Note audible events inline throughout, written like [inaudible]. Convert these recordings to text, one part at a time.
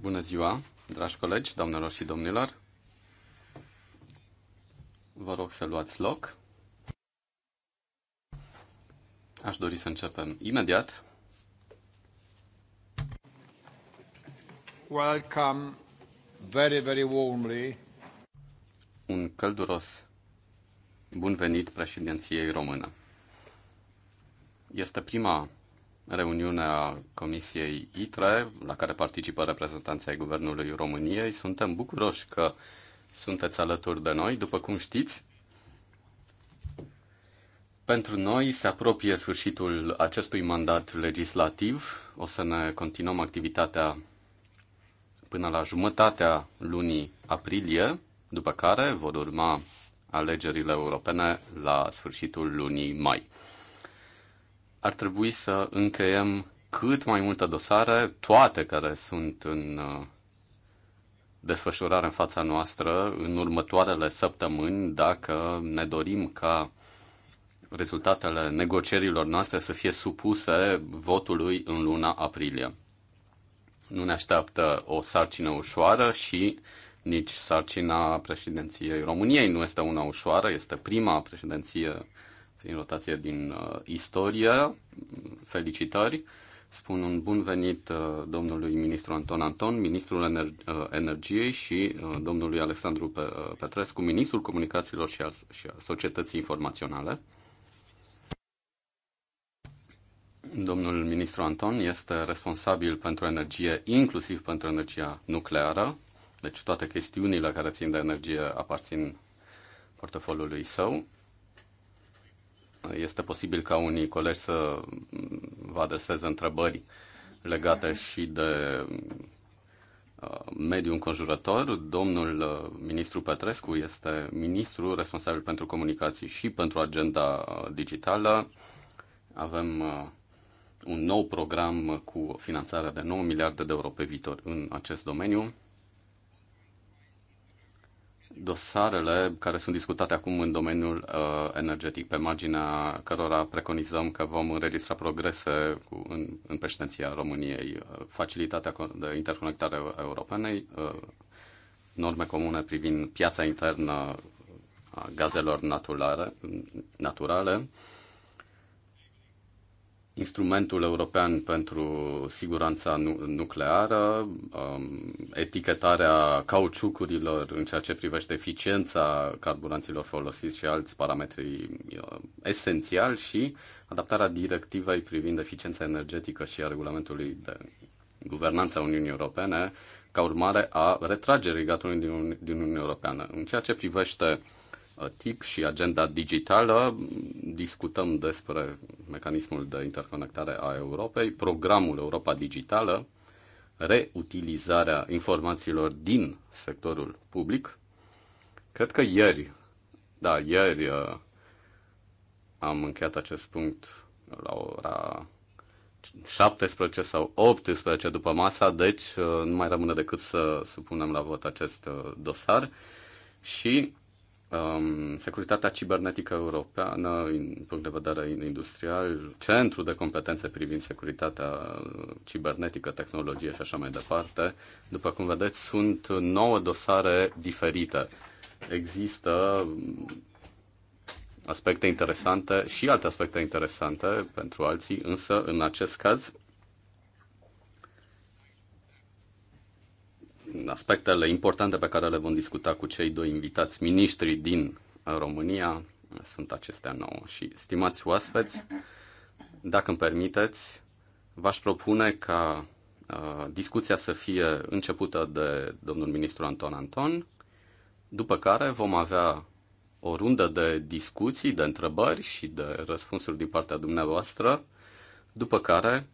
Bună ziua, dragi colegi, doamnelor și domnilor. Vă rog să luați loc. Aș dori să începem imediat. Welcome very, very warmly. Un călduros bun venit președinției română. Este prima reuniunea Comisiei ITRE, la care participă reprezentanții ai Guvernului României. Suntem bucuroși că sunteți alături de noi. După cum știți, pentru noi se apropie sfârșitul acestui mandat legislativ. O să ne continuăm activitatea până la jumătatea lunii aprilie, după care vor urma alegerile europene la sfârșitul lunii mai ar trebui să încheiem cât mai multe dosare, toate care sunt în uh, desfășurare în fața noastră în următoarele săptămâni, dacă ne dorim ca rezultatele negocierilor noastre să fie supuse votului în luna aprilie. Nu ne așteaptă o sarcină ușoară și nici sarcina președinției României nu este una ușoară, este prima președinție prin rotație din uh, istorie. Felicitări! Spun un bun venit uh, domnului ministru Anton Anton, ministrul ener- uh, energiei și uh, domnului Alexandru Pe- uh, Petrescu, ministrul comunicațiilor și al, și al societății informaționale. Domnul ministru Anton este responsabil pentru energie, inclusiv pentru energia nucleară, deci toate chestiunile care țin de energie aparțin portofoliului său este posibil ca unii colegi să vă adreseze întrebări legate și de uh, mediul înconjurător. Domnul uh, ministru Petrescu este ministru responsabil pentru comunicații și pentru agenda digitală. Avem uh, un nou program cu finanțare de 9 miliarde de euro pe viitor în acest domeniu dosarele care sunt discutate acum în domeniul uh, energetic, pe marginea cărora preconizăm că vom înregistra progrese cu, în, în președinția României, uh, facilitatea de interconectare europenei, uh, norme comune privind piața internă a gazelor naturale, naturale instrumentul european pentru siguranța nu- nucleară, um, etichetarea cauciucurilor în ceea ce privește eficiența carburanților folosiți și alți parametri uh, esențiali și adaptarea directivei privind eficiența energetică și a regulamentului de guvernanță a Uniunii Europene ca urmare a retragerii gatului din, Uni- din Uniunea Europeană. În ceea ce privește uh, Uh, tip și agenda digitală. Discutăm despre mecanismul de interconectare a Europei, programul Europa Digitală, reutilizarea informațiilor din sectorul public. Cred că ieri, da, ieri uh, am încheiat acest punct la ora 17 sau 18 după masa, deci uh, nu mai rămâne decât să supunem la vot acest dosar și um, securitatea cibernetică europeană, din punct de vedere industrial, centru de competențe privind securitatea uh, cibernetică, tehnologie și așa mai departe. După cum vedeți, sunt nouă dosare diferite. Există um, aspecte interesante și alte aspecte interesante pentru alții, însă în acest caz aspectele importante pe care le vom discuta cu cei doi invitați miniștri din România sunt acestea nouă. Și, stimați oaspeți, dacă îmi permiteți, v-aș propune ca uh, discuția să fie începută de domnul ministru Anton Anton, după care vom avea o rundă de discuții, de întrebări și de răspunsuri din partea dumneavoastră, după care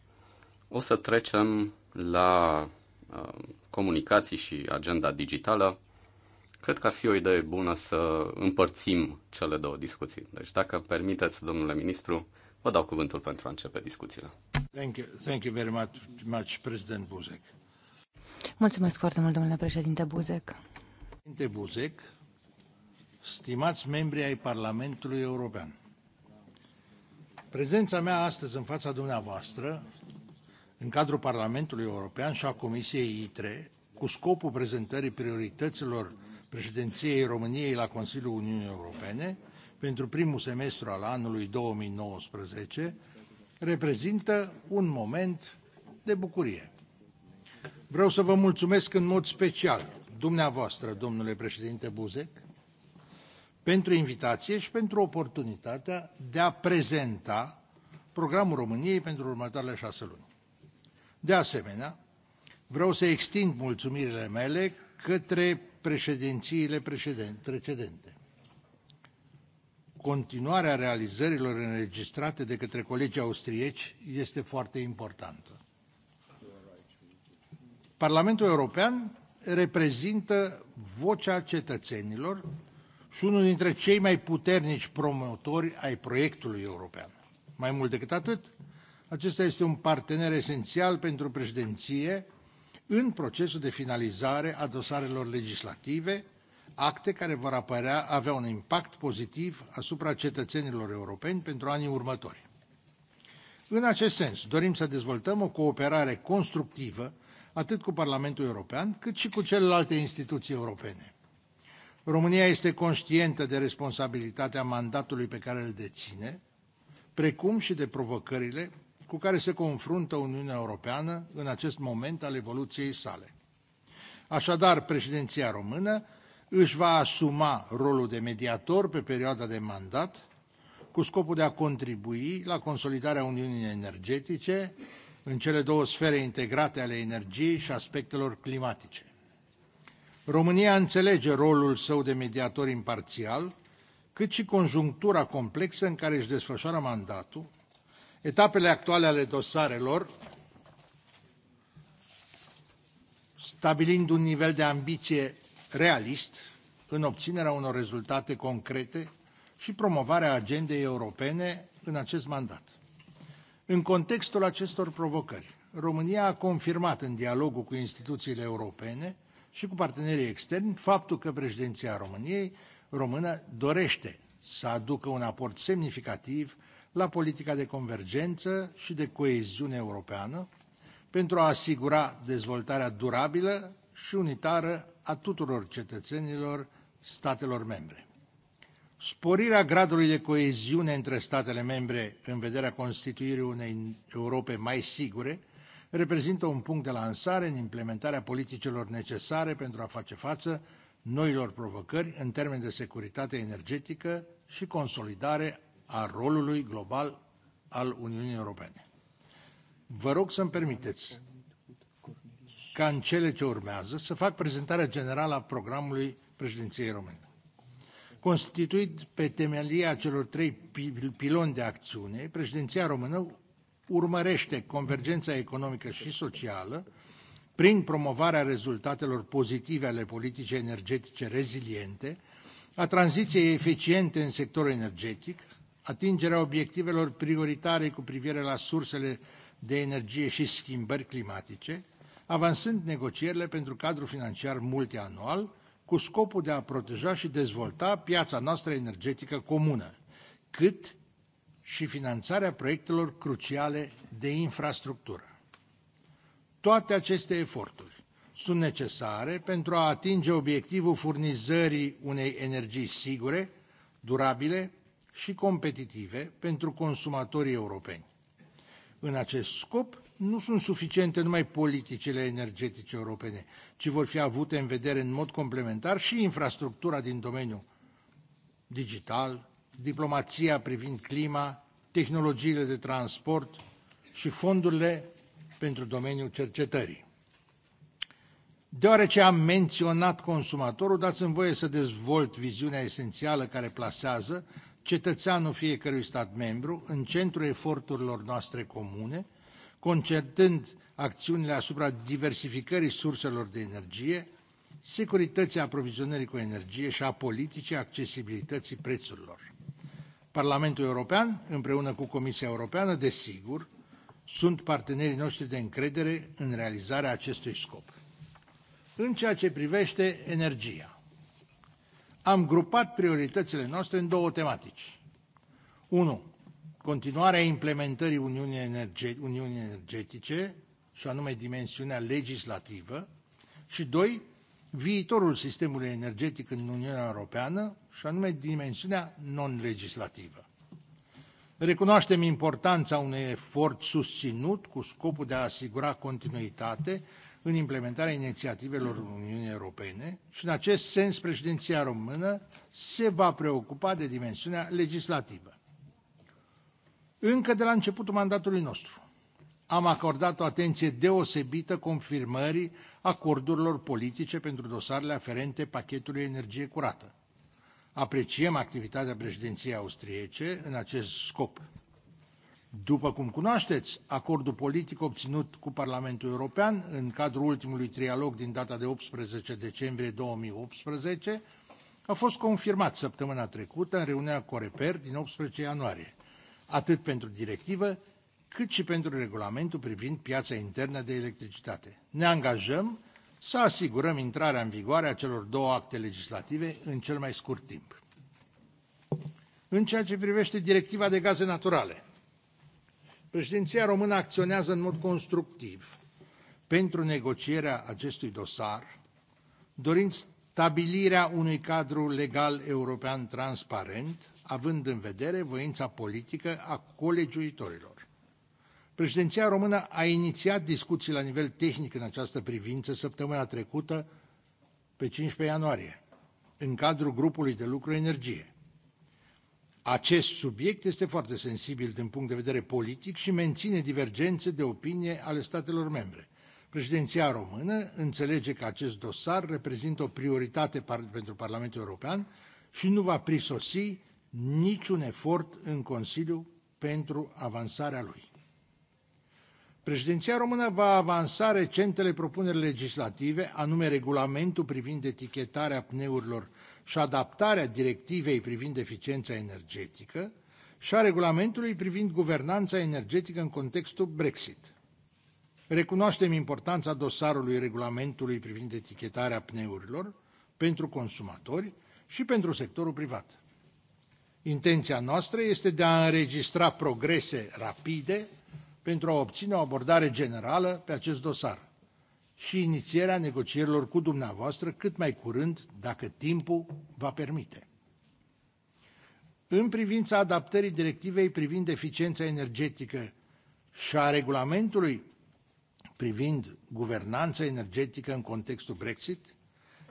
o să trecem la Um, comunicații și agenda digitală, cred că ar fi o idee bună să împărțim cele două discuții. Deci, dacă permiteți, domnule ministru, vă dau cuvântul pentru a începe discuțiile. Thank you, thank you very much, much President Buzek. Mulțumesc foarte mult, domnule președinte Buzek. Președinte Buzek, stimați membri ai Parlamentului European, prezența mea astăzi în fața dumneavoastră în cadrul Parlamentului European și a Comisiei ITRE, cu scopul prezentării priorităților președinției României la Consiliul Uniunii Europene pentru primul semestru al anului 2019, reprezintă un moment de bucurie. Vreau să vă mulțumesc în mod special dumneavoastră, domnule președinte Buzek, pentru invitație și pentru oportunitatea de a prezenta programul României pentru următoarele șase luni. De asemenea, vreau să extind mulțumirile mele către președințiile precedente. Continuarea realizărilor înregistrate de către colegii austrieci este foarte importantă. Parlamentul European reprezintă vocea cetățenilor și unul dintre cei mai puternici promotori ai proiectului european. Mai mult decât atât, acesta este un partener esențial pentru președinție în procesul de finalizare a dosarelor legislative, acte care vor apărea, avea un impact pozitiv asupra cetățenilor europeni pentru anii următori. În acest sens, dorim să dezvoltăm o cooperare constructivă atât cu Parlamentul European, cât și cu celelalte instituții europene. România este conștientă de responsabilitatea mandatului pe care îl deține, precum și de provocările cu care se confruntă Uniunea Europeană în acest moment al evoluției sale. Așadar, președinția română își va asuma rolul de mediator pe perioada de mandat, cu scopul de a contribui la consolidarea Uniunii Energetice în cele două sfere integrate ale energiei și aspectelor climatice. România înțelege rolul său de mediator imparțial, cât și conjunctura complexă în care își desfășoară mandatul, Etapele actuale ale dosarelor, stabilind un nivel de ambiție realist în obținerea unor rezultate concrete și promovarea agendei europene în acest mandat. În contextul acestor provocări, România a confirmat în dialogul cu instituțiile europene și cu partenerii externi faptul că președinția României română dorește să aducă un aport semnificativ la politica de convergență și de coeziune europeană pentru a asigura dezvoltarea durabilă și unitară a tuturor cetățenilor statelor membre. Sporirea gradului de coeziune între statele membre în vederea constituirii unei Europe mai sigure reprezintă un punct de lansare în implementarea politicilor necesare pentru a face față noilor provocări în termeni de securitate energetică și consolidare a rolului global al Uniunii Europene. Vă rog să-mi permiteți ca în cele ce urmează să fac prezentarea generală a programului președinției române. Constituit pe temelia celor trei piloni de acțiune, președinția română urmărește convergența economică și socială prin promovarea rezultatelor pozitive ale politicii energetice reziliente, a tranziției eficiente în sectorul energetic, atingerea obiectivelor prioritare cu privire la sursele de energie și schimbări climatice, avansând negocierile pentru cadrul financiar multianual, cu scopul de a proteja și dezvolta piața noastră energetică comună, cât și finanțarea proiectelor cruciale de infrastructură. Toate aceste eforturi sunt necesare pentru a atinge obiectivul furnizării unei energii sigure, durabile, și competitive pentru consumatorii europeni. În acest scop, nu sunt suficiente numai politicile energetice europene, ci vor fi avute în vedere în mod complementar și infrastructura din domeniul digital, diplomația privind clima, tehnologiile de transport și fondurile pentru domeniul cercetării. Deoarece am menționat consumatorul, dați-mi voie să dezvolt viziunea esențială care plasează cetățeanul fiecărui stat membru în centrul eforturilor noastre comune, concertând acțiunile asupra diversificării surselor de energie, securității aprovizionării cu energie și a politicii accesibilității prețurilor. Parlamentul European, împreună cu Comisia Europeană, desigur, sunt partenerii noștri de încredere în realizarea acestui scop. În ceea ce privește energia, am grupat prioritățile noastre în două tematici. 1. Continuarea implementării Uniunii, Energe- Uniunii Energetice, și anume dimensiunea legislativă, și 2. Viitorul sistemului energetic în Uniunea Europeană, și anume dimensiunea non-legislativă. Recunoaștem importanța unui efort susținut cu scopul de a asigura continuitate în implementarea inițiativelor Uniunii Europene și în acest sens președinția română se va preocupa de dimensiunea legislativă. Încă de la începutul mandatului nostru am acordat o atenție deosebită confirmării acordurilor politice pentru dosarele aferente pachetului energie curată. Apreciem activitatea președinției austriece în acest scop. După cum cunoașteți, acordul politic obținut cu Parlamentul European în cadrul ultimului trialog din data de 18 decembrie 2018 a fost confirmat săptămâna trecută în reuniunea Coreper din 18 ianuarie, atât pentru directivă, cât și pentru regulamentul privind piața internă de electricitate. Ne angajăm să asigurăm intrarea în vigoare a celor două acte legislative în cel mai scurt timp. În ceea ce privește directiva de gaze naturale, Președinția română acționează în mod constructiv pentru negocierea acestui dosar, dorind stabilirea unui cadru legal european transparent, având în vedere voința politică a colegiuitorilor. Președinția română a inițiat discuții la nivel tehnic în această privință săptămâna trecută, pe 15 ianuarie, în cadrul grupului de lucru energie. Acest subiect este foarte sensibil din punct de vedere politic și menține divergențe de opinie ale statelor membre. Președinția română înțelege că acest dosar reprezintă o prioritate par pentru Parlamentul European și nu va prisosi niciun efort în Consiliu pentru avansarea lui. Președinția română va avansa recentele propuneri legislative, anume regulamentul privind etichetarea pneurilor și adaptarea directivei privind eficiența energetică și a regulamentului privind guvernanța energetică în contextul Brexit. Recunoaștem importanța dosarului regulamentului privind etichetarea pneurilor pentru consumatori și pentru sectorul privat. Intenția noastră este de a înregistra progrese rapide pentru a obține o abordare generală pe acest dosar și inițierea negocierilor cu dumneavoastră cât mai curând, dacă timpul va permite. În privința adaptării directivei privind eficiența energetică și a regulamentului privind guvernanța energetică în contextul Brexit,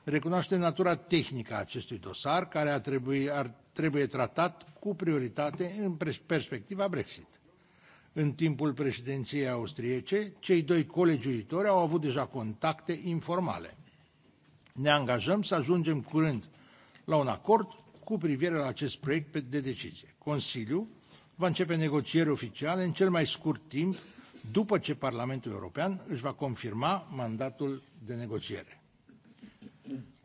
recunoaște natura tehnică a acestui dosar, care ar trebui, ar, trebuie tratat cu prioritate în perspectiva Brexit în timpul președinției austriece, cei doi colegiuitori au avut deja contacte informale. Ne angajăm să ajungem curând la un acord cu privire la acest proiect de decizie. Consiliul va începe negocieri oficiale în cel mai scurt timp după ce Parlamentul European își va confirma mandatul de negociere.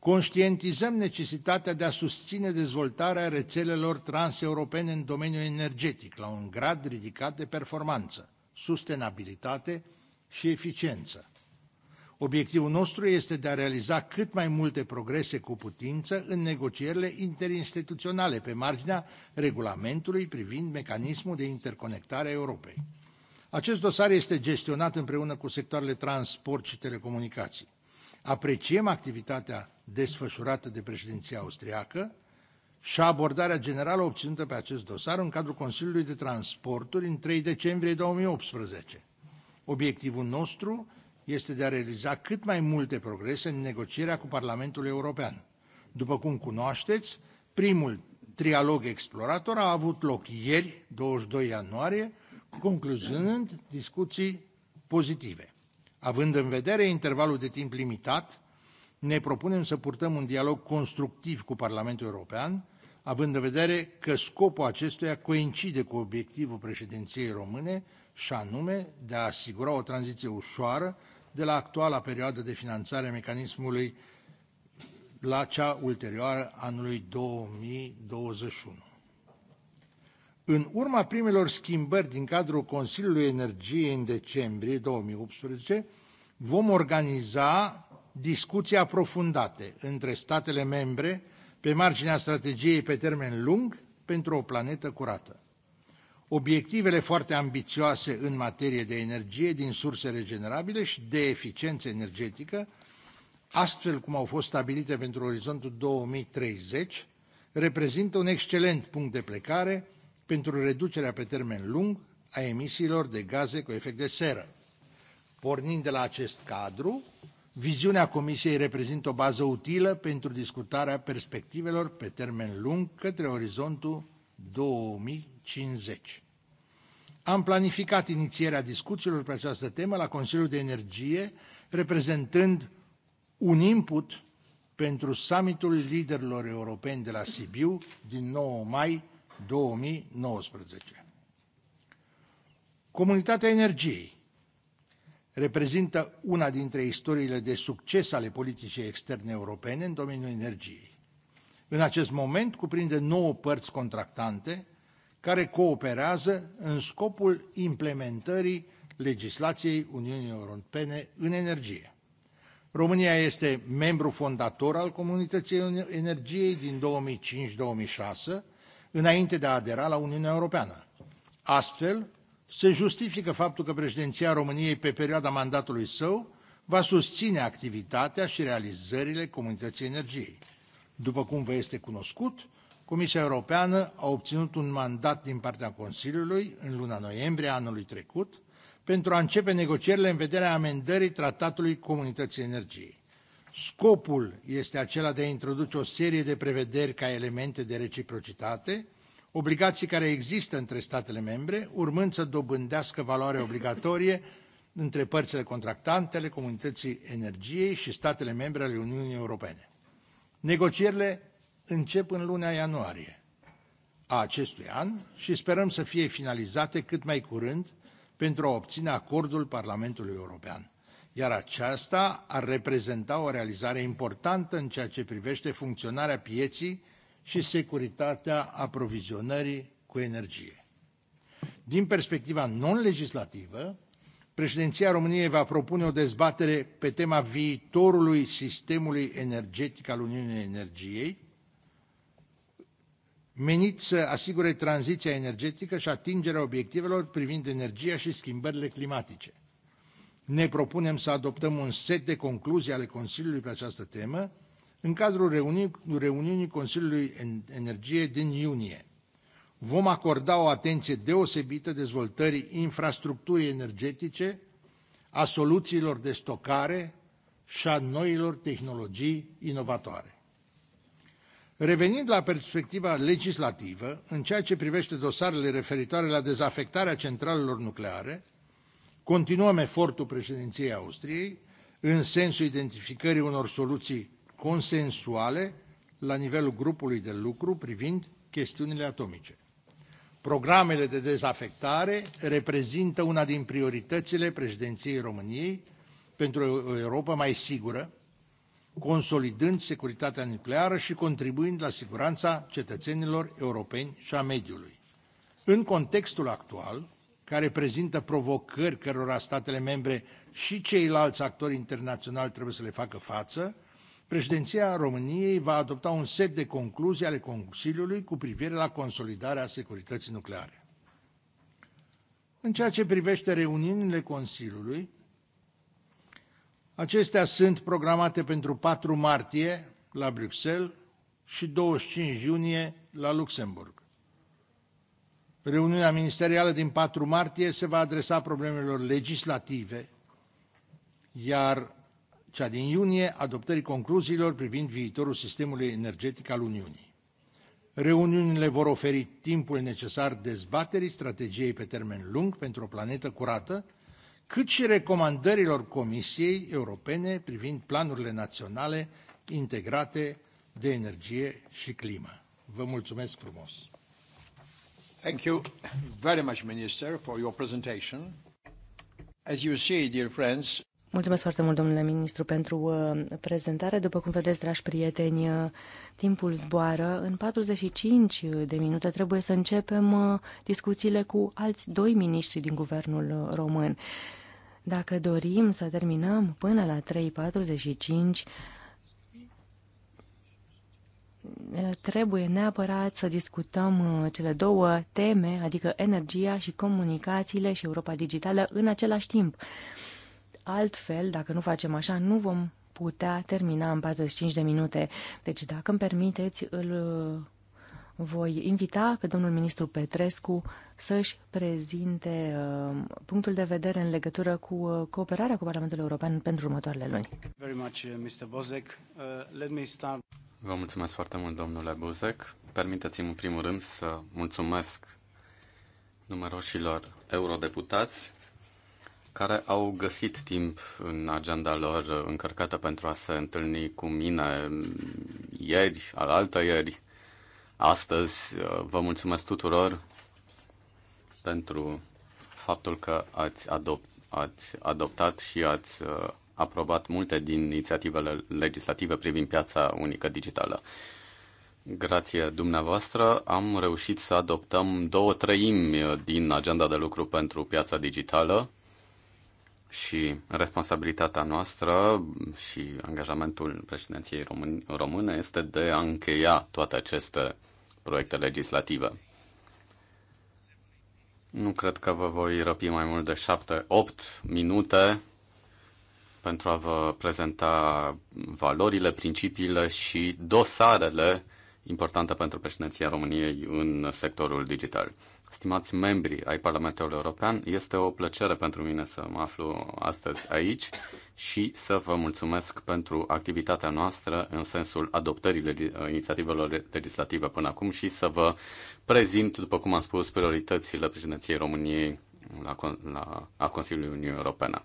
Conștientizăm necesitatea de a susține dezvoltarea rețelelor transeuropene în domeniul energetic la un grad ridicat de performanță, sustenabilitate și eficiență. Obiectivul nostru este de a realiza cât mai multe progrese cu putință în negocierile interinstituționale pe marginea regulamentului privind mecanismul de interconectare a Europei. Acest dosar este gestionat împreună cu sectoarele transport și telecomunicații. Apreciem activitatea desfășurată de președinția austriacă și abordarea generală obținută pe acest dosar în cadrul Consiliului de Transporturi în 3 decembrie 2018. Obiectivul nostru este de a realiza cât mai multe progrese în negocierea cu Parlamentul European. După cum cunoașteți, primul trialog explorator a avut loc ieri, 22 ianuarie, concluzând discuții pozitive. Având în vedere intervalul de timp limitat, ne propunem să purtăm un dialog constructiv cu Parlamentul European, având în vedere că scopul acestuia coincide cu obiectivul președinției române și anume de a asigura o tranziție ușoară de la actuala perioadă de finanțare a mecanismului la cea ulterioară anului 2021. În urma primelor schimbări din cadrul Consiliului Energiei în decembrie 2018, vom organiza discuții aprofundate între statele membre pe marginea strategiei pe termen lung pentru o planetă curată. Obiectivele foarte ambițioase în materie de energie din surse regenerabile și de eficiență energetică, astfel cum au fost stabilite pentru orizontul 2030, reprezintă un excelent punct de plecare – pentru reducerea pe termen lung a emisiilor de gaze cu efect de seră. Pornind de la acest cadru, viziunea Comisiei reprezintă o bază utilă pentru discutarea perspectivelor pe termen lung către orizontul 2050. Am planificat inițierea discuțiilor pe această temă la Consiliul de Energie, reprezentând un input pentru summitul liderilor europeni de la Sibiu din 9 mai 2019. Comunitatea energiei reprezintă una dintre istoriile de succes ale politicii externe europene în domeniul energiei. În acest moment cuprinde nouă părți contractante care cooperează în scopul implementării legislației Uniunii Europene în energie. România este membru fondator al Comunității Energiei din 2005-2006 înainte de a adera la Uniunea Europeană. Astfel, se justifică faptul că președinția României pe perioada mandatului său va susține activitatea și realizările Comunității Energiei. După cum vă este cunoscut, Comisia Europeană a obținut un mandat din partea Consiliului în luna noiembrie anului trecut pentru a începe negocierile în vederea amendării Tratatului Comunității Energiei. Scopul este acela de a introduce o serie de prevederi ca elemente de reciprocitate, obligații care există între statele membre, urmând să dobândească valoare obligatorie între părțile contractantele, comunității energiei și statele membre ale Uniunii Europene. Negocierile încep în luna ianuarie a acestui an și sperăm să fie finalizate cât mai curând pentru a obține acordul Parlamentului European iar aceasta ar reprezenta o realizare importantă în ceea ce privește funcționarea pieții și securitatea aprovizionării cu energie. Din perspectiva non-legislativă, președinția României va propune o dezbatere pe tema viitorului sistemului energetic al Uniunii Energiei, menit să asigure tranziția energetică și atingerea obiectivelor privind energia și schimbările climatice ne propunem să adoptăm un set de concluzii ale Consiliului pe această temă în cadrul reuniunii Consiliului Energie din iunie. Vom acorda o atenție deosebită dezvoltării infrastructurii energetice, a soluțiilor de stocare și a noilor tehnologii inovatoare. Revenind la perspectiva legislativă, în ceea ce privește dosarele referitoare la dezafectarea centralelor nucleare, Continuăm efortul președinției Austriei în sensul identificării unor soluții consensuale la nivelul grupului de lucru privind chestiunile atomice. Programele de dezafectare reprezintă una din prioritățile președinției României pentru o Europa mai sigură, consolidând securitatea nucleară și contribuind la siguranța cetățenilor europeni și a mediului. În contextul actual, care prezintă provocări cărora statele membre și ceilalți actori internaționali trebuie să le facă față, președinția României va adopta un set de concluzii ale Consiliului cu privire la consolidarea securității nucleare. În ceea ce privește reuniunile Consiliului, acestea sunt programate pentru 4 martie la Bruxelles și 25 iunie la Luxemburg. Reuniunea ministerială din 4 martie se va adresa problemelor legislative, iar cea din iunie adoptării concluziilor privind viitorul sistemului energetic al Uniunii. Reuniunile vor oferi timpul necesar dezbaterii strategiei pe termen lung pentru o planetă curată, cât și recomandărilor Comisiei Europene privind planurile naționale integrate de energie și climă. Vă mulțumesc frumos! Thank you very much, Minister, for your presentation. As you see, dear friends, Mulțumesc foarte mult, domnule ministru, pentru uh, prezentare. După cum vedeți, dragi prieteni, uh, timpul zboară. În 45 de minute trebuie să începem uh, discuțiile cu alți doi miniștri din guvernul român. Dacă dorim să terminăm până la 3.45, trebuie neapărat să discutăm uh, cele două teme, adică energia și comunicațiile și Europa Digitală în același timp. Altfel, dacă nu facem așa, nu vom putea termina în 45 de minute. Deci, dacă îmi permiteți, îl uh, voi invita pe domnul ministru Petrescu să-și prezinte uh, punctul de vedere în legătură cu cooperarea cu Parlamentul European pentru următoarele luni. Vă mulțumesc foarte mult, domnule Buzek. Permiteți-mi, în primul rând, să mulțumesc numeroșilor eurodeputați care au găsit timp în agenda lor încărcată pentru a se întâlni cu mine ieri, alaltă ieri, astăzi. Vă mulțumesc tuturor pentru faptul că ați, adop- ați adoptat și ați uh, aprobat multe din inițiativele legislative privind piața unică digitală. Grație dumneavoastră am reușit să adoptăm două treimi din agenda de lucru pentru piața digitală și responsabilitatea noastră și angajamentul președinției române este de a încheia toate aceste proiecte legislative. Nu cred că vă voi răpi mai mult de 7-8 minute pentru a vă prezenta valorile, principiile și dosarele importante pentru președinția României în sectorul digital. Stimați membri ai Parlamentului European, este o plăcere pentru mine să mă aflu astăzi aici și să vă mulțumesc pentru activitatea noastră în sensul adoptării inițiativelor legislative până acum și să vă prezint, după cum am spus, prioritățile președinției României la, la, a Consiliului Uniunii Europene.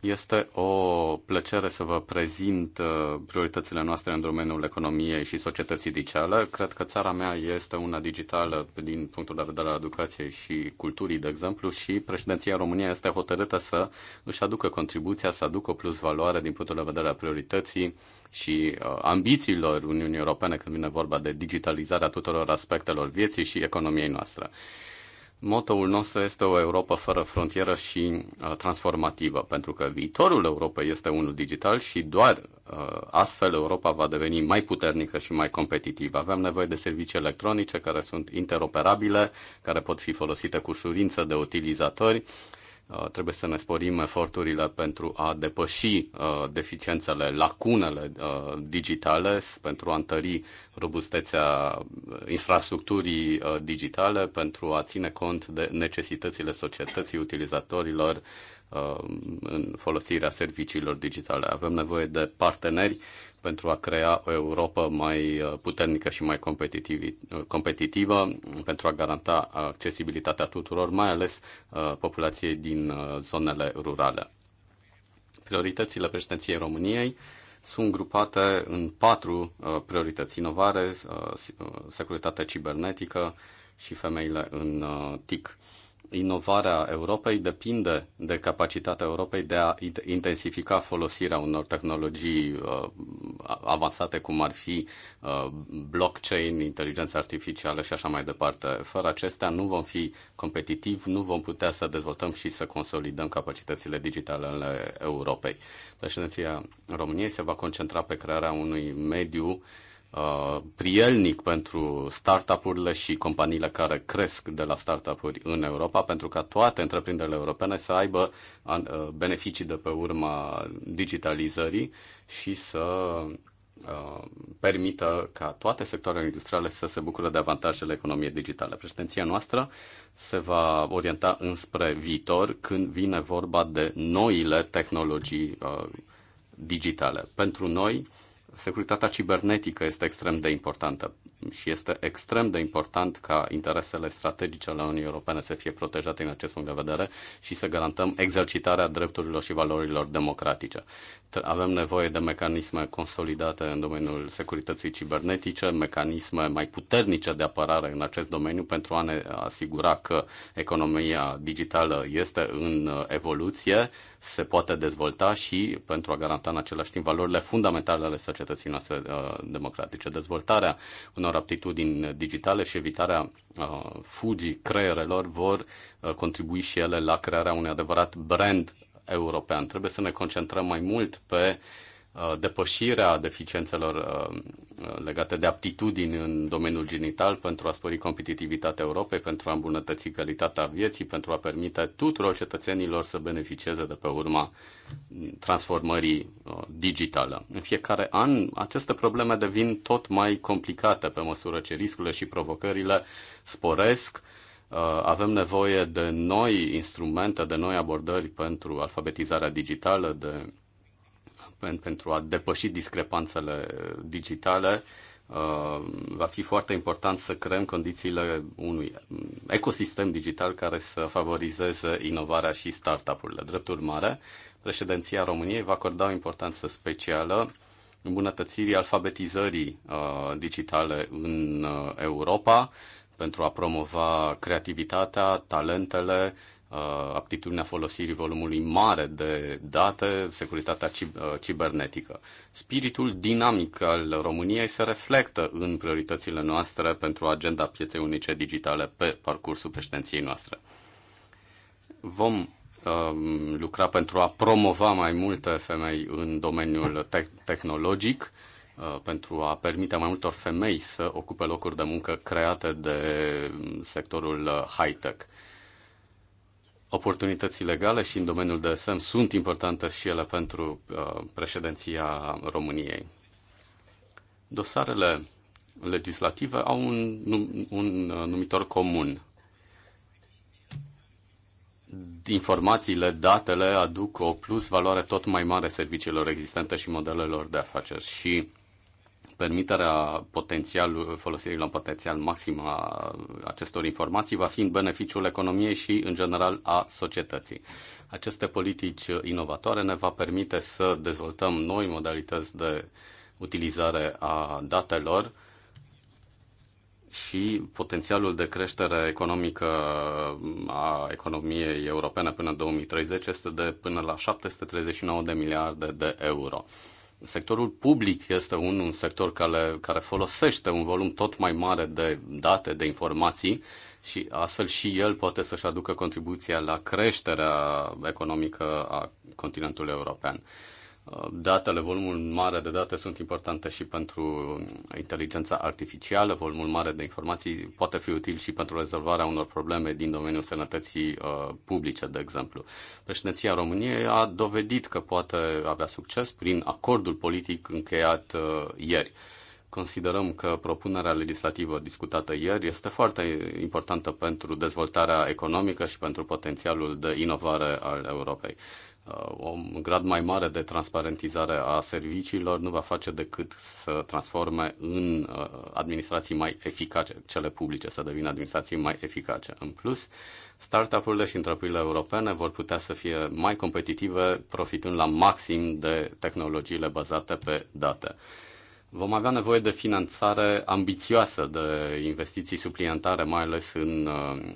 Este o plăcere să vă prezint uh, prioritățile noastre în domeniul economiei și societății digitale. Cred că țara mea este una digitală din punctul de vedere al educației și culturii, de exemplu, și președinția României este hotărâtă să își aducă contribuția, să aducă o plus valoare din punctul de vedere al priorității și uh, ambițiilor Uniunii Europene când vine vorba de digitalizarea tuturor aspectelor vieții și economiei noastre. Motoul nostru este o Europa fără frontieră și uh, transformativă, pentru că viitorul Europei este unul digital și doar uh, astfel Europa va deveni mai puternică și mai competitivă. Avem nevoie de servicii electronice care sunt interoperabile, care pot fi folosite cu ușurință de utilizatori, uh, Uh, trebuie să ne sporim eforturile pentru a depăși uh, deficiențele, lacunele uh, digitale, pentru a întări robustețea infrastructurii digitale, pentru a ține cont de necesitățile societății utilizatorilor în folosirea serviciilor digitale. Avem nevoie de parteneri pentru a crea o Europa mai uh, puternică și mai uh, competitivă, pentru a garanta accesibilitatea tuturor, mai ales uh, populației din zonele rurale. Prioritățile președinției României sunt grupate în patru priorități. Inovare, securitatea cibernetică și femeile în TIC inovarea Europei depinde de capacitatea Europei de a intensifica folosirea unor tehnologii uh, avansate, cum ar fi uh, blockchain, inteligența artificială și așa mai departe. Fără acestea nu vom fi competitivi, nu vom putea să dezvoltăm și să consolidăm capacitățile digitale ale Europei. Președinția României se va concentra pe crearea unui mediu uh, Uh, prielnic pentru startup-urile și companiile care cresc de la startup-uri în Europa, pentru ca toate întreprinderile europene să aibă uh, beneficii de pe urma digitalizării și să uh, permită ca toate sectoarele industriale să se bucure de avantajele economiei digitale. Președinția noastră se va orienta înspre viitor când vine vorba de noile tehnologii uh, digitale. Pentru noi, securitatea cibernetică este extrem de importantă și este extrem de important ca interesele strategice ale Uniunii Europene să fie protejate în acest punct de vedere și să garantăm exercitarea drepturilor și valorilor democratice. Avem nevoie de mecanisme consolidate în domeniul securității cibernetice, mecanisme mai puternice de apărare în acest domeniu pentru a ne asigura că economia digitală este în evoluție, se poate dezvolta și pentru a garanta în același timp valorile fundamentale ale societății noastre uh, democratice. Dezvoltarea unor unor aptitudini digitale și evitarea uh, fugii creierelor vor uh, contribui și ele la crearea unui adevărat brand european. Trebuie să ne concentrăm mai mult pe uh, Uh, depășirea deficiențelor uh, uh, legate de aptitudini în domeniul genital pentru a spori competitivitatea Europei, pentru a îmbunătăți calitatea vieții, pentru a permite tuturor cetățenilor să beneficieze de pe urma transformării digitale. În fiecare an, aceste probleme devin tot mai complicate pe măsură ce riscurile și provocările sporesc avem nevoie de noi instrumente, de noi abordări pentru alfabetizarea digitală, de pentru a depăși discrepanțele digitale, uh, va fi foarte important să creăm condițiile unui ecosistem digital care să favorizeze inovarea și startup-urile. Drept urmare, președinția României va acorda o importanță specială îmbunătățirii alfabetizării uh, digitale în uh, Europa pentru a promova creativitatea, talentele Uh, aptitudinea folosirii volumului mare de date, securitatea uh, cibernetică. Spiritul dinamic al României se reflectă în prioritățile noastre pentru agenda pieței unice digitale pe parcursul președinției noastre. Vom um, lucra pentru a promova mai multe femei în domeniul te- tehnologic, uh, pentru a permite mai multor femei să ocupe locuri de muncă create de um, sectorul high-tech Oportunități legale și în domeniul de SM sunt importante și ele pentru uh, președinția României. Dosarele legislative au un, un uh, numitor comun. Informațiile, datele aduc o plus valoare tot mai mare serviciilor existente și modelelor de afaceri și permiterea potențial, folosirii la potențial maxim a acestor informații va fi în beneficiul economiei și, în general, a societății. Aceste politici inovatoare ne va permite să dezvoltăm noi modalități de utilizare a datelor și potențialul de creștere economică a economiei europene până în 2030 este de până la 739 de miliarde de euro sectorul public este un, un sector care, care folosește un volum tot mai mare de date, de informații și astfel și el poate să-și aducă contribuția la creșterea economică a continentului european datele, volumul mare de date sunt importante și pentru inteligența artificială, volumul mare de informații poate fi util și pentru rezolvarea unor probleme din domeniul sănătății uh, publice, de exemplu. Președinția României a dovedit că poate avea succes prin acordul politic încheiat uh, ieri. Considerăm că propunerea legislativă discutată ieri este foarte importantă pentru dezvoltarea economică și pentru potențialul de inovare al Europei. Uh, un grad mai mare de transparentizare a serviciilor nu va face decât să transforme în uh, administrații mai eficace, cele publice să devină administrații mai eficace. În plus, startup-urile și întreprinderile europene vor putea să fie mai competitive, profitând la maxim de tehnologiile bazate pe date. Vom avea nevoie de finanțare ambițioasă, de investiții suplimentare, mai ales în uh,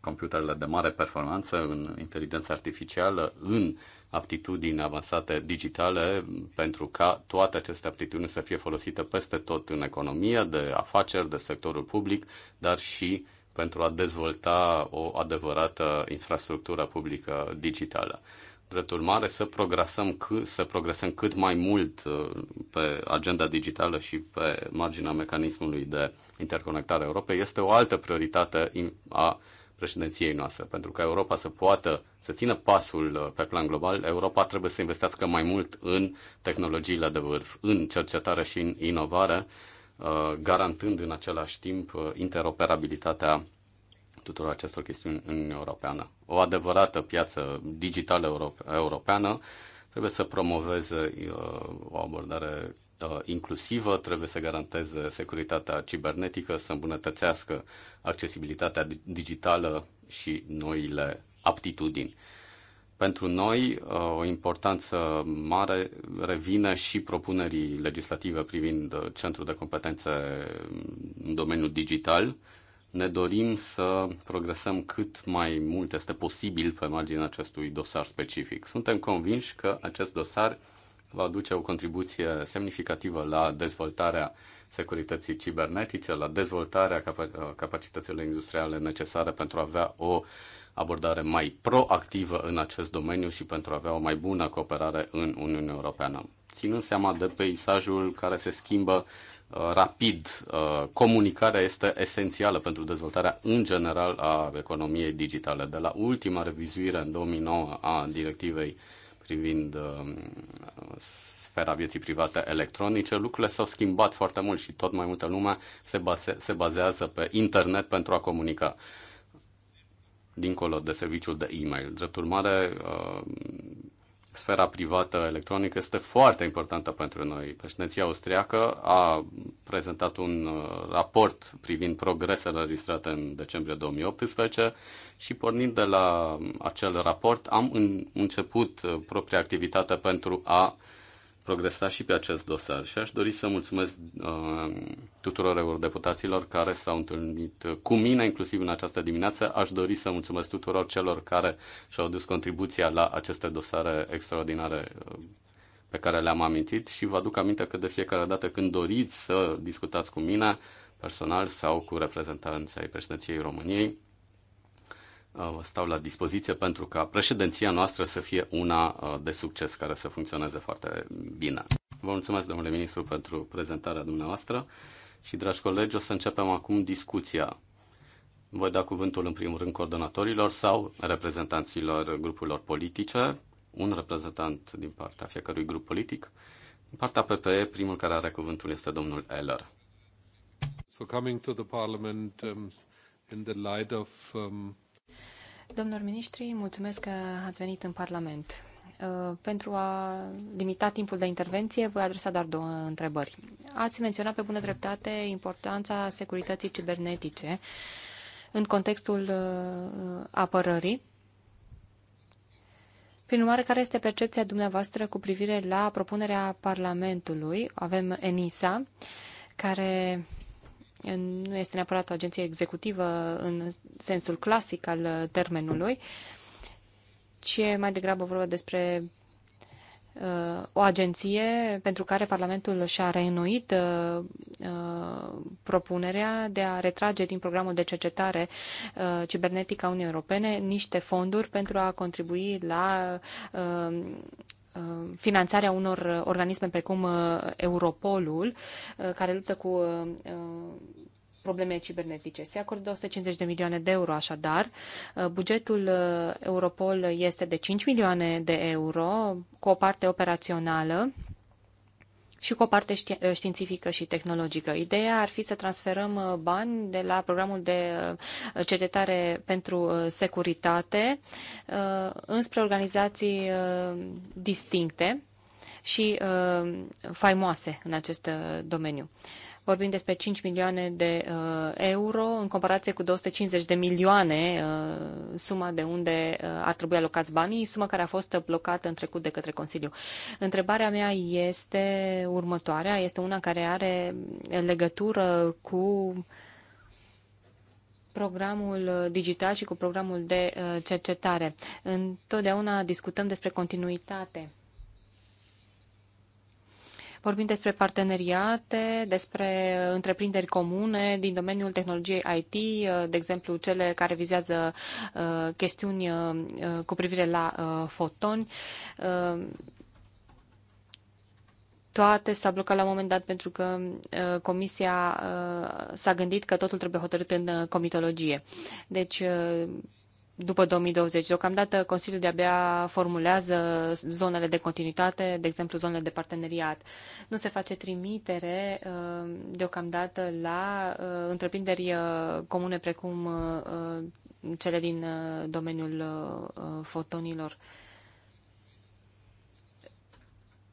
computerele de mare performanță, în inteligența artificială, în aptitudini avansate digitale, pentru ca toate aceste aptitudini să fie folosite peste tot în economie, de afaceri, de sectorul public, dar și pentru a dezvolta o adevărată infrastructură publică digitală. Drept urmare, să progresăm, cât, să progresăm cât mai mult uh, pe agenda digitală și pe marginea mecanismului de interconectare a Europei este o altă prioritate a președinției noastre. Pentru că Europa să poată să țină pasul uh, pe plan global, Europa trebuie să investească mai mult în tehnologiile de vârf, în cercetare și în inovare, uh, garantând în același timp interoperabilitatea tuturor acestor chestiuni în Uniunea Europeană. O adevărată piață digitală europe- europeană trebuie să promoveze uh, o abordare uh, inclusivă, trebuie să garanteze securitatea cibernetică, să îmbunătățească accesibilitatea digitală și noile aptitudini. Pentru noi, uh, o importanță mare revine și propunerii legislative privind uh, centrul de competențe mm, în domeniul digital ne dorim să progresăm cât mai mult este posibil pe marginea acestui dosar specific. Suntem convinși că acest dosar va aduce o contribuție semnificativă la dezvoltarea securității cibernetice, la dezvoltarea capacităților industriale necesare pentru a avea o abordare mai proactivă în acest domeniu și pentru a avea o mai bună cooperare în Uniunea Europeană. Ținând seama de peisajul care se schimbă Uh, rapid. Uh, comunicarea este esențială pentru dezvoltarea în general a economiei digitale. De la ultima revizuire în 2009 a directivei privind um, sfera vieții private electronice, lucrurile s-au schimbat foarte mult și tot mai multă lume se, base, se bazează pe internet pentru a comunica dincolo de serviciul de e-mail. Drept urmare, uh, sfera privată electronică este foarte importantă pentru noi. Președinția austriacă a prezentat un uh, raport privind progresele registrate în decembrie 2018 și pornind de la acel raport am început uh, propria activitate pentru a progresa și pe acest dosar și aș dori să mulțumesc uh, tuturor eurodeputaților care s-au întâlnit cu mine, inclusiv în această dimineață. Aș dori să mulțumesc tuturor celor care și-au dus contribuția la aceste dosare extraordinare uh, pe care le-am amintit și vă aduc aminte că de fiecare dată când doriți să discutați cu mine, personal sau cu reprezentanții președinției României, Uh, stau la dispoziție pentru ca președinția noastră să fie una uh, de succes, care să funcționeze foarte bine. Vă mulțumesc, domnule ministru, pentru prezentarea dumneavoastră și, dragi colegi, o să începem acum discuția. Voi da cuvântul în primul rând coordonatorilor sau reprezentanților grupurilor politice, un reprezentant din partea fiecărui grup politic. În partea PPE, primul care are cuvântul este domnul Eller. So coming to the parliament um, in the light of um, Domnilor ministri, mulțumesc că ați venit în Parlament. Uh, pentru a limita timpul de intervenție, voi adresa doar două întrebări. Ați menționat pe bună dreptate importanța securității cibernetice în contextul uh, apărării. Prin urmare, care este percepția dumneavoastră cu privire la propunerea Parlamentului? Avem ENISA, care nu este neapărat o agenție executivă în sensul clasic al termenului, ci e mai degrabă vorba despre uh, o agenție pentru care Parlamentul și-a reînnoit uh, uh, propunerea de a retrage din programul de cercetare uh, cibernetică a Uniunii Europene niște fonduri pentru a contribui la uh, Uh, finanțarea unor uh, organisme precum uh, Europolul, care luptă cu probleme cibernetice. Se acordă 250 de milioane de euro așadar. Bugetul Europol este de 5 milioane de euro, cu o parte operațională și cu o parte ă, științifică și tehnologică. Ideea ar fi să transferăm ă, bani de la programul de ă, cercetare pentru securitate înspre organizații distincte și faimoase în acest domeniu. Vorbim despre 5 milioane de uh, euro în comparație cu 250 de milioane, uh, suma de unde uh, ar trebui alocați banii, suma care a fost blocată în trecut de către Consiliu. Întrebarea mea este următoarea, este una care are legătură cu programul digital și cu programul de uh, cercetare. Întotdeauna discutăm despre continuitate. Vorbim despre parteneriate, despre întreprinderi comune din domeniul tehnologiei IT, de exemplu cele care vizează uh, chestiuni uh, cu privire la uh, fotoni toate s-a blocat la un moment dat pentru că comisia s-a gândit că totul trebuie hotărât în comitologie. Deci după 2020. Deocamdată Consiliul de-abia formulează zonele de continuitate, de exemplu zonele de parteneriat. Nu se face trimitere uh, deocamdată la uh, întreprinderi uh, comune precum cele din domeniul fotonilor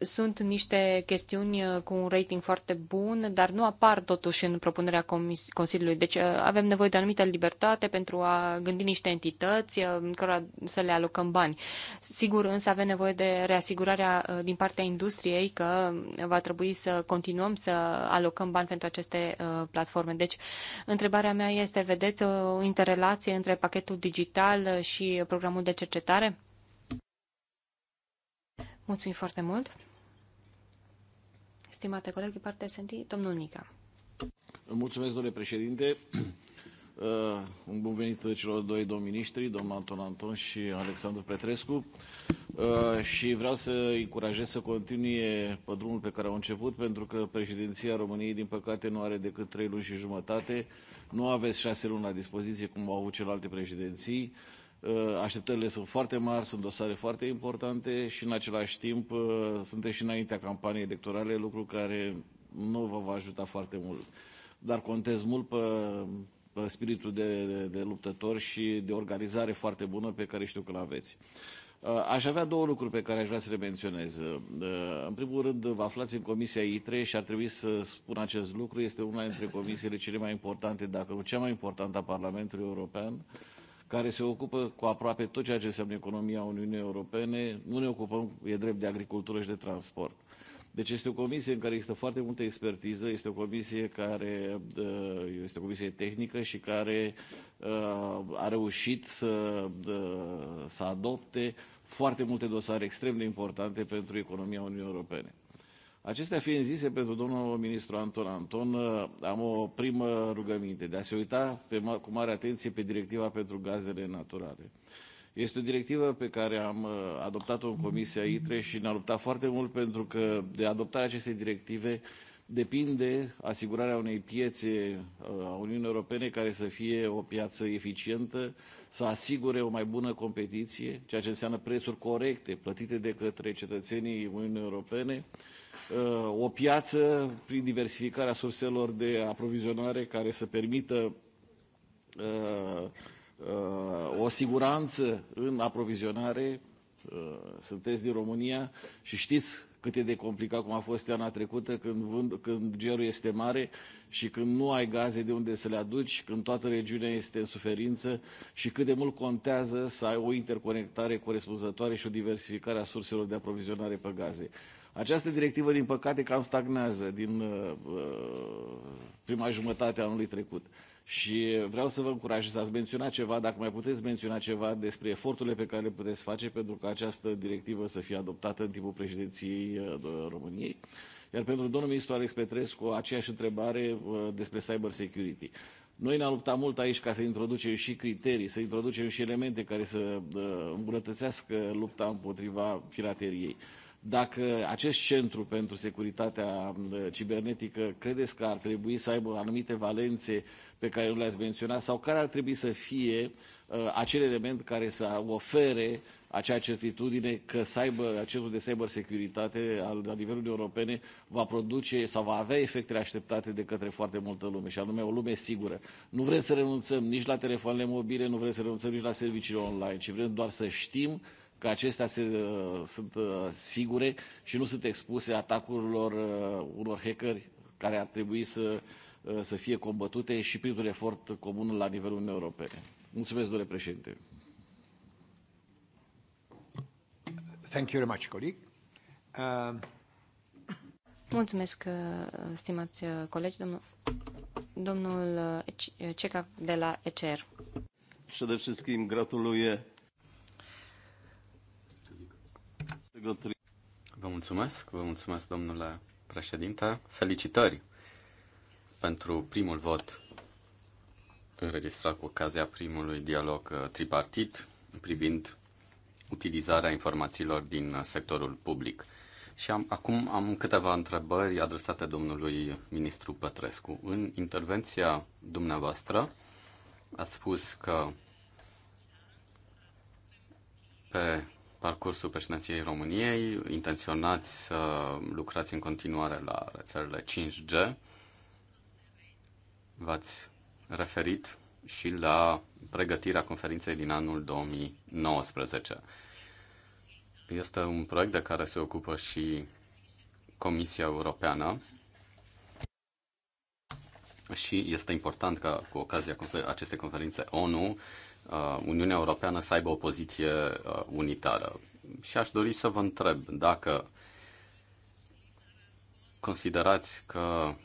sunt niște chestiuni uh, cu un rating foarte bun, dar nu apar totuși în propunerea Consiliului. Deci uh, avem nevoie de o anumită libertate pentru a gândi niște entități uh, cărora să le alocăm bani. Sigur, însă avem nevoie de reasigurarea din partea industriei că va trebui să continuăm să alocăm bani pentru aceste platforme. Deci, întrebarea mea este, vedeți o interrelație între pachetul digital și programul de cercetare? Mulțumim foarte mult! stimate coleg, din partea domnul Nica. Mulțumesc, domnule președinte. Uh, un bun venit celor doi domni ministri, domnul Anton Anton și Alexandru Petrescu. Uh, și vreau să încurajez să continue pe drumul pe care au început, pentru că președinția României, din păcate, nu are decât trei luni și jumătate. Nu aveți șase luni la dispoziție, cum au avut celelalte președinții. Uh, Uh, așteptările sunt foarte mari, sunt dosare foarte importante și în același timp uh, suntem și înaintea campaniei electorale, lucru care nu vă va ajuta foarte mult. Dar contez mult pe, pe spiritul de, de, de luptător și de organizare foarte bună pe care știu că l-aveți. Uh, aș avea două lucruri pe care aș vrea să le menționez. În primul rând, vă aflați în Comisia I3 și ar trebui să spun acest lucru. Este una dintre comisiile cele mai importante, dacă nu cea mai importantă a Parlamentului European care se ocupă cu aproape tot ceea ce înseamnă economia Uniunii Europene. Nu ne ocupăm, e drept, de agricultură și de transport. Deci este o comisie în care există foarte multă expertiză, este o comisie care uh, este o comisie tehnică și care uh, a reușit să, uh, să adopte foarte multe dosare extrem de importante pentru economia Uniunii Europene. Acestea fiind zise, pentru domnul ministru Anton Anton, uh, am o primă rugăminte de a se uita pe, cu mare atenție pe directiva pentru gazele naturale. Este o directivă pe care am uh, adoptat-o în Comisia ITRE și ne-a luptat foarte mult pentru că de adoptarea acestei directive depinde asigurarea unei piețe uh, a Uniunii Europene care să fie o piață eficientă, să asigure o mai bună competiție, ceea ce înseamnă prețuri corecte plătite de către cetățenii Uniunii Europene, uh, o piață prin diversificarea surselor de aprovizionare care să permită uh, o siguranță în aprovizionare. Sunteți din România și știți cât e de complicat, cum a fost iarna trecută, când, vând, când gerul este mare și când nu ai gaze de unde să le aduci, când toată regiunea este în suferință și cât de mult contează să ai o interconectare corespunzătoare și o diversificare a surselor de aprovizionare pe gaze. Această directivă, din păcate, cam stagnează din uh, uh prima jumătate a anului trecut. Uh, și vreau să vă încurajez, ați menționat ceva, dacă mai puteți menționa ceva despre eforturile pe care le puteți face pentru ca această directivă să fie adoptată în timpul președinției uh, României. Iar pentru domnul ministru Alex Petrescu, aceeași întrebare uh, despre cyber security. Noi ne-am luptat mult aici ca să introducem și criterii, să introducem și elemente care să uh, îmbunătățească lupta împotriva pirateriei dacă acest centru pentru securitatea cibernetică credeți că ar trebui să aibă anumite valențe pe care nu le-ați menționat sau care ar trebui să fie uh, acel element care să ofere acea certitudine că cyber, centrul de cybersecuritate al la nivelul europene va produce sau va avea efectele așteptate de către foarte multă lume și anume o lume sigură. Nu vrem să renunțăm nici la telefoanele mobile, nu vrem să renunțăm nici la serviciile online, ci vrem doar să știm că acestea se, uh, sunt uh, sigure și nu sunt expuse atacurilor uh, unor hackeri care ar trebui să, să fie combătute și printr-un efort comun la nivelul Uniunii Europene. Mulțumesc, domnule președinte. Thank you very much, colleague. Uh... Mulțumesc, stimați colegi, domnul, domnul Ceca de la ECR. Przede wszystkim gratuluie Vă mulțumesc, vă mulțumesc, domnule președinte. Felicitări pentru primul vot înregistrat cu ocazia primului dialog uh, tripartit privind utilizarea informațiilor din uh, sectorul public. Și am, acum am câteva întrebări adresate domnului ministru Pătrescu. În intervenția dumneavoastră ați spus că pe parcursul președinției României intenționați să lucrați în continuare la rețelele 5G. V-ați referit și la pregătirea conferinței din anul 2019. Este un proiect de care se ocupă și Comisia Europeană și este important ca cu ocazia acestei conferințe ONU Uh, Uniunea Europeană să aibă o poziție uh, unitară. Și aș dori să vă întreb dacă considerați că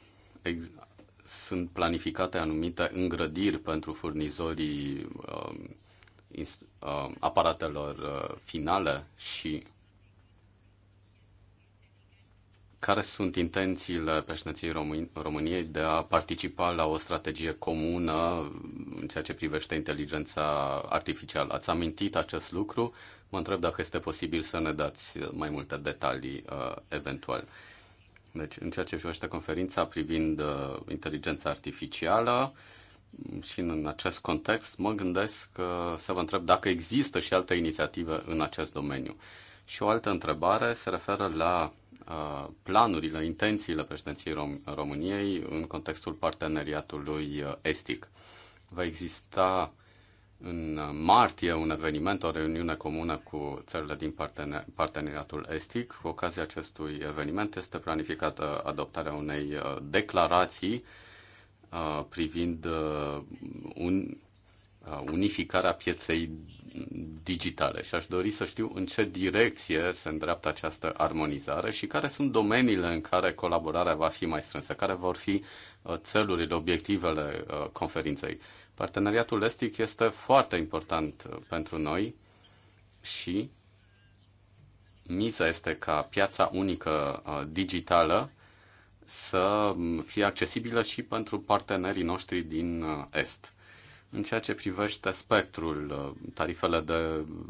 sunt planificate anumite îngrădiri pentru furnizorii uh, aparatelor uh, finale și care sunt intențiile președinției României de a participa la o strategie comună în ceea ce privește inteligența artificială? Ați amintit acest lucru? Mă întreb dacă este posibil să ne dați mai multe detalii uh, eventual. Deci, în ceea ce privește conferința privind uh, inteligența artificială, și în acest context mă gândesc uh, să vă întreb dacă există și alte inițiative în acest domeniu. Și o altă întrebare se referă la Uh, planurile, intențiile președinției Rom- României în contextul parteneriatului uh, estic. Va exista în martie un eveniment, o reuniune comună cu țările din partene- parteneriatul estic. Cu ocazia acestui eveniment este planificată adoptarea unei uh, declarații privind un, unificarea pieței digitale și aș dori să știu în ce direcție se îndreaptă această armonizare și care sunt domeniile în care colaborarea va fi mai strânsă, care vor fi uh, țelurile, obiectivele uh, conferinței. Parteneriatul estic este foarte important uh, pentru noi și miza este ca piața unică digitală să fie accesibilă și pentru partenerii noștri din Est. În ceea ce privește spectrul, uh, tarifele de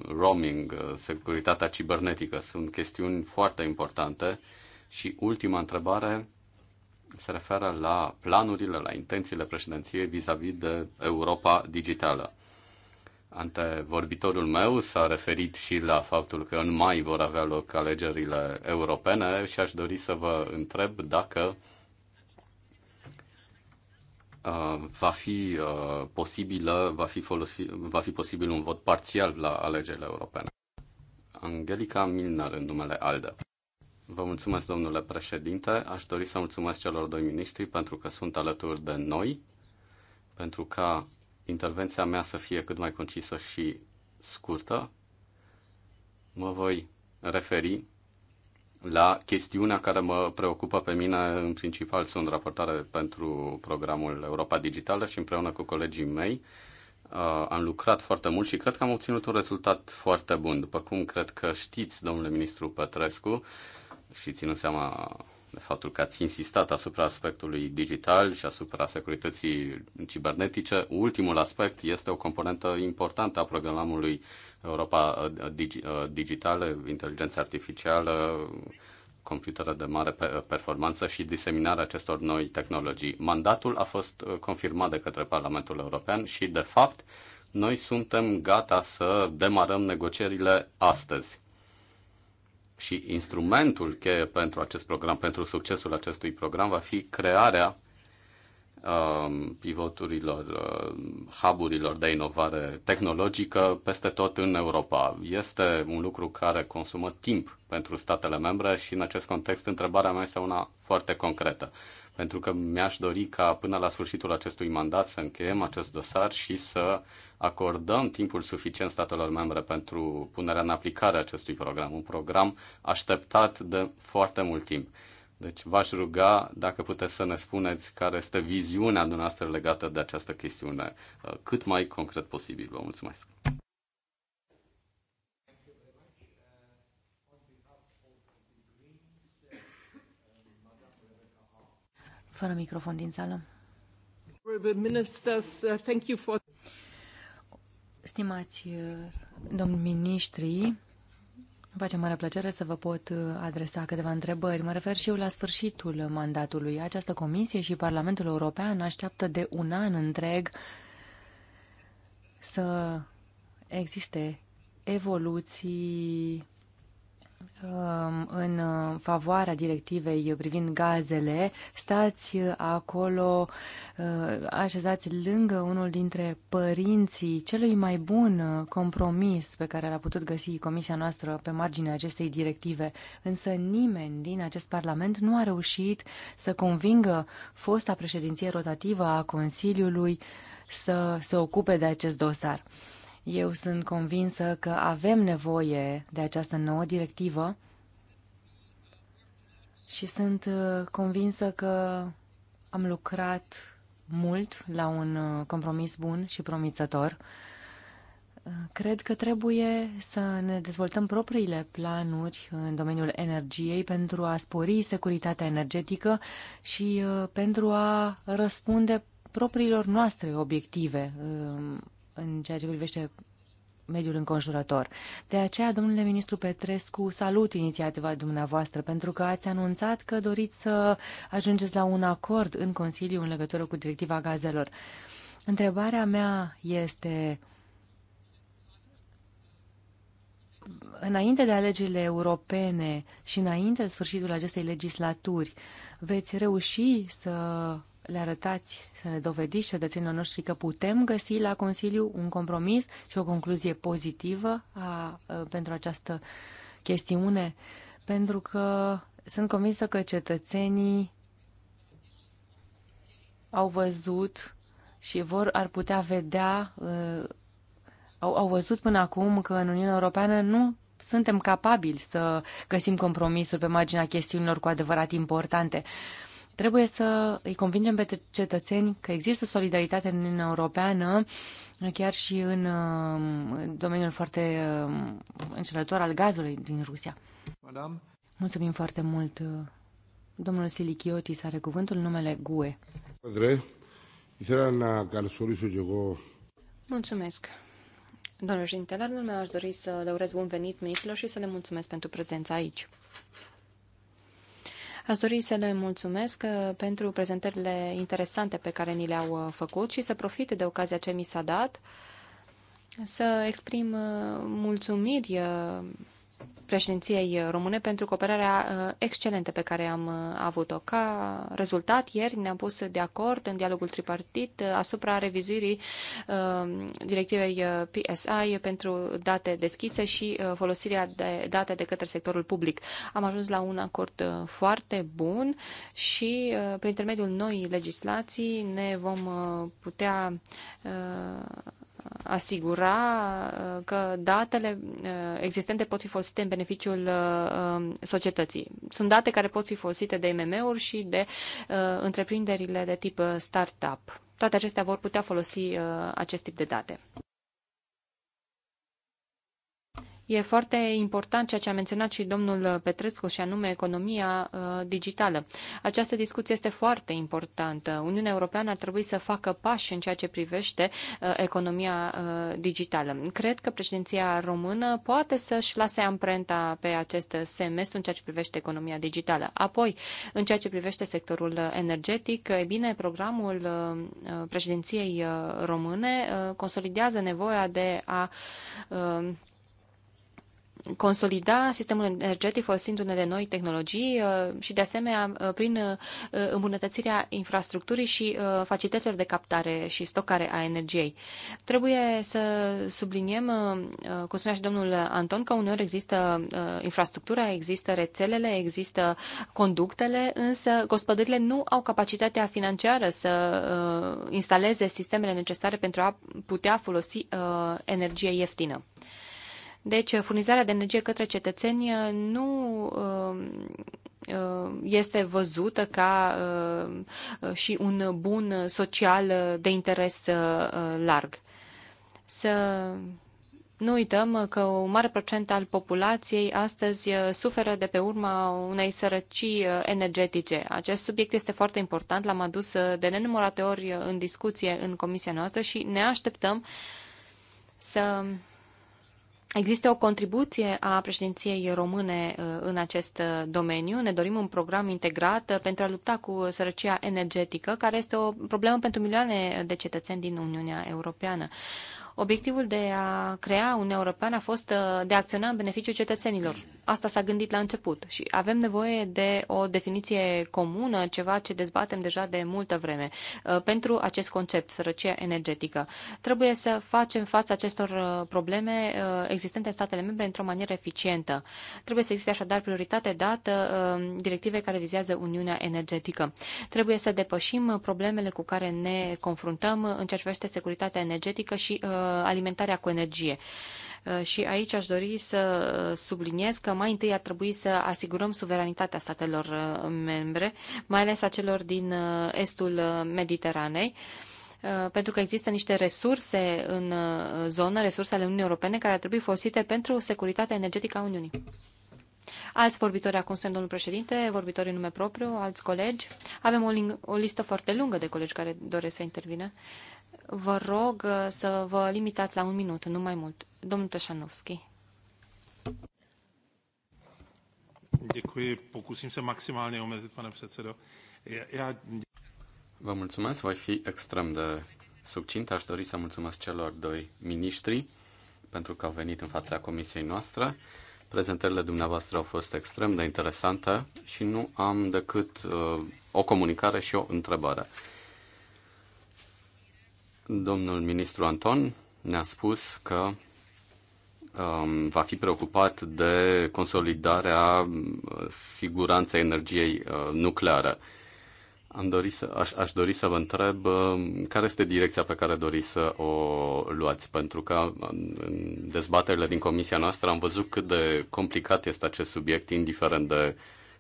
roaming, uh, securitatea cibernetică sunt chestiuni foarte importante și ultima întrebare se referă la planurile, la intențiile președinției vis-a-vis de Europa digitală. Ante vorbitorul meu s-a referit și la faptul că în mai vor avea loc alegerile europene și aș dori să vă întreb dacă Uh, va fi uh, posibilă, va fi, folosi, va fi posibil un vot parțial la alegerile europene. Angelica Milner în numele ALDE. Vă mulțumesc, domnule președinte. Aș dori să mulțumesc celor doi miniștri pentru că sunt alături de noi, pentru ca intervenția mea să fie cât mai concisă și scurtă. Mă voi referi la chestiunea care mă preocupă pe mine în principal. Sunt raportare pentru programul Europa Digitală și împreună cu colegii mei uh, am lucrat foarte mult și cred că am obținut un rezultat foarte bun. După cum cred că știți, domnule ministru Pătrescu, și ținând seama de faptul că ați insistat asupra aspectului digital și asupra securității cibernetice, ultimul aspect este o componentă importantă a programului Europa uh, uh, digitală, inteligența artificială, computere de mare uh, performanță și diseminarea acestor noi tehnologii. Mandatul a fost confirmat de către Parlamentul European și, de fapt, noi suntem gata să demarăm negocierile astăzi. Și instrumentul cheie pentru acest program, pentru succesul acestui program, va fi crearea Um, pivoturilor, uh, hub de inovare tehnologică peste tot în Europa. Este un lucru care consumă timp pentru statele membre și în acest context întrebarea mea este una foarte concretă. Pentru că mi-aș dori ca până la sfârșitul acestui mandat să încheiem acest dosar și să acordăm timpul suficient statelor membre pentru punerea în aplicare a acestui program. Un program așteptat de foarte mult timp. Deci v-aș ruga dacă puteți să ne spuneți care este viziunea dumneavoastră legată de această chestiune uh, cât mai concret posibil. Vă mulțumesc! Fără microfon din sală. Uh, Stimați uh, domn ministri, îmi face mare plăcere să vă pot uh, adresa câteva întrebări. Mă refer și eu la sfârșitul mandatului. Această comisie și Parlamentul European așteaptă de un an întreg să existe evoluții Um, în uh, favoarea directivei privind gazele, stați uh, acolo, uh, așezați lângă unul dintre părinții celui mai bun compromis pe care l-a putut găsi comisia noastră pe marginea acestei directive. Însă nimeni din acest parlament nu a reușit să convingă fosta președinție rotativă a Consiliului să se ocupe de acest dosar. Eu sunt convinsă că avem nevoie de această nouă directivă și sunt uh, convinsă că am lucrat mult la un uh, compromis bun și promițător. Uh, cred că trebuie să ne dezvoltăm propriile planuri în domeniul energiei pentru a spori securitatea energetică și pentru a răspunde propriilor noastre obiective um, în ceea ce privește mediul înconjurător. De aceea, domnule ministru Petrescu, salut inițiativa dumneavoastră, pentru că ați anunțat că doriți să ajungeți la un acord în Consiliu în legătură cu directiva gazelor. Întrebarea mea este, înainte de alegerile europene și înainte de sfârșitul acestei legislaturi, veți reuși să le arătați, să le dovediți cetățenilor noștri că putem găsi la Consiliu un compromis și o concluzie pozitivă a, a, pentru această chestiune, pentru că sunt convinsă că cetățenii au văzut și vor ar putea vedea, a, ă, au, au văzut până acum că în Uniunea Europeană nu suntem capabili să găsim compromisuri pe marginea chestiunilor cu adevărat importante. Trebuie să îi convingem pe cetățeni că există solidaritate în Uniunea Europeană, chiar și în um, domeniul foarte um, încelător al gazului din Rusia. Madame. Mulțumim foarte mult. Domnul Silichiotis are cuvântul numele GUE. Mulțumesc. Domnul Jintelar, nu mi aș dori să le urez bun venit Miclo, și să le mulțumesc pentru prezența aici. Aș dori să le mulțumesc uh, pentru prezentările interesante pe care ni le-au uh, făcut și să profit de ocazia ce mi s-a dat să exprim uh, mulțumiri președinției române pentru cooperarea uh, excelentă pe care am uh, avut-o. Ca rezultat, ieri ne-am pus de acord în dialogul tripartit uh, asupra revizuirii directivei PSI pentru date deschise și folosirea de date de către sectorul public. Am ajuns la un acord foarte bun și prin intermediul noii legislații ne vom putea asigura uh, că datele uh, existente pot fi folosite în beneficiul uh, um, societății. Sunt date care pot fi folosite de IMM-uri și de întreprinderile de tip startup. Toate acestea vor putea folosi acest tip de date. E foarte important ceea ce a menționat și domnul Petrescu, și anume economia uh, digitală. Această discuție este foarte importantă. Uniunea Europeană ar trebui să facă pași în ceea ce privește uh, economia uh, digitală. Cred că președinția română poate să-și lase amprenta pe acest semestru în ceea ce privește economia digitală. Apoi, în ceea ce privește sectorul energetic, e bine, programul președinției române consolidează nevoia de a consolida sistemul energetic folosind unele noi tehnologii uh, și, de asemenea, uh, prin uh, îmbunătățirea infrastructurii și facilităților de captare și stocare a energiei. Trebuie să subliniem, cum spunea și domnul Anton, că uneori există infrastructura, există rețelele, există conductele, însă gospodările nu au capacitatea financiară să instaleze sistemele necesare pentru a putea folosi energie ieftină. Deci, uh, furnizarea de energie către cetățeni uh, nu uh, este văzută ca și un bun social de interes larg. Să nu uităm că o mare procent al populației astăzi suferă de pe urma unei sărăcii energetice. Acest subiect este foarte important, l-am adus de nenumărate ori în discuție în comisia noastră și ne așteptăm să Există o contribuție a președinției române uh, în acest uh, domeniu. Ne dorim un program integrat uh, pentru a lupta cu sărăcia energetică, care este o problemă pentru milioane de cetățeni din Uniunea Europeană. Obiectivul de a crea Uniunea Europeană a fost de a acționa în beneficiul cetățenilor. Asta s-a gândit la început și avem nevoie de o definiție comună, ceva ce dezbatem deja de multă vreme, uh, pentru acest concept, sărăcia energetică. Trebuie să facem față acestor uh, probleme uh, existente în statele membre într-o manieră eficientă. Trebuie să existe așadar prioritate dată directive care vizează Uniunea Energetică. Trebuie să depășim problemele cu care ne confruntăm în ceea ce privește securitatea energetică și alimentarea cu energie. Uh, și aici aș dori să subliniez că mai întâi ar trebui să asigurăm suveranitatea statelor uh, membre, mai ales a celor din uh, estul Mediteranei, pentru că există niște resurse în zonă, resurse ale Uniunii Europene, care ar trebui folosite pentru securitatea energetică a Uniunii. Alți vorbitori acum sunt domnul președinte, vorbitori în nume propriu, alți colegi. Avem o, o listă foarte lungă de colegi care doresc să intervină. Uh, vă rog uh, să vă limitați la un minut, nu mai mult. Domnul Tășanovski. Děkuji, pokusím se maximálně omezit, pane předsedo. Já... Vă mulțumesc, voi fi extrem de succint. Aș dori să mulțumesc celor doi miniștri pentru că au venit în fața comisiei noastre. Prezentările dumneavoastră au fost extrem de interesante și nu am decât uh, o comunicare și o întrebare. Domnul ministru Anton ne-a spus că um, va fi preocupat de consolidarea um, siguranței energiei uh, nucleare. Am dori să, aș, aș dori să vă întreb um, care este direcția pe care doriți să o luați, pentru că um, în dezbaterile din comisia noastră am văzut cât de complicat este acest subiect, indiferent de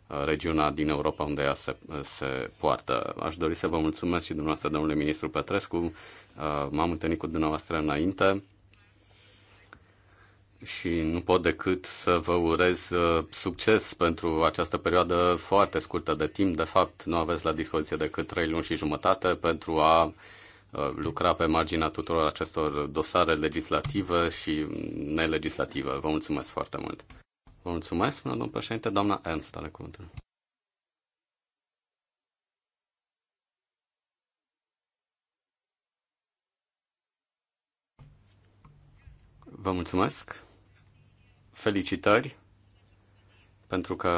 regiunea din Europa unde ea se, se poartă. Aș dori să vă mulțumesc și dumneavoastră, domnule ministru Petrescu. Uh, m-am întâlnit cu dumneavoastră înainte și nu pot decât să vă urez uh, succes pentru această perioadă foarte scurtă de timp. De fapt, nu aveți la dispoziție decât trei luni și jumătate pentru a uh, lucra pe marginea tuturor acestor dosare legislative și nelegislative. Vă mulțumesc foarte mult! Vă mulțumesc, până domnul președinte, doamna Ernst, ale cuvântului. Vă mulțumesc. Felicitări pentru că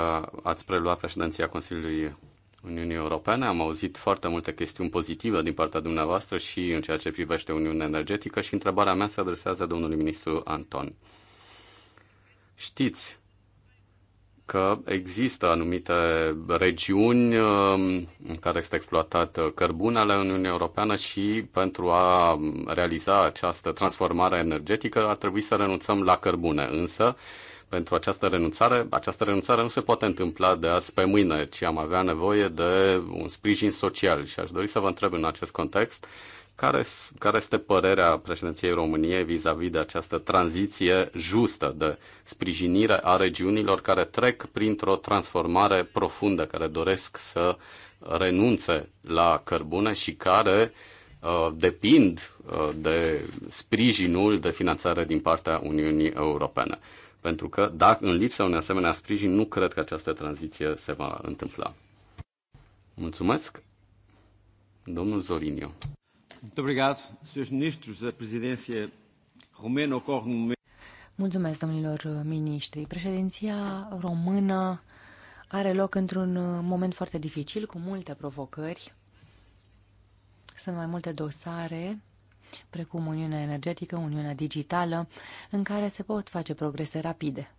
ați preluat președinția Consiliului Uniunii Europene. Am auzit foarte multe chestiuni pozitive din partea dumneavoastră și în ceea ce privește Uniunea Energetică și întrebarea mea se adresează domnului ministru Anton. Știți că există anumite regiuni um, în care este exploatat cărbunele în Uniunea Europeană și pentru a realiza această transformare energetică ar trebui să renunțăm la cărbune. Însă, pentru această renunțare, această renunțare nu se poate întâmpla de azi pe mâine, ci am avea nevoie de un sprijin social și aș dori să vă întreb în acest context care, care este părerea președinției României vis-a-vis -vis de această tranziție justă de sprijinire a regiunilor care trec printr-o transformare profundă, care doresc să renunțe la cărbune și care uh, depind uh, de sprijinul de finanțare din partea Uniunii Europene? Pentru că, dacă în lipsa unui asemenea sprijin, nu cred că această tranziție se va întâmpla. Mulțumesc, domnul Zorinio. Muito obrigado, Srs. Ministros. A presidência ocorre Mulțumesc, domnilor ministri. Președinția română are loc într-un moment foarte dificil, cu multe provocări. Sunt mai multe dosare, precum Uniunea Energetică, Uniunea Digitală, în care se pot face progrese rapide.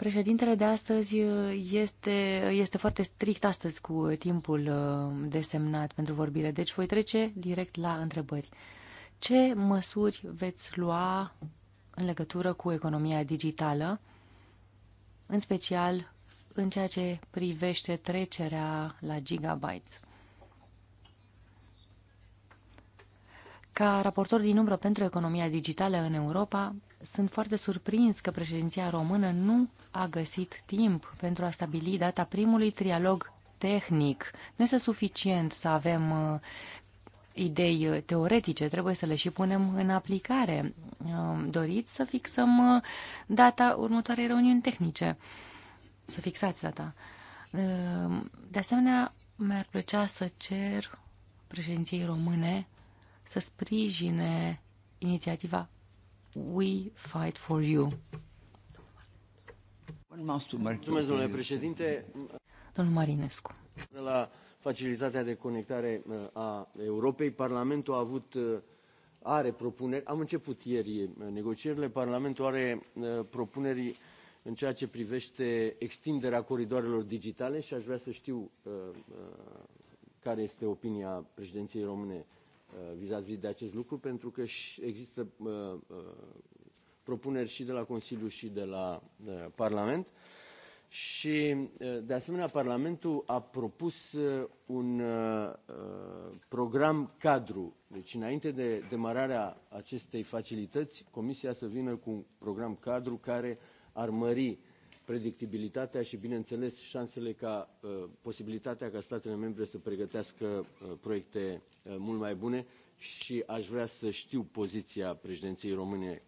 Președintele de astăzi uh, este, este foarte strict astăzi cu timpul uh, desemnat pentru vorbire, deci voi trece direct la întrebări. Ce măsuri veți lua în legătură cu economia digitală, în special în ceea ce privește trecerea la gigabytes? Ca raportor din umbră pentru economia digitală în Europa, sunt foarte surprins că președinția română nu a găsit timp pentru a stabili data primului trialog tehnic. Nu este suficient să avem uh, idei uh, teoretice, trebuie să le și punem în aplicare. Uh, doriți să fixăm data următoarei reuniuni tehnice, să fixați data. De asemenea, mi-ar plăcea să cer președinției române să sprijine inițiativa we fight for you. Mulțumesc, domnule președinte. Domnul Marinescu. De la facilitatea de conectare uh, a Europei, Parlamentul a avut, uh, are propuneri, am început ieri uh, negocierile, Parlamentul are propuneri în ceea ce privește extinderea coridoarelor digitale și aș vrea să știu care este opinia președinției române Uh, vis-a-vis -vis de acest lucru, pentru că există uh, uh, propuneri și de la Consiliu și de la Parlament. Și, de asemenea, Parlamentul a propus un program cadru. Deci, înainte de demararea acestei facilități, Comisia să vină cu un program cadru care ar mări predictibilitatea și, bineînțeles, șansele ca, uh, posibilitatea ca statele membre să pregătească uh, proiecte uh, mult mai bune și aș vrea să știu poziția președinției române,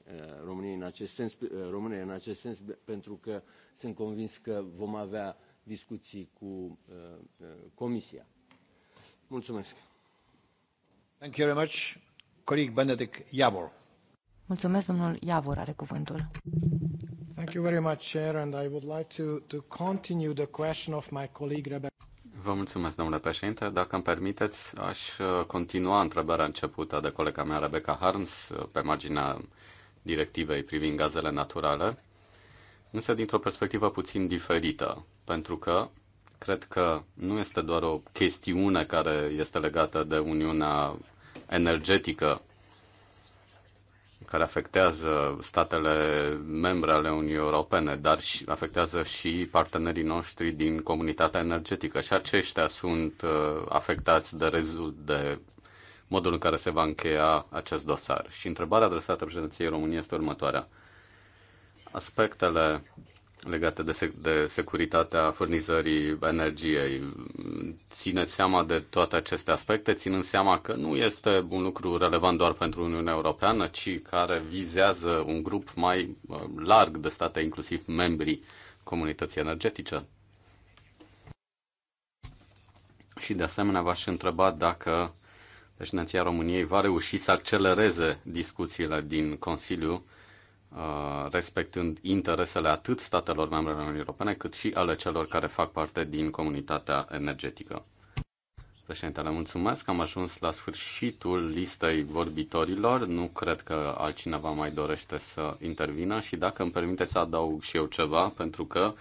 României în acest sens, române în acest sens, pentru că sunt convins că vom avea discuții cu Comisia. Mulțumesc. Thank you very much. Coleg Benedict Iavor. Mulțumesc, domnul Iavor are cuvântul. Thank you very much, Chair, and I would like to, to continue the question of my colleague Rebecca. Vă mulțumesc, domnule președinte. Dacă îmi permiteți, aș uh, continua întrebarea începută de colega mea, Rebecca Harms, uh, pe marginea directivei privind gazele naturale, însă dintr-o perspectivă puțin diferită, pentru că cred că nu este doar o chestiune care este legată de Uniunea energetică care afectează statele membre ale Uniunii Europene, dar și afectează și partenerii noștri din comunitatea energetică și aceștia sunt uh, afectați de, rezult, de modul în care se va încheia acest dosar. Și întrebarea adresată președinției României este următoarea. Aspectele legate de, sec- de securitatea furnizării energiei. Țineți seama de toate aceste aspecte, ținând seama că nu este un lucru relevant doar pentru Uniunea Europeană, ci care vizează un grup mai uh, larg de state, inclusiv membrii comunității energetice. Și de asemenea v-aș întreba dacă președinția României va reuși să accelereze discuțiile din Consiliu Uh, respectând interesele atât statelor membre ale Uniunii Europene, cât și ale celor care fac parte din comunitatea energetică. Președintele, mulțumesc. Am ajuns la sfârșitul listei vorbitorilor. Nu cred că altcineva mai dorește să intervină și dacă îmi permiteți să adaug și eu ceva, pentru că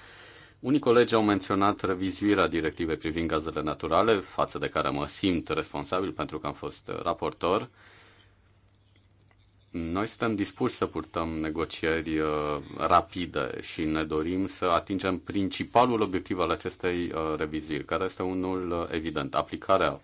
unii colegi au menționat revizuirea directivei privind gazele naturale, față de care mă simt responsabil pentru că am fost raportor. Noi suntem dispuși să purtăm negocieri uh, rapide și ne dorim să atingem principalul obiectiv al acestei uh, reviziri, care este unul uh, evident, aplicarea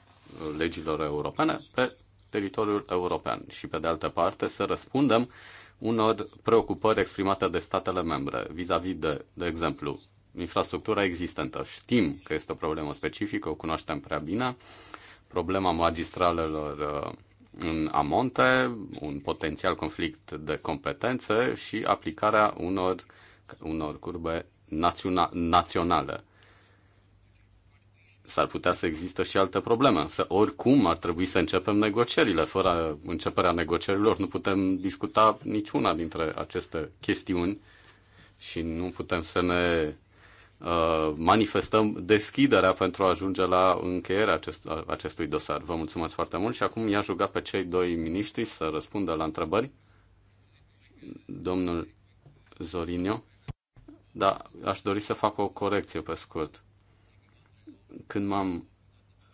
legilor europene pe teritoriul european și, pe de altă parte, să răspundem unor preocupări exprimate de statele membre vis-a-vis -vis de, de exemplu, infrastructura existentă. Știm că este o problemă specifică, o cunoaștem prea bine, problema magistralelor în amonte, un potențial conflict de competențe și aplicarea unor, unor curbe naționa, naționale. S-ar putea să există și alte probleme, însă oricum ar trebui să începem negocierile. Fără începerea negocierilor nu putem discuta niciuna dintre aceste chestiuni și nu putem să ne Uh, manifestăm deschiderea pentru a ajunge la încheierea acest, acestui dosar. Vă mulțumesc foarte mult și acum i-aș ruga pe cei doi miniștri să răspundă la întrebări. Domnul Zorinio. Da, aș dori să fac o corecție pe scurt. Când m-am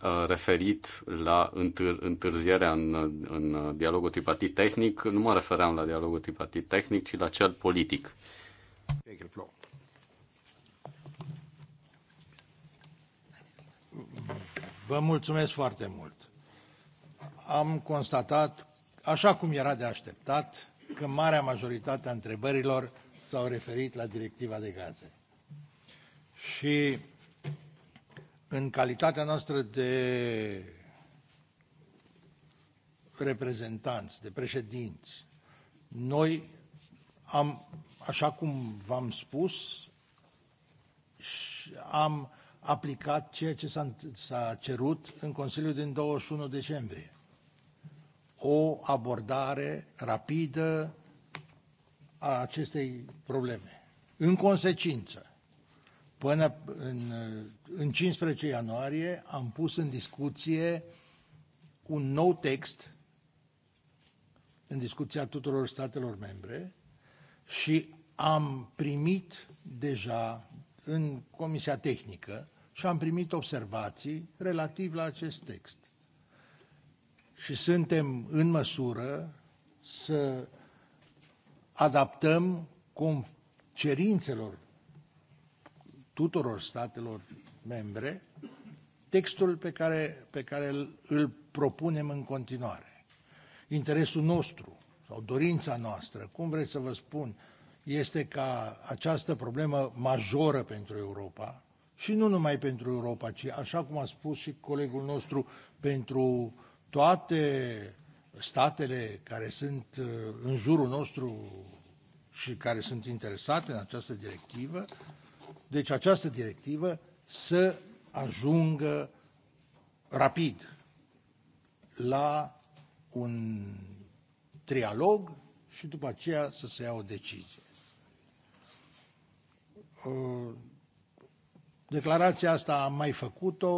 uh, referit la întâr- întârzierea în, în dialogul tripartit tehnic, nu mă refeream la dialogul tripartit tehnic, ci la cel politic. Take Vă mulțumesc foarte mult. Am constatat, așa cum era de așteptat, că marea majoritate a întrebărilor s-au referit la directiva de gaze. Și în calitatea noastră de reprezentanți, de președinți, noi am, așa cum v-am spus, am aplicat ceea ce s-a, cerut în Consiliul din 21 decembrie. O abordare rapidă a acestei probleme. În consecință, până în, în 15 ianuarie am pus în discuție un nou text în discuția tuturor statelor membre și am primit deja în Comisia Tehnică și am primit observații relativ la acest text. Și suntem în măsură să adaptăm cum cerințelor tuturor statelor membre textul pe care, pe care îl, îl propunem în continuare. Interesul nostru sau dorința noastră, cum vreți să vă spun, este ca această problemă majoră pentru Europa, și nu numai pentru Europa, ci, așa cum a spus și colegul nostru, pentru toate statele care sunt uh, în jurul nostru și care sunt interesate în această directivă, deci această directivă să ajungă rapid la un trialog și după aceea să se ia o decizie. Uh, Declarația asta am mai făcut-o,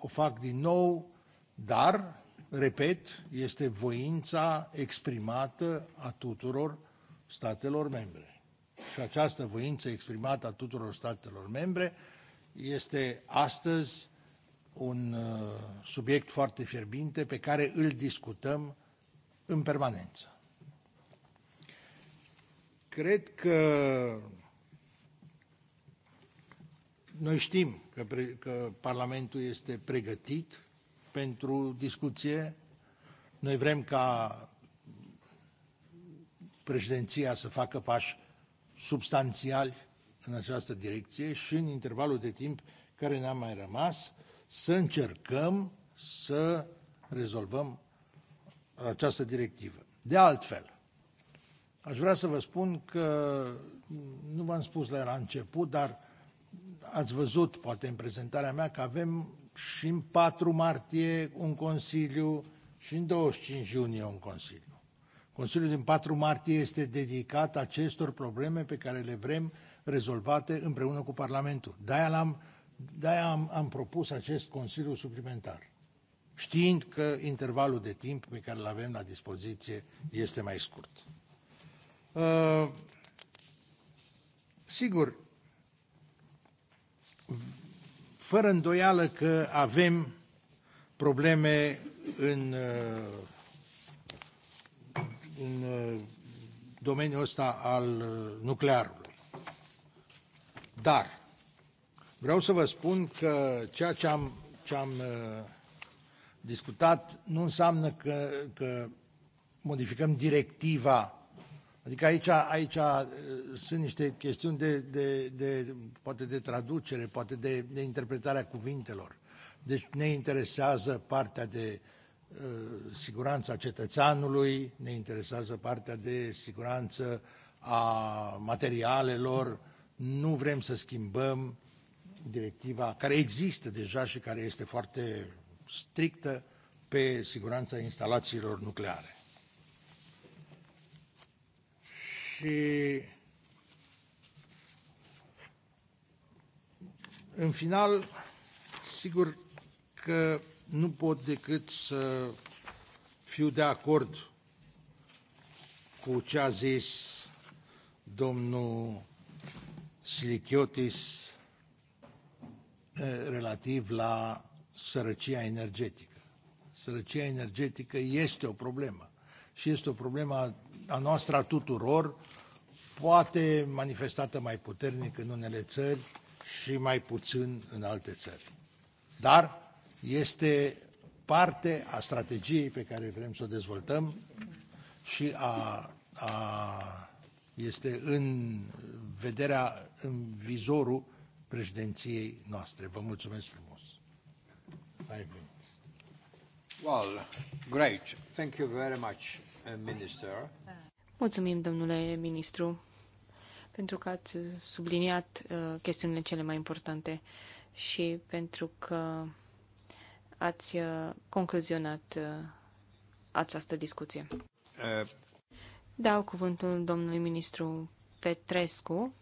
o fac din nou, dar, repet, este voința exprimată a tuturor statelor membre. Și această voință exprimată a tuturor statelor membre este astăzi un uh, subiect foarte fierbinte pe care îl discutăm în permanență. Cred că noi știm că, că Parlamentul este pregătit pentru discuție. Noi vrem ca președinția să facă pași substanțiali în această direcție și în intervalul de timp care ne-a mai rămas să încercăm să rezolvăm această directivă. De altfel, aș vrea să vă spun că, nu v-am spus la era început, dar ați văzut, poate în prezentarea mea, că avem și în 4 martie un Consiliu și în 25 iunie un Consiliu. Consiliul din 4 martie este dedicat acestor probleme pe care le vrem rezolvate împreună cu Parlamentul. De-aia, l-am, de-aia am, am propus acest Consiliu suplimentar, știind că intervalul de timp pe care îl avem la dispoziție este mai scurt. Uh, sigur, fără îndoială că avem probleme în, uh, în uh, domeniul ăsta al uh, nuclearului. Dar vreau să vă spun că ceea ce am, ce am discutat nu înseamnă că, că modificăm directiva Adică aici, aici uh, sunt niște chestiuni de, de, de, poate de traducere, poate de, de interpretarea cuvintelor. Deci ne interesează partea de uh, a cetățeanului, ne interesează partea de siguranță a materialelor, nu vrem să schimbăm directiva care există deja și care este foarte strictă pe siguranța instalațiilor nucleare. Și în final, sigur că nu pot decât să fiu de acord cu ce a zis domnul Slichiotis eh, relativ la sărăcia energetică. Sărăcia energetică este o problemă și este o problemă a noastră a tuturor poate manifestată mai puternic în unele țări și mai puțin în alte țări. Dar este parte a strategiei pe care vrem să o dezvoltăm și a, a, este în vederea, în vizorul președinției noastre. Vă mulțumesc frumos. Five minutes. Well, great. Thank you very much, uh, Minister. Mulțumim, domnule ministru pentru că ați subliniat uh, chestiunile cele mai importante și pentru că ați uh, concluzionat uh, această discuție. Dau cuvântul domnului ministru Petrescu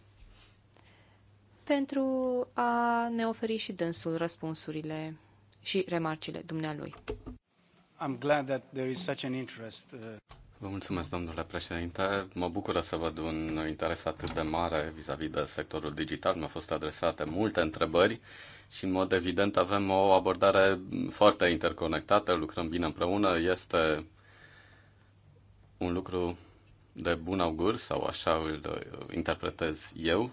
pentru a ne oferi și dânsul răspunsurile și remarcile dumnealui. I'm glad that there is such an interest. Vă mulțumesc, domnule președinte. Mă bucură să văd un interes atât de mare vis-a-vis -vis de sectorul digital. Mi-au fost adresate multe întrebări și, în mod evident, avem o abordare foarte interconectată, lucrăm bine împreună. Este un lucru de bun augur, sau așa îl uh, interpretez eu.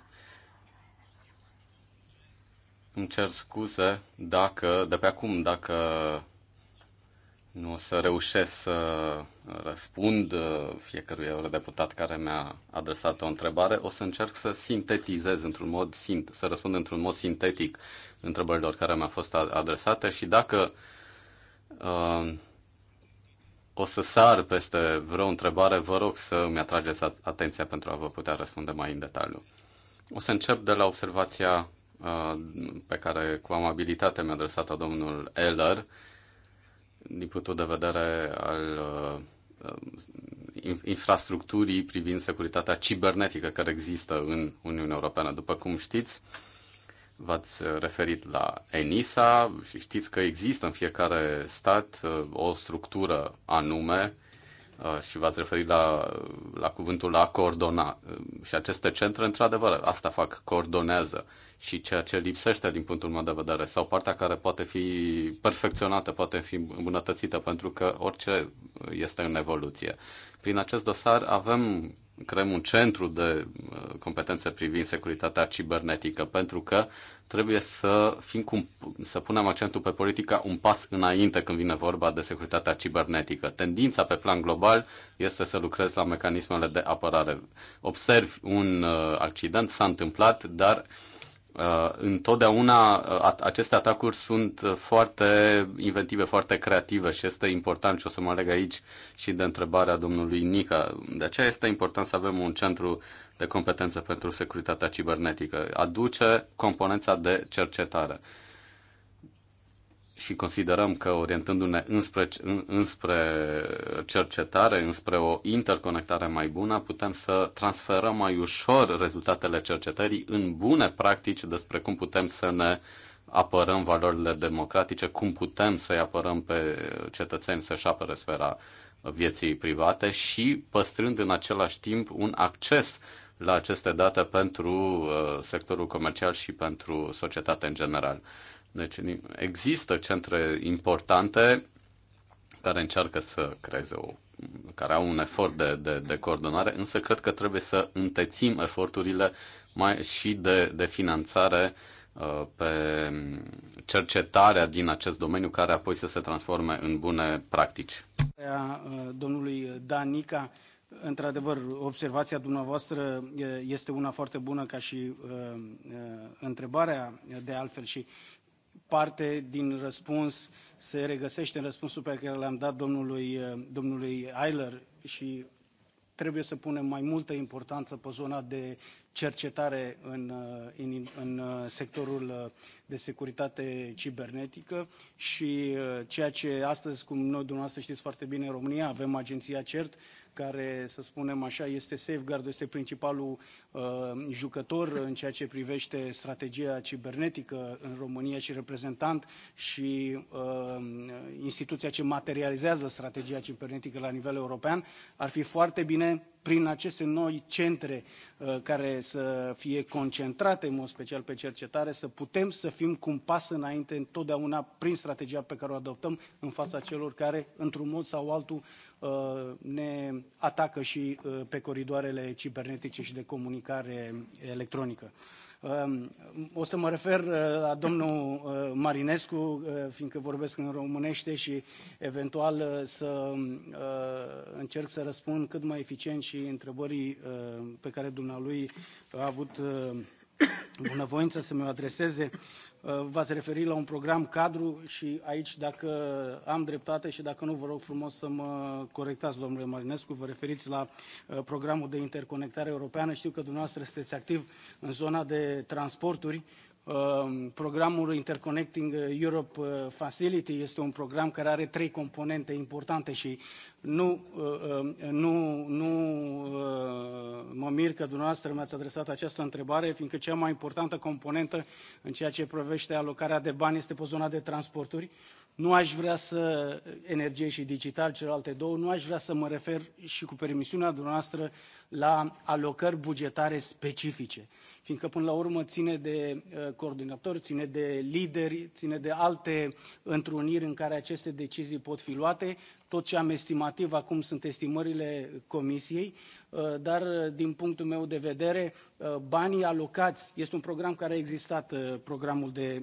Îmi cer scuze dacă, de pe acum, dacă nu o să reușesc să răspund uh, fiecărui eurodeputat care mi-a adresat o întrebare. O să încerc să sintetizez într-un mod, să răspund într-un mod sintetic întrebărilor care mi-au fost adresate și dacă uh, o să sar peste vreo întrebare, vă rog să mi atrageți atenția pentru a vă putea răspunde mai în detaliu. O să încep de la observația uh, pe care cu amabilitate mi-a adresat-o domnul Eller, din punctul de vedere al uh, infrastructurii privind securitatea cibernetică care există în Uniunea Europeană. După cum știți, v-ați referit la ENISA și știți că există în fiecare stat uh, o structură anume Uh, și v-ați referit la, la cuvântul a coordona. Uh, și aceste centre, într-adevăr, asta fac, coordonează. Și ceea ce lipsește din punctul meu de vedere, sau partea care poate fi perfecționată, poate fi îmbunătățită, pentru că orice este în evoluție. Prin acest dosar avem creăm un centru de uh, competențe privind securitatea cibernetică, pentru că trebuie să, fim cum, să punem accentul pe politica un pas înainte când vine vorba de securitatea cibernetică. Tendința pe plan global este să lucrezi la mecanismele de apărare. Observi un uh, accident, s-a întâmplat, dar uh, Uh, întotdeauna uh, aceste atacuri sunt uh, foarte inventive, foarte creative și este important și o să mă leg aici și de întrebarea domnului Nica. De aceea este important să avem un centru de competență pentru securitatea cibernetică. Aduce componența de cercetare și considerăm că orientându-ne înspre, înspre cercetare, înspre o interconectare mai bună, putem să transferăm mai ușor rezultatele cercetării în bune practici despre cum putem să ne apărăm valorile democratice, cum putem să-i apărăm pe cetățeni să-și apere sfera vieții private și păstrând în același timp un acces la aceste date pentru uh, sectorul comercial și pentru societate în general. Deci există centre importante care încearcă să creeze o care au un efort de, de, de coordonare, însă cred că trebuie să întețim eforturile mai și de, de finanțare uh, pe cercetarea din acest domeniu care apoi să se transforme în bune practici. Uh, domnului Danica, într-adevăr, observația dumneavoastră uh, este una foarte bună ca și întrebarea de altfel și parte din răspuns se regăsește în răspunsul pe care l-am dat domnului, eh, domnului Eiler și trebuie să punem mai multă importanță pe zona de cercetare în, eh, în, în eh, sectorul de securitate cibernetică și uh, ceea ce astăzi, cum noi dumneavoastră știți foarte bine, în România avem agenția CERT, care, să spunem așa, este safeguard, este principalul uh, jucător în ceea ce privește strategia cibernetică în România și reprezentant și uh, instituția ce materializează strategia cibernetică la nivel european, ar fi foarte bine prin aceste noi centre uh, care să fie concentrate în mod special pe cercetare, să putem să fim cu un pas înainte întotdeauna prin strategia pe care o adoptăm în fața celor care, într-un mod sau altul, uh, ne atacă și uh, pe coridoarele cibernetice și de comunicare electronică. Um, o să mă refer uh, la domnul Marinescu, fiindcă vorbesc în românește și eventual să încerc să răspund cât mai eficient și întrebării pe care dumnealui a avut bunăvoință să mi-o adreseze. Uh, v-ați referit la un program cadru și aici, dacă am dreptate și dacă nu, vă rog frumos să mă corectați, domnule Marinescu, vă referiți la uh, programul de interconectare europeană. Știu că dumneavoastră sunteți activ în zona de transporturi Ehm, programul Interconnecting Europe eh, Facility este un program care are trei componente importante și nu, eh, ehm, nu, nu eh, mă mir că dumneavoastră mi-ați adresat această întrebare, fiindcă cea mai importantă componentă în ceea ce privește alocarea de bani este pe zona de transporturi. Nu aș vrea să, energie și digital, celelalte două, nu aș vrea să mă refer și cu permisiunea dumneavoastră la alocări bugetare specifice fiindcă până la urmă ține de uh, coordonatori, ține de lideri, ține de alte întruniri în care aceste decizii pot fi luate. Tot ce am estimativ acum sunt estimările Comisiei, uh, dar uh, din punctul meu de vedere, banii alocați, este un program care a existat, programul de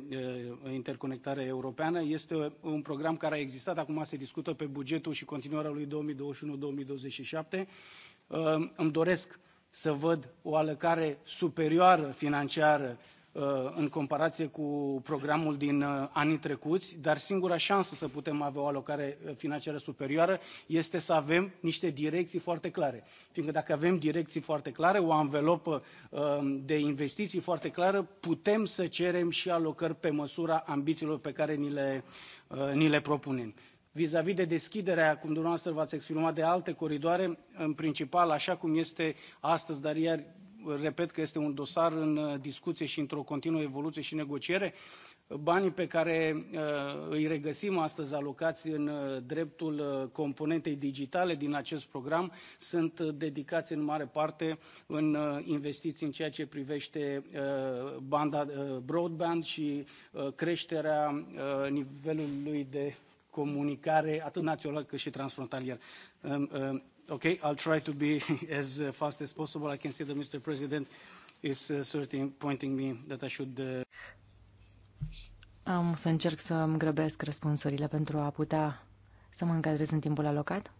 interconectare europeană, este un program care a existat, acum se discută pe bugetul și continuarea lui 2021-2027. Îmi doresc să văd o alocare superioară financiară uh, în comparație cu programul din uh, anii trecuți, dar singura șansă să putem avea o alocare uh, financiară superioară este să avem niște direcții foarte clare. Fiindcă dacă avem direcții foarte clare, o anvelopă de investiții foarte clară, putem să cerem și alocări pe măsura ambițiilor pe care ni le, ni le propunem vis-a-vis de deschiderea, cum dumneavoastră v-ați exprimat, de alte coridoare, în principal, așa cum este astăzi, dar iar repet că este un dosar în uh, discuție și într-o continuă evoluție și negociere, banii pe care uh, îi regăsim astăzi alocați în uh, dreptul componentei digitale din acest program sunt dedicați în mare parte în investiții în ceea ce privește banda broadband și creșterea nivelului de comunicare atât național cât și transfrontalier. Um, um, ok, I'll try to be [laughs] as fast as possible. I can see that Mr. President is uh, certainly pointing me that I should... Uh... Am să încerc să îmi grăbesc răspunsurile pentru a putea să mă încadrez în timpul alocat.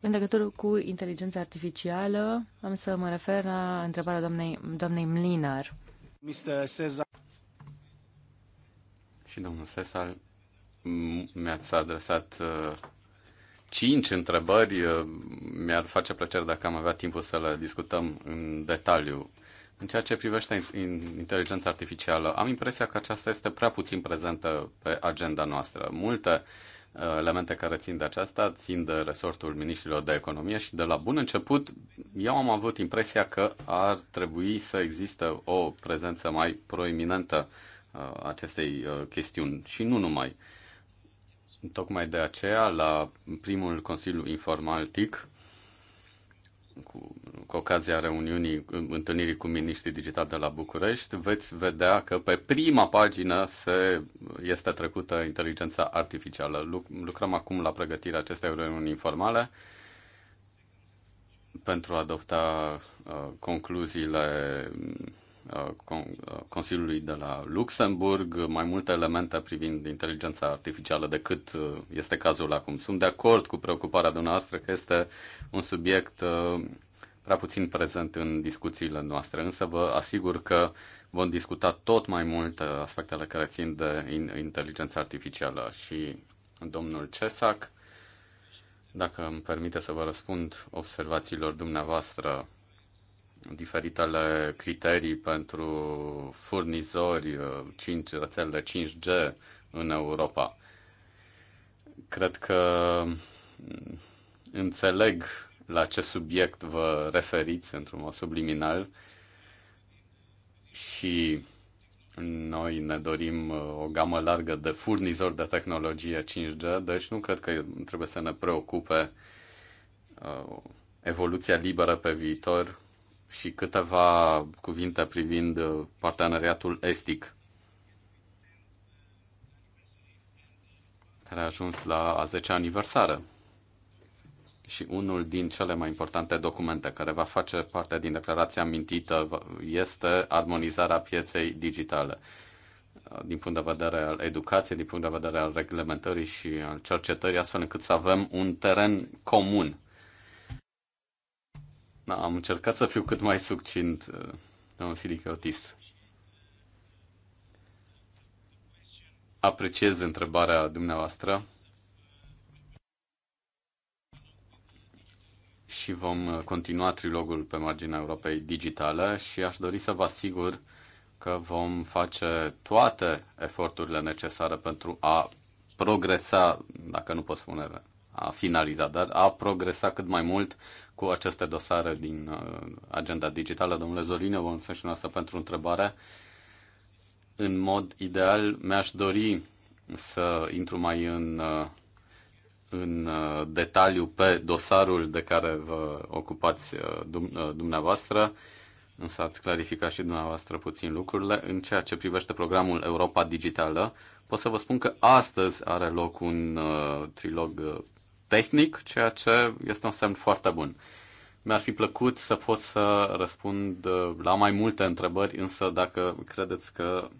În legătură cu inteligența artificială, am să mă refer la întrebarea doamnei, doamnei Mlinar. Mr. Cesar și domnul Sesal mi-ați adresat uh, cinci întrebări. Uh, mi-ar face plăcere dacă am avea timpul să le discutăm în detaliu. În ceea ce privește inteligența artificială, am impresia că aceasta este prea puțin prezentă pe agenda noastră. Multe uh, elemente care țin de aceasta țin de resortul ministrilor de economie și de la bun început eu am avut impresia că ar trebui să existe o prezență mai proeminentă acestei chestiuni și nu numai. Tocmai de aceea, la primul Consiliu Informal TIC, cu, cu ocazia reuniunii, întâlnirii cu ministrii digitali de la București, veți vedea că pe prima pagină se, este trecută inteligența artificială. Lucrăm acum la pregătirea acestei reuniuni informale pentru a adopta uh, concluziile Uh, uh, Consiliului de la Luxemburg, mai multe elemente privind inteligența artificială decât uh, este cazul acum. Sunt de acord cu preocuparea dumneavoastră că este un subiect prea puțin prezent în discuțiile noastre, însă vă asigur că vom discuta tot mai mult aspectele care țin de inteligența artificială și domnul Cesac, dacă îmi permite să vă răspund observațiilor dumneavoastră diferitele criterii pentru furnizori, 5, uh, rețelele 5G în Europa. Cred că mm, înțeleg la ce subiect vă referiți într-un mod subliminal și noi ne dorim uh, o gamă largă de furnizori de tehnologie 5G, deci nu cred că trebuie să ne preocupe uh, evoluția liberă pe viitor și câteva cuvinte privind uh, parteneriatul estic, care a ajuns la a 10-a aniversară și unul din cele mai importante documente care va face parte din declarația amintită este armonizarea pieței digitale uh, din punct de vedere al educației, din punct de vedere al reglementării și al cercetării, astfel încât să avem un teren comun da, am încercat să fiu cât mai succint, uh, domnul Silica Otis. Apreciez întrebarea dumneavoastră și vom uh, continua trilogul pe marginea Europei digitale și aș dori să vă asigur că vom face toate eforturile necesare pentru a progresa, dacă nu pot spune a finaliza, dar a progresa cât mai mult cu aceste dosare din uh, agenda digitală. Domnule Zorine, vă mulțumesc și noastră pentru întrebare. În mod ideal, mi-aș dori să intru mai în, uh, în uh, detaliu pe dosarul de care vă ocupați dumneavoastră, însă ați clarificat și dumneavoastră puțin lucrurile. În ceea ce privește programul Europa Digitală, pot să vă spun că astăzi are loc un trilog tehnic, ceea ce este un semn foarte bun. Mi-ar fi plăcut să pot să răspund uh, la mai multe întrebări, însă dacă credeți că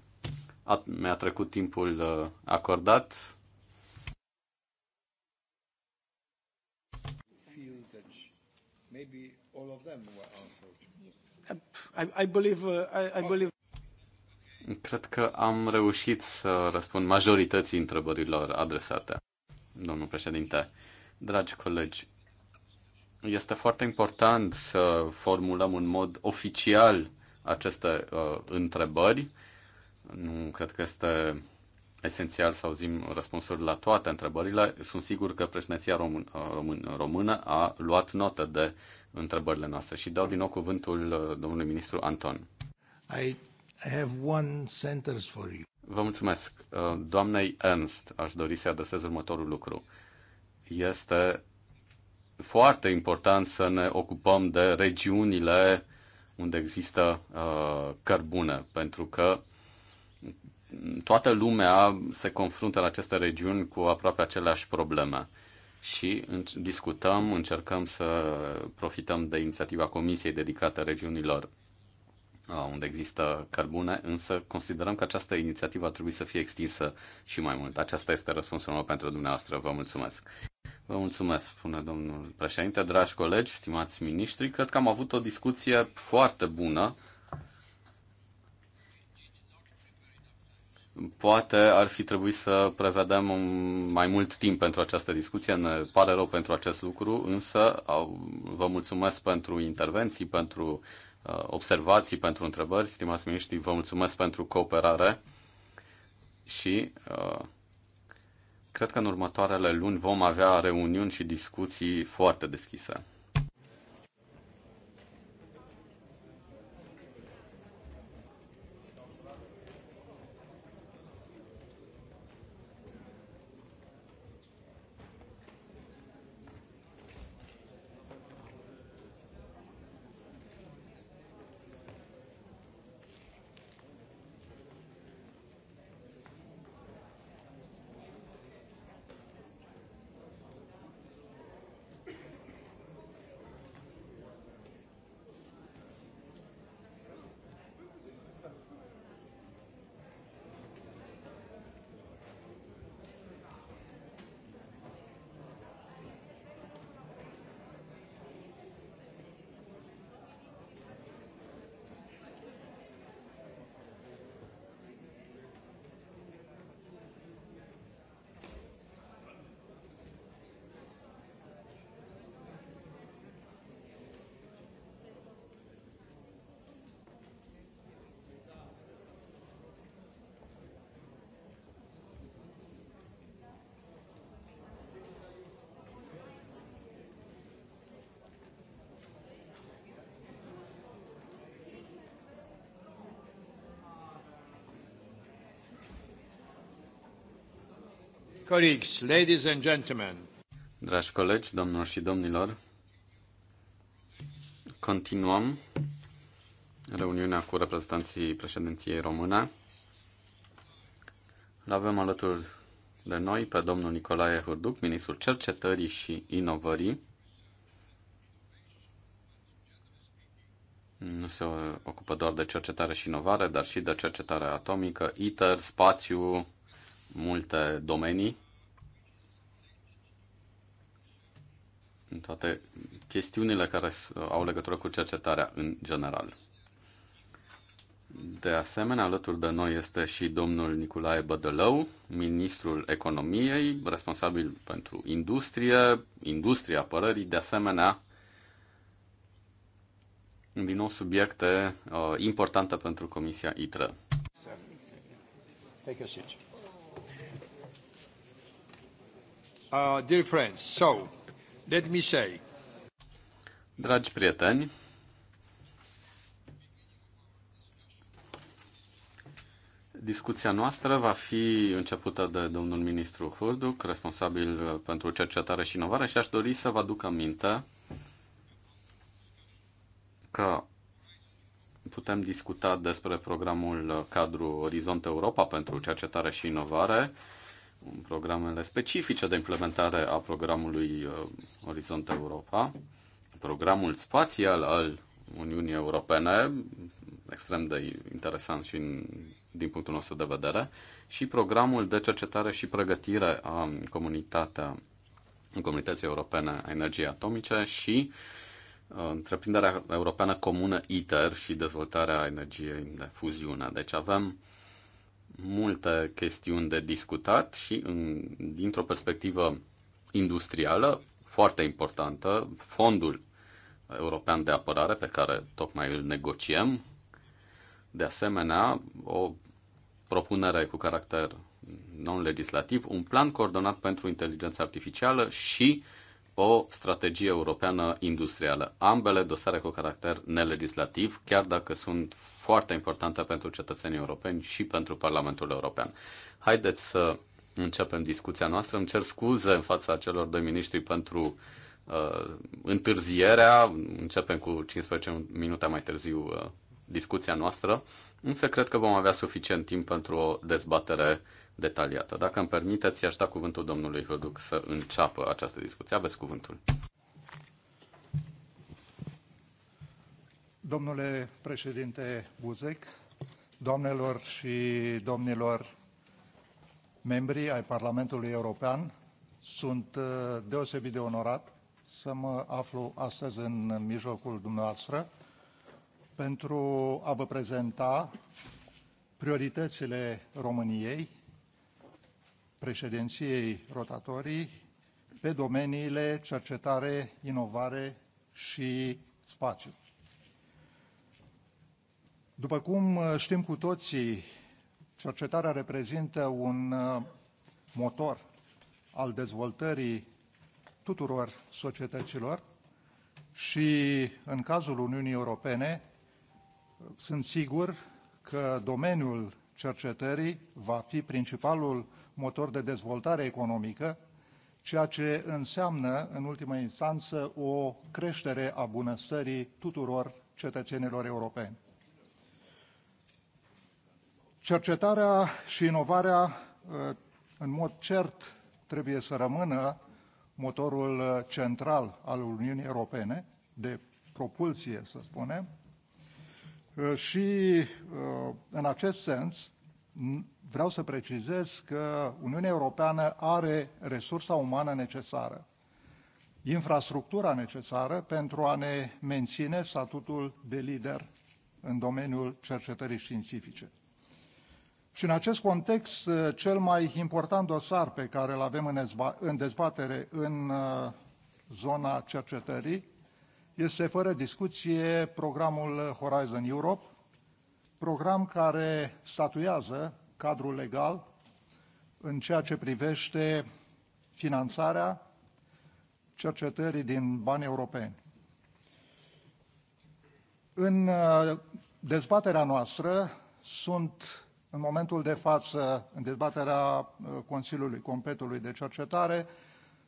mi-a trecut timpul uh, acordat, uh, Cred că am reușit să răspund majorității întrebărilor adresate, domnul președinte. Dragi colegi, este foarte important să formulăm în mod oficial aceste uh, întrebări. Nu cred că este esențial să auzim răspunsuri la toate întrebările. Sunt sigur că președinția român, uh, român, română a luat notă de întrebările noastre și dau din nou cuvântul uh, domnului ministru Anton. I have one sentence for you. Vă mulțumesc. Uh, doamnei Ernst, aș dori să adresez următorul lucru este foarte important să ne ocupăm de regiunile unde există uh, cărbune, pentru că toată lumea se confruntă în aceste regiuni cu aproape aceleași probleme. Și discutăm, încercăm să profităm de inițiativa Comisiei dedicată regiunilor uh, unde există cărbune, însă considerăm că această inițiativă ar trebui să fie extinsă și mai mult. Aceasta este răspunsul meu pentru dumneavoastră. Vă mulțumesc! Vă mulțumesc, spune domnul președinte, dragi colegi, stimați miniștri. Cred că am avut o discuție foarte bună. Poate ar fi trebuit să prevedem mai mult timp pentru această discuție, ne pare rău pentru acest lucru, însă vă mulțumesc pentru intervenții, pentru uh, observații, pentru întrebări. Stimați miniștri, vă mulțumesc pentru cooperare și uh, Cred că în următoarele luni vom avea reuniuni și discuții foarte deschise. colleagues, ladies and gentlemen. Dragi colegi, domnilor și domnilor, continuăm reuniunea cu reprezentanții președinției române. L avem alături de noi pe domnul Nicolae Hurduc, ministrul cercetării și inovării. Nu se ocupă doar de cercetare și inovare, dar și de cercetare atomică, ITER, spațiu, multe domenii. în toate chestiunile care au legătură cu cercetarea în general. De asemenea, alături de noi este și domnul Nicolae Bădălău, ministrul economiei, responsabil pentru industrie, industria apărării, de asemenea, din nou subiecte uh, importante pentru Comisia ITRE. Take a seat. Uh, dear friends, so Let me say. Dragi prieteni, discuția noastră va fi începută de domnul ministru Hurduc, responsabil pentru cercetare și inovare și aș dori să vă aduc aminte că putem discuta despre programul cadru Orizont Europa pentru cercetare și inovare, programele specifice de implementare a programului uh, Orizont Europa, programul spațial al Uniunii Europene, extrem de interesant și în, din punctul nostru de vedere, și programul de cercetare și pregătire a comunitatea, în comunității europene a energiei atomice și uh, întreprinderea europeană comună ITER și dezvoltarea energiei de fuziune. Deci avem multe chestiuni de discutat și în, dintr-o perspectivă industrială foarte importantă, fondul european de apărare pe care tocmai îl negociem, de asemenea o propunere cu caracter non-legislativ, un plan coordonat pentru inteligența artificială și o strategie europeană industrială. Ambele dosare cu caracter nelegislativ, chiar dacă sunt foarte importantă pentru cetățenii europeni și pentru Parlamentul European. Haideți să începem discuția noastră. Îmi cer scuze în fața celor doi miniștri pentru uh, întârzierea. Începem cu 15 minute mai târziu uh, discuția noastră, însă cred că vom avea suficient timp pentru o dezbatere detaliată. Dacă îmi permiteți, aș da cuvântul domnului Hăduc să înceapă această discuție. Aveți cuvântul. Domnule președinte Buzek, doamnelor și domnilor membri ai Parlamentului European, sunt uh, deosebit de onorat să mă aflu astăzi în mijlocul dumneavoastră pentru a vă prezenta prioritățile României, președinției rotatorii, pe domeniile cercetare, inovare și spațiu. După cum uh, știm cu toții, cercetarea reprezintă un uh, motor al dezvoltării tuturor societăților și în cazul Uniunii Europene sunt sigur că domeniul cercetării va fi principalul motor de dezvoltare economică, ceea ce înseamnă, în ultimă instanță, o creștere a bunăstării tuturor cetățenilor europeni. Cercetarea și inovarea, ă, în mod cert, trebuie să rămână motorul ă, central al Uniunii Europene, de propulsie, să spunem, ă, și în acest sens vreau să precizez că Uniunea Europeană are resursa umană necesară, infrastructura necesară pentru a ne menține statutul de lider în domeniul cercetării științifice. Și în acest context, uh, cel mai important dosar pe care îl avem în dezbatere în uh, zona cercetării este fără discuție programul Horizon Europe, program care statuează cadrul legal în ceea ce privește finanțarea cercetării din bani europeni. În uh, dezbaterea noastră sunt în momentul de față, în dezbaterea uh, Consiliului Completului de Cercetare,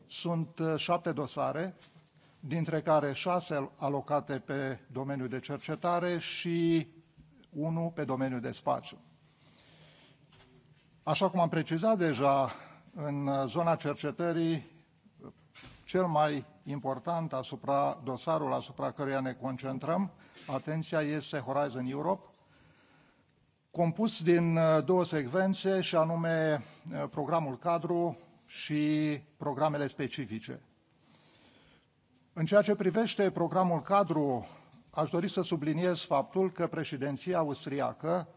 sunt uh, șapte dosare, dintre care șase alocate pe domeniul de cercetare și unul pe domeniul de spațiu. Așa cum am precizat deja, în uh, zona cercetării, cel mai important asupra dosarul asupra căruia ne concentrăm atenția este Horizon Europe, compus din uh, două secvențe, și anume uh, programul cadru și programele specifice. În ceea ce privește programul cadru, aș dori să subliniez faptul că președinția austriacă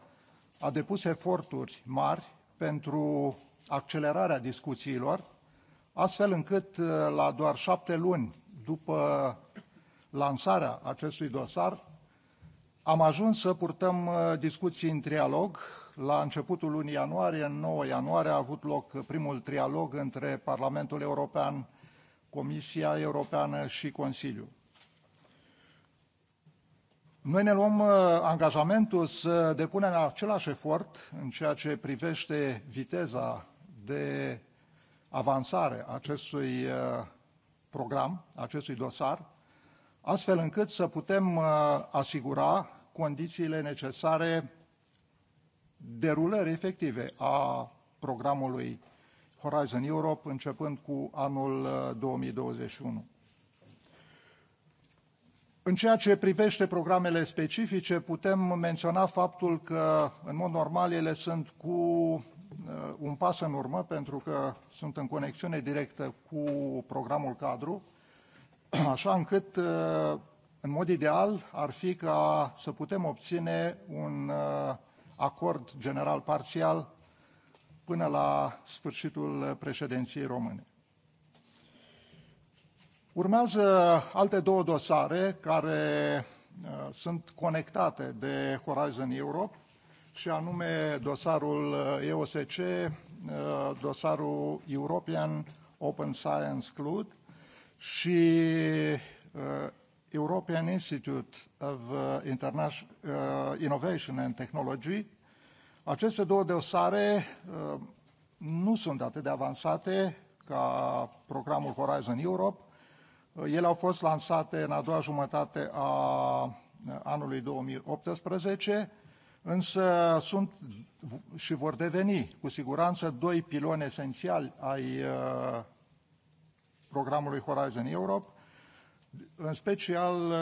a depus eforturi mari pentru accelerarea discuțiilor, astfel încât uh, la doar șapte luni după lansarea acestui dosar, am ajuns să purtăm uh, discuții în trialog. La începutul lunii ianuarie, în 9 ianuarie, a avut loc primul trialog între Parlamentul European, Comisia Europeană și Consiliu. Noi ne luăm uh, angajamentul să depunem același efort în ceea ce privește viteza de avansare acestui uh, program, acestui dosar, astfel încât să putem uh, asigura condițiile necesare derulării efective a programului Horizon Europe începând cu anul 2021. Uh, în ceea ce privește programele specifice, putem menționa faptul că, în mod normal, ele sunt cu uh, un pas în urmă, pentru că sunt în conexiune directă cu programul cadru, [clears throat] așa încât, uh, în mod ideal, ar fi ca să putem obține un uh, acord general parțial până la sfârșitul președinției române. Urmează alte două dosare care uh, sunt conectate de Horizon Europe și anume dosarul EOSC, dosarul European Open Science Cloud și uh, European Institute of uh, uh, Innovation and Technology. Aceste două dosare uh, nu sunt atât de avansate ca programul Horizon Europe. Uh, ele au fost lansate în a doua jumătate a uh, anului 2018, însă sunt și vor deveni cu siguranță doi piloni esențiali ai uh, programului Horizon Europe, în special uh,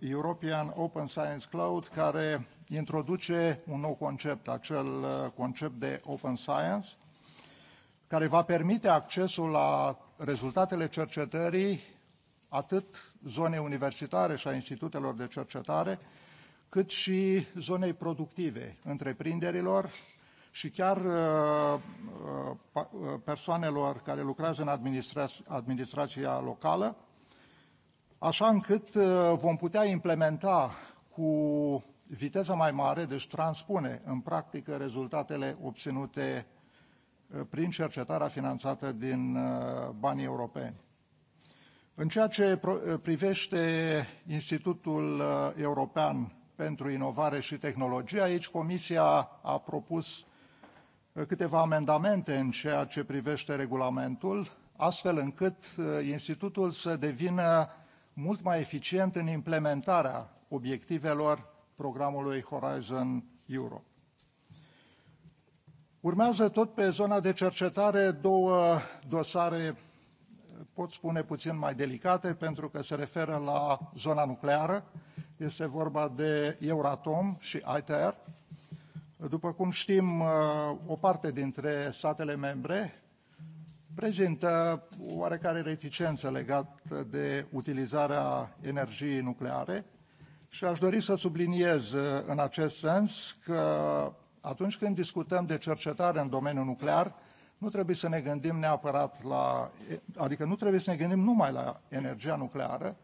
European Open Science Cloud, care introduce un nou concept, acel uh, concept de Open Science, care va permite accesul la rezultatele cercetării atât zonei universitare și a institutelor de cercetare, cât și zonei productive, întreprinderilor, și chiar uh, uh, uh, persoanelor care lucrează în administrația, locală, așa încât vom putea implementa cu viteză mai mare, deci transpune în practică rezultatele obținute prin cercetarea finanțată din banii europeni. În ceea ce privește Institutul European pentru Inovare și Tehnologie, aici Comisia a propus câteva amendamente în ceea ce privește regulamentul, astfel încât uh, institutul să devină mult mai eficient în implementarea obiectivelor programului Horizon Europe. Urmează tot pe zona de cercetare două dosare, uh, pot spune puțin mai delicate, pentru că se referă la zona nucleară. Este vorba de Euratom și ITER. După cum știm, uh, o parte dintre statele membre prezintă oarecare reticență legată de utilizarea energiei nucleare și aș dori să subliniez uh, în acest sens că atunci când discutăm de cercetare în domeniul nuclear, nu trebuie să ne gândim neapărat la, adică nu trebuie să ne gândim numai la energia nucleară,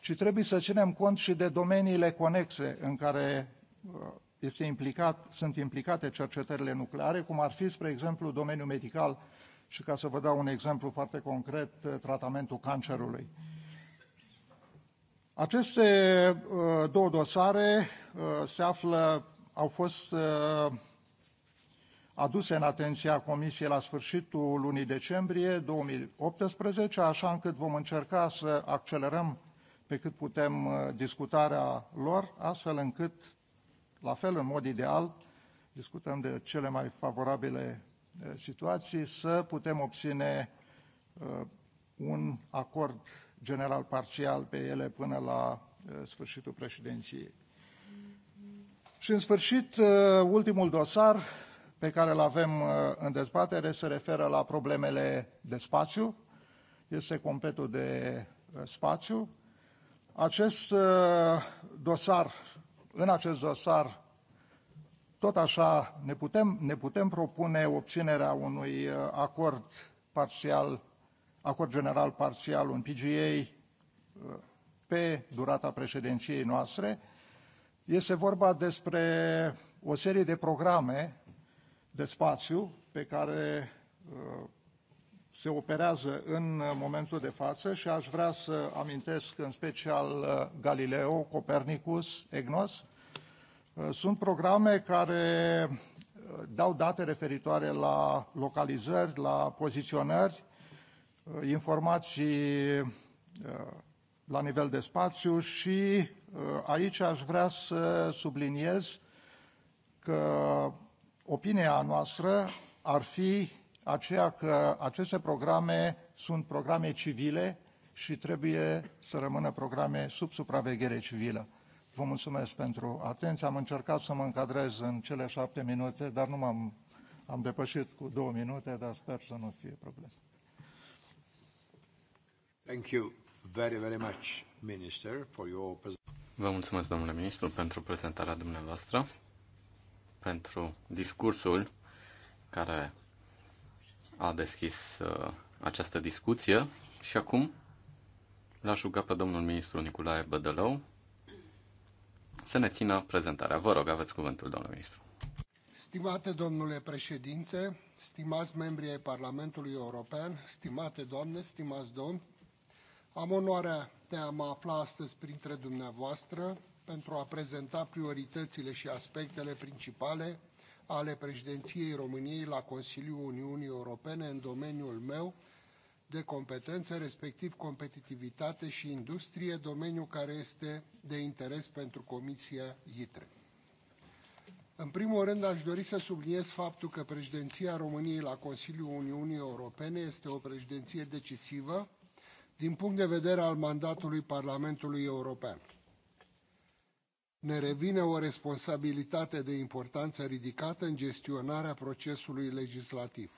ci trebuie să ținem cont și de domeniile conexe în care uh, este implicat, sunt implicate cercetările nucleare, cum ar fi, spre exemplu, domeniul medical și, ca să vă dau un exemplu foarte concret, eh, tratamentul cancerului. Aceste eh, două dosare eh, se află, au fost aduse în atenția Comisiei la sfârșitul lunii decembrie 2018, așa încât vom încerca să accelerăm pe cât putem discutarea lor, astfel încât la fel, în mod ideal, discutăm de cele mai favorabile eh, situații, să putem obține eh, un acord general parțial pe ele până la eh, sfârșitul președinției. Și în sfârșit, ultimul dosar pe care îl avem în dezbatere se referă la problemele de spațiu. Este completul de spațiu. Acest dosar în acest dosar tot așa ne putem, ne putem propune obținerea unui uh, acord parțial, acord general parțial, un PGA uh, pe durata președinției noastre. Este vorba despre o serie de programe de spațiu pe care uh, se operează în uh, momentul de față și aș vrea să amintesc în special uh, Galileo, Copernicus, EGNOS. Uh, sunt programe care dau date referitoare la localizări, la poziționări, informații la nivel de spațiu și aici aș vrea să subliniez că opinia noastră ar fi aceea că aceste programe sunt programe civile și trebuie să rămână programe sub supraveghere civilă. Vă mulțumesc pentru atenție. Am încercat să mă încadrez în cele șapte minute, dar nu m-am am depășit cu două minute, dar sper să nu fie probleme. Thank you very, very much, Minister, for your Vă mulțumesc, domnule ministru, pentru prezentarea dumneavoastră, pentru discursul care a deschis uh, această discuție și acum l-aș ruga pe domnul ministru Nicolae Bădălău să ne țină prezentarea. Vă rog, aveți cuvântul, domnul ministru. Stimate domnule președinte, stimați membri ai Parlamentului European, stimate doamne, stimați domni, am onoarea de a mă afla astăzi printre dumneavoastră pentru a prezenta prioritățile și aspectele principale ale președinției României la Consiliul Uniunii Europene în domeniul meu de competență, respectiv competitivitate și industrie, domeniu care este de interes pentru Comisia ITRE. În primul rând, aș dori să subliniez faptul că președinția României la Consiliul Uniunii Europene este o președinție decisivă din punct de vedere al mandatului Parlamentului European ne revine o responsabilitate de importanță ridicată în gestionarea procesului legislativ.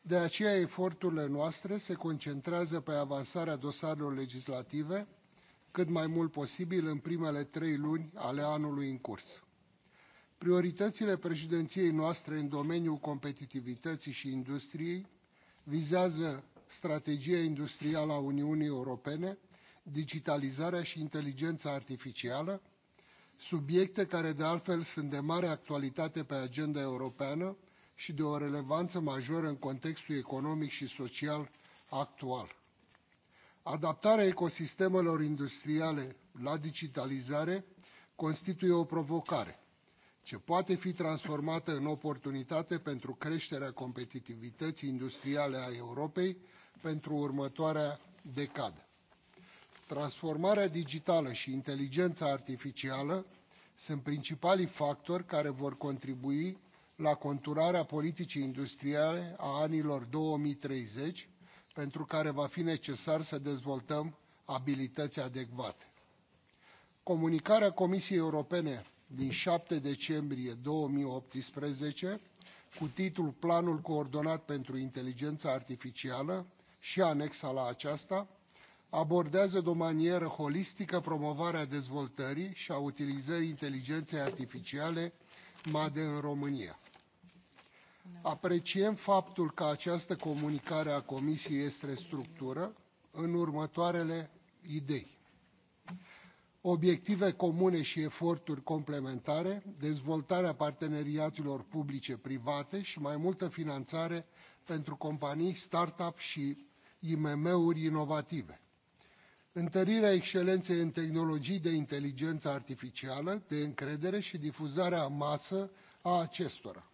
De aceea, eforturile noastre se concentrează pe avansarea dosarelor legislative cât mai mult posibil în primele trei luni ale anului în curs. Prioritățile președinției noastre în domeniul competitivității și industriei vizează strategia industrială a Uniunii Europene, digitalizarea și inteligența artificială, subiecte care de altfel sunt de mare actualitate pe agenda europeană și de o relevanță majoră în contextul economic și social actual. Adaptarea ecosistemelor industriale la digitalizare constituie o provocare ce poate fi transformată în oportunitate pentru creșterea competitivității industriale a Europei pentru următoarea decadă. Transformarea digitală și inteligența artificială sunt principalii factori care vor contribui la conturarea politicii industriale a anilor 2030, pentru care va fi necesar să dezvoltăm abilități adecvate. Comunicarea Comisiei Europene din 7 decembrie 2018, cu titlul Planul coordonat pentru inteligența artificială și anexa la aceasta, abordează de o manieră holistică promovarea dezvoltării și a utilizării inteligenței artificiale MADE în România. Apreciem faptul că această comunicare a Comisiei este structură în următoarele idei. Obiective comune și eforturi complementare, dezvoltarea parteneriatelor publice-private și mai multă finanțare pentru companii, start-up și IMM-uri inovative întărirea excelenței în tehnologii de inteligență artificială, de încredere și difuzarea în masă a acestora.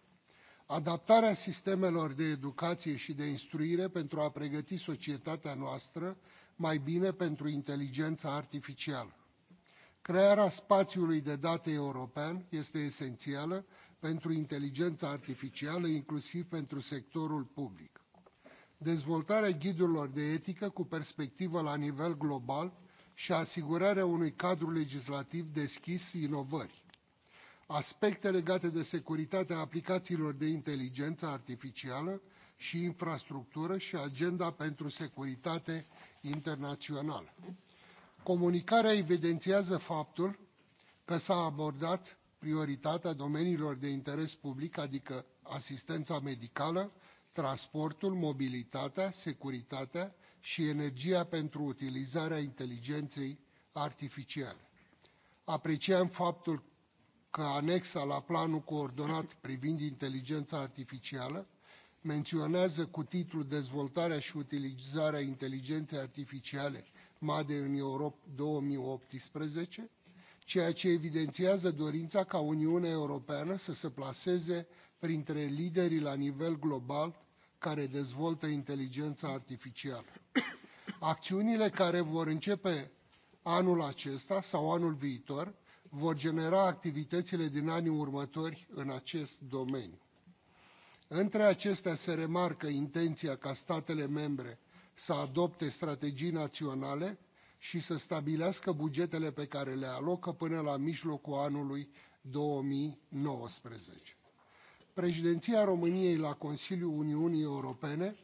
Adaptarea sistemelor de educație și de instruire pentru a pregăti societatea noastră mai bine pentru inteligența artificială. Crearea spațiului de date european este esențială pentru inteligența artificială, inclusiv pentru sectorul public dezvoltarea ghidurilor de etică cu perspectivă la nivel global și asigurarea unui cadru legislativ deschis inovării. Aspecte legate de securitatea aplicațiilor de inteligență artificială și infrastructură și agenda pentru securitate internațională. Comunicarea evidențiază faptul că s-a abordat prioritatea domeniilor de interes public, adică asistența medicală, transportul, mobilitatea, securitatea și energia pentru utilizarea inteligenței artificiale. Apreciem faptul că anexa la planul coordonat privind inteligența artificială menționează cu titlul Dezvoltarea și utilizarea inteligenței artificiale MADE în Europa 2018, ceea ce evidențiază dorința ca Uniunea Europeană să se plaseze printre liderii la nivel global care dezvoltă inteligența artificială. Acțiunile care vor începe anul acesta sau anul viitor vor genera activitățile din anii următori în acest domeniu. Între acestea se remarcă intenția ca statele membre să adopte strategii naționale și să stabilească bugetele pe care le alocă până la mijlocul anului 2019 președinția României la Consiliul Uniunii Europene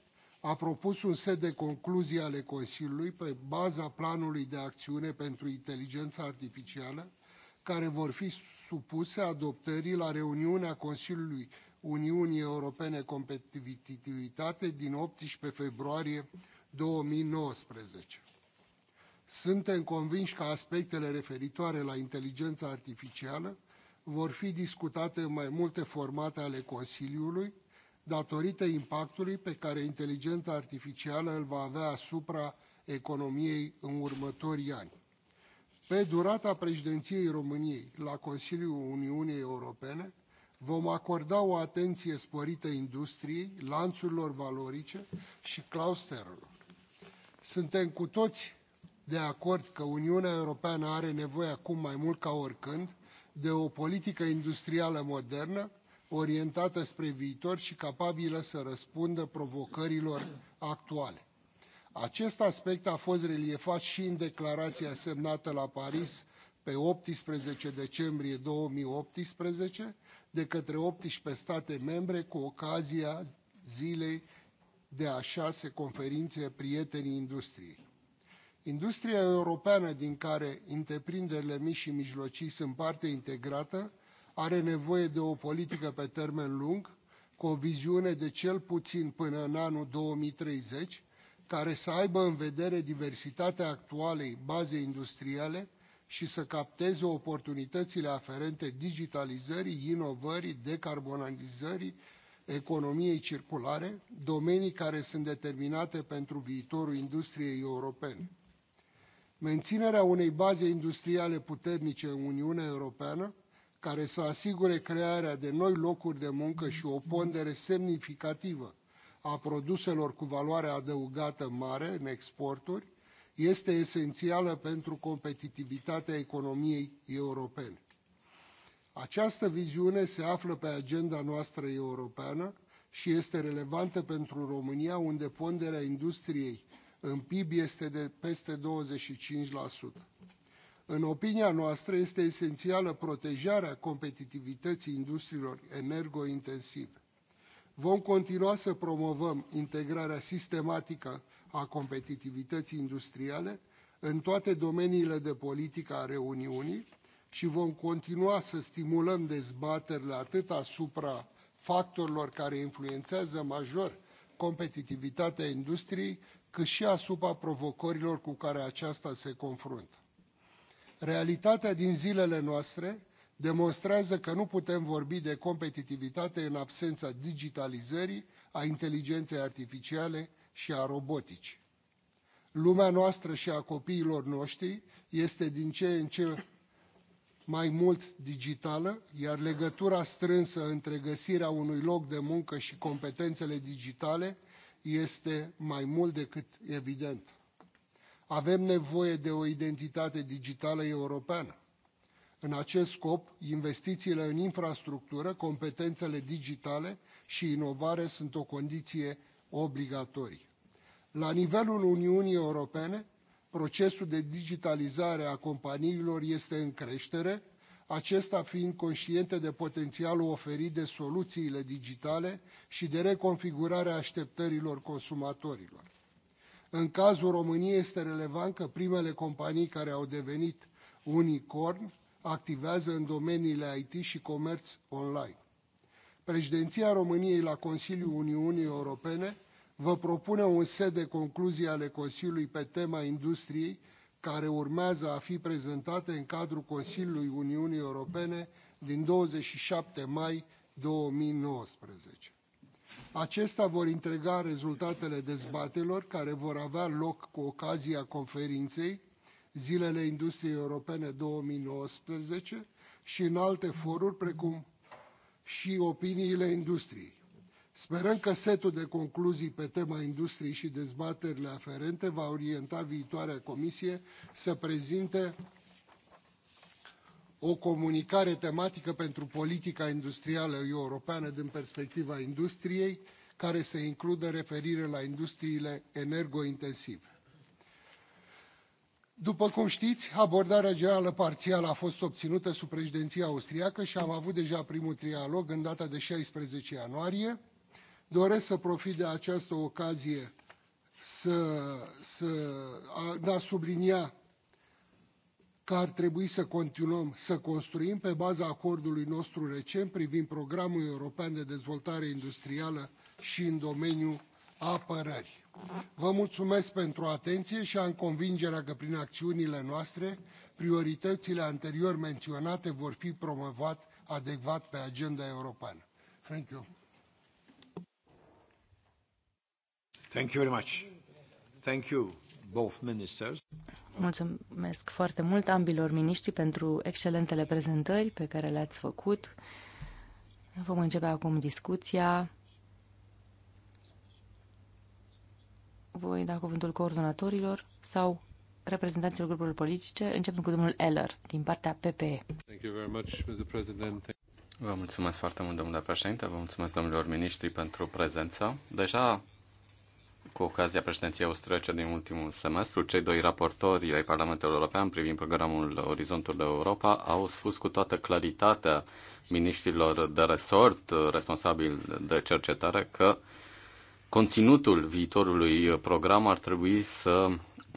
a propus un set de concluzii ale Consiliului pe baza planului de acțiune pentru inteligența artificială, care vor fi supuse adoptării la reuniunea Consiliului Uniunii Europene Competitivitate din 18 februarie 2019. Suntem convinși că aspectele referitoare la inteligența artificială vor fi discutate în mai multe formate ale Consiliului, datorită impactului pe care inteligența artificială îl va avea asupra economiei în următorii ani. Pe durata președinției României la Consiliul Uniunii Europene, vom acorda o atenție sporită industriei, lanțurilor valorice și clusterelor. Suntem cu toți de acord că Uniunea Europeană are nevoie acum mai mult ca oricând de o politică industrială modernă, orientată spre viitor și capabilă să răspundă provocărilor actuale. Acest aspect a fost reliefat și în declarația semnată la Paris pe 18 decembrie 2018 de către 18 state membre cu ocazia zilei de a șase conferințe Prietenii Industriei. Industria europeană, din care întreprinderile mici și mijlocii sunt parte integrată, are nevoie de o politică pe termen lung, cu o viziune de cel puțin până în anul 2030, care să aibă în vedere diversitatea actualei baze industriale și să capteze oportunitățile aferente digitalizării, inovării, decarbonizării, economiei circulare, domenii care sunt determinate pentru viitorul industriei europene menținerea unei baze industriale puternice în Uniunea Europeană, care să asigure crearea de noi locuri de muncă și o pondere semnificativă a produselor cu valoare adăugată mare în exporturi, este esențială pentru competitivitatea economiei europene. Această viziune se află pe agenda noastră europeană și este relevantă pentru România, unde ponderea industriei în PIB este de peste 25%. În opinia noastră este esențială protejarea competitivității industriilor energointensive. Vom continua să promovăm integrarea sistematică a competitivității industriale în toate domeniile de politică ale Uniunii și vom continua să stimulăm dezbaterile atât asupra factorilor care influențează major competitivitatea industriei, cât și asupra provocărilor cu care aceasta se confruntă. Realitatea din zilele noastre demonstrează că nu putem vorbi de competitivitate în absența digitalizării, a inteligenței artificiale și a roboticii. Lumea noastră și a copiilor noștri este din ce în ce mai mult digitală, iar legătura strânsă între găsirea unui loc de muncă și competențele digitale este mai mult decât evident. Avem nevoie de o identitate digitală europeană. În acest scop, investițiile în infrastructură, competențele digitale și inovare sunt o condiție obligatorie. La nivelul Uniunii Europene, procesul de digitalizare a companiilor este în creștere, acesta fiind conștiente de potențialul oferit de soluțiile digitale și de reconfigurarea așteptărilor consumatorilor. În cazul României este relevant că primele companii care au devenit unicorn activează în domeniile IT și comerț online. Președinția României la Consiliul Uniunii Europene vă propune un set de concluzii ale Consiliului pe tema industriei care urmează a fi prezentate în cadrul Consiliului Uniunii Europene din 27 mai 2019. Acestea vor integra rezultatele dezbatelor care vor avea loc cu ocazia conferinței Zilele Industriei Europene 2019 și în alte foruri precum și opiniile industriei. Sperăm că setul de concluzii pe tema industriei și dezbaterile aferente va orienta viitoarea comisie să prezinte o comunicare tematică pentru politica industrială europeană din perspectiva industriei, care să includă referire la industriile energointensive. După cum știți, abordarea generală parțială a fost obținută sub președinția austriacă și am avut deja primul trialog în data de 16 ianuarie Doresc să profit de această ocazie să, să a, a sublinia că ar trebui să continuăm să construim pe baza acordului nostru recent privind programul european de dezvoltare industrială și în domeniul apărării. Vă mulțumesc pentru atenție și am convingerea că prin acțiunile noastre, prioritățile anterior menționate vor fi promovate adecvat pe agenda europeană. Thank you. Thank you very much. Thank you, both ministers. Mulțumesc foarte mult ambilor miniștri pentru excelentele prezentări pe care le-ați făcut. Vom începe acum discuția. Voi da cuvântul coordonatorilor sau reprezentanților grupurilor politice, începem cu domnul Eller, din partea PPE. Thank you very much, Mr. President. Vă mulțumesc foarte mult, domnule președinte, vă mulțumesc domnilor miniștri pentru prezență. Deja cu ocazia președinției austriece din ultimul semestru, cei doi raportori ai Parlamentului European privind programul Orizontul Europa au spus cu toată claritatea miniștrilor de resort responsabili de cercetare că conținutul viitorului program ar trebui să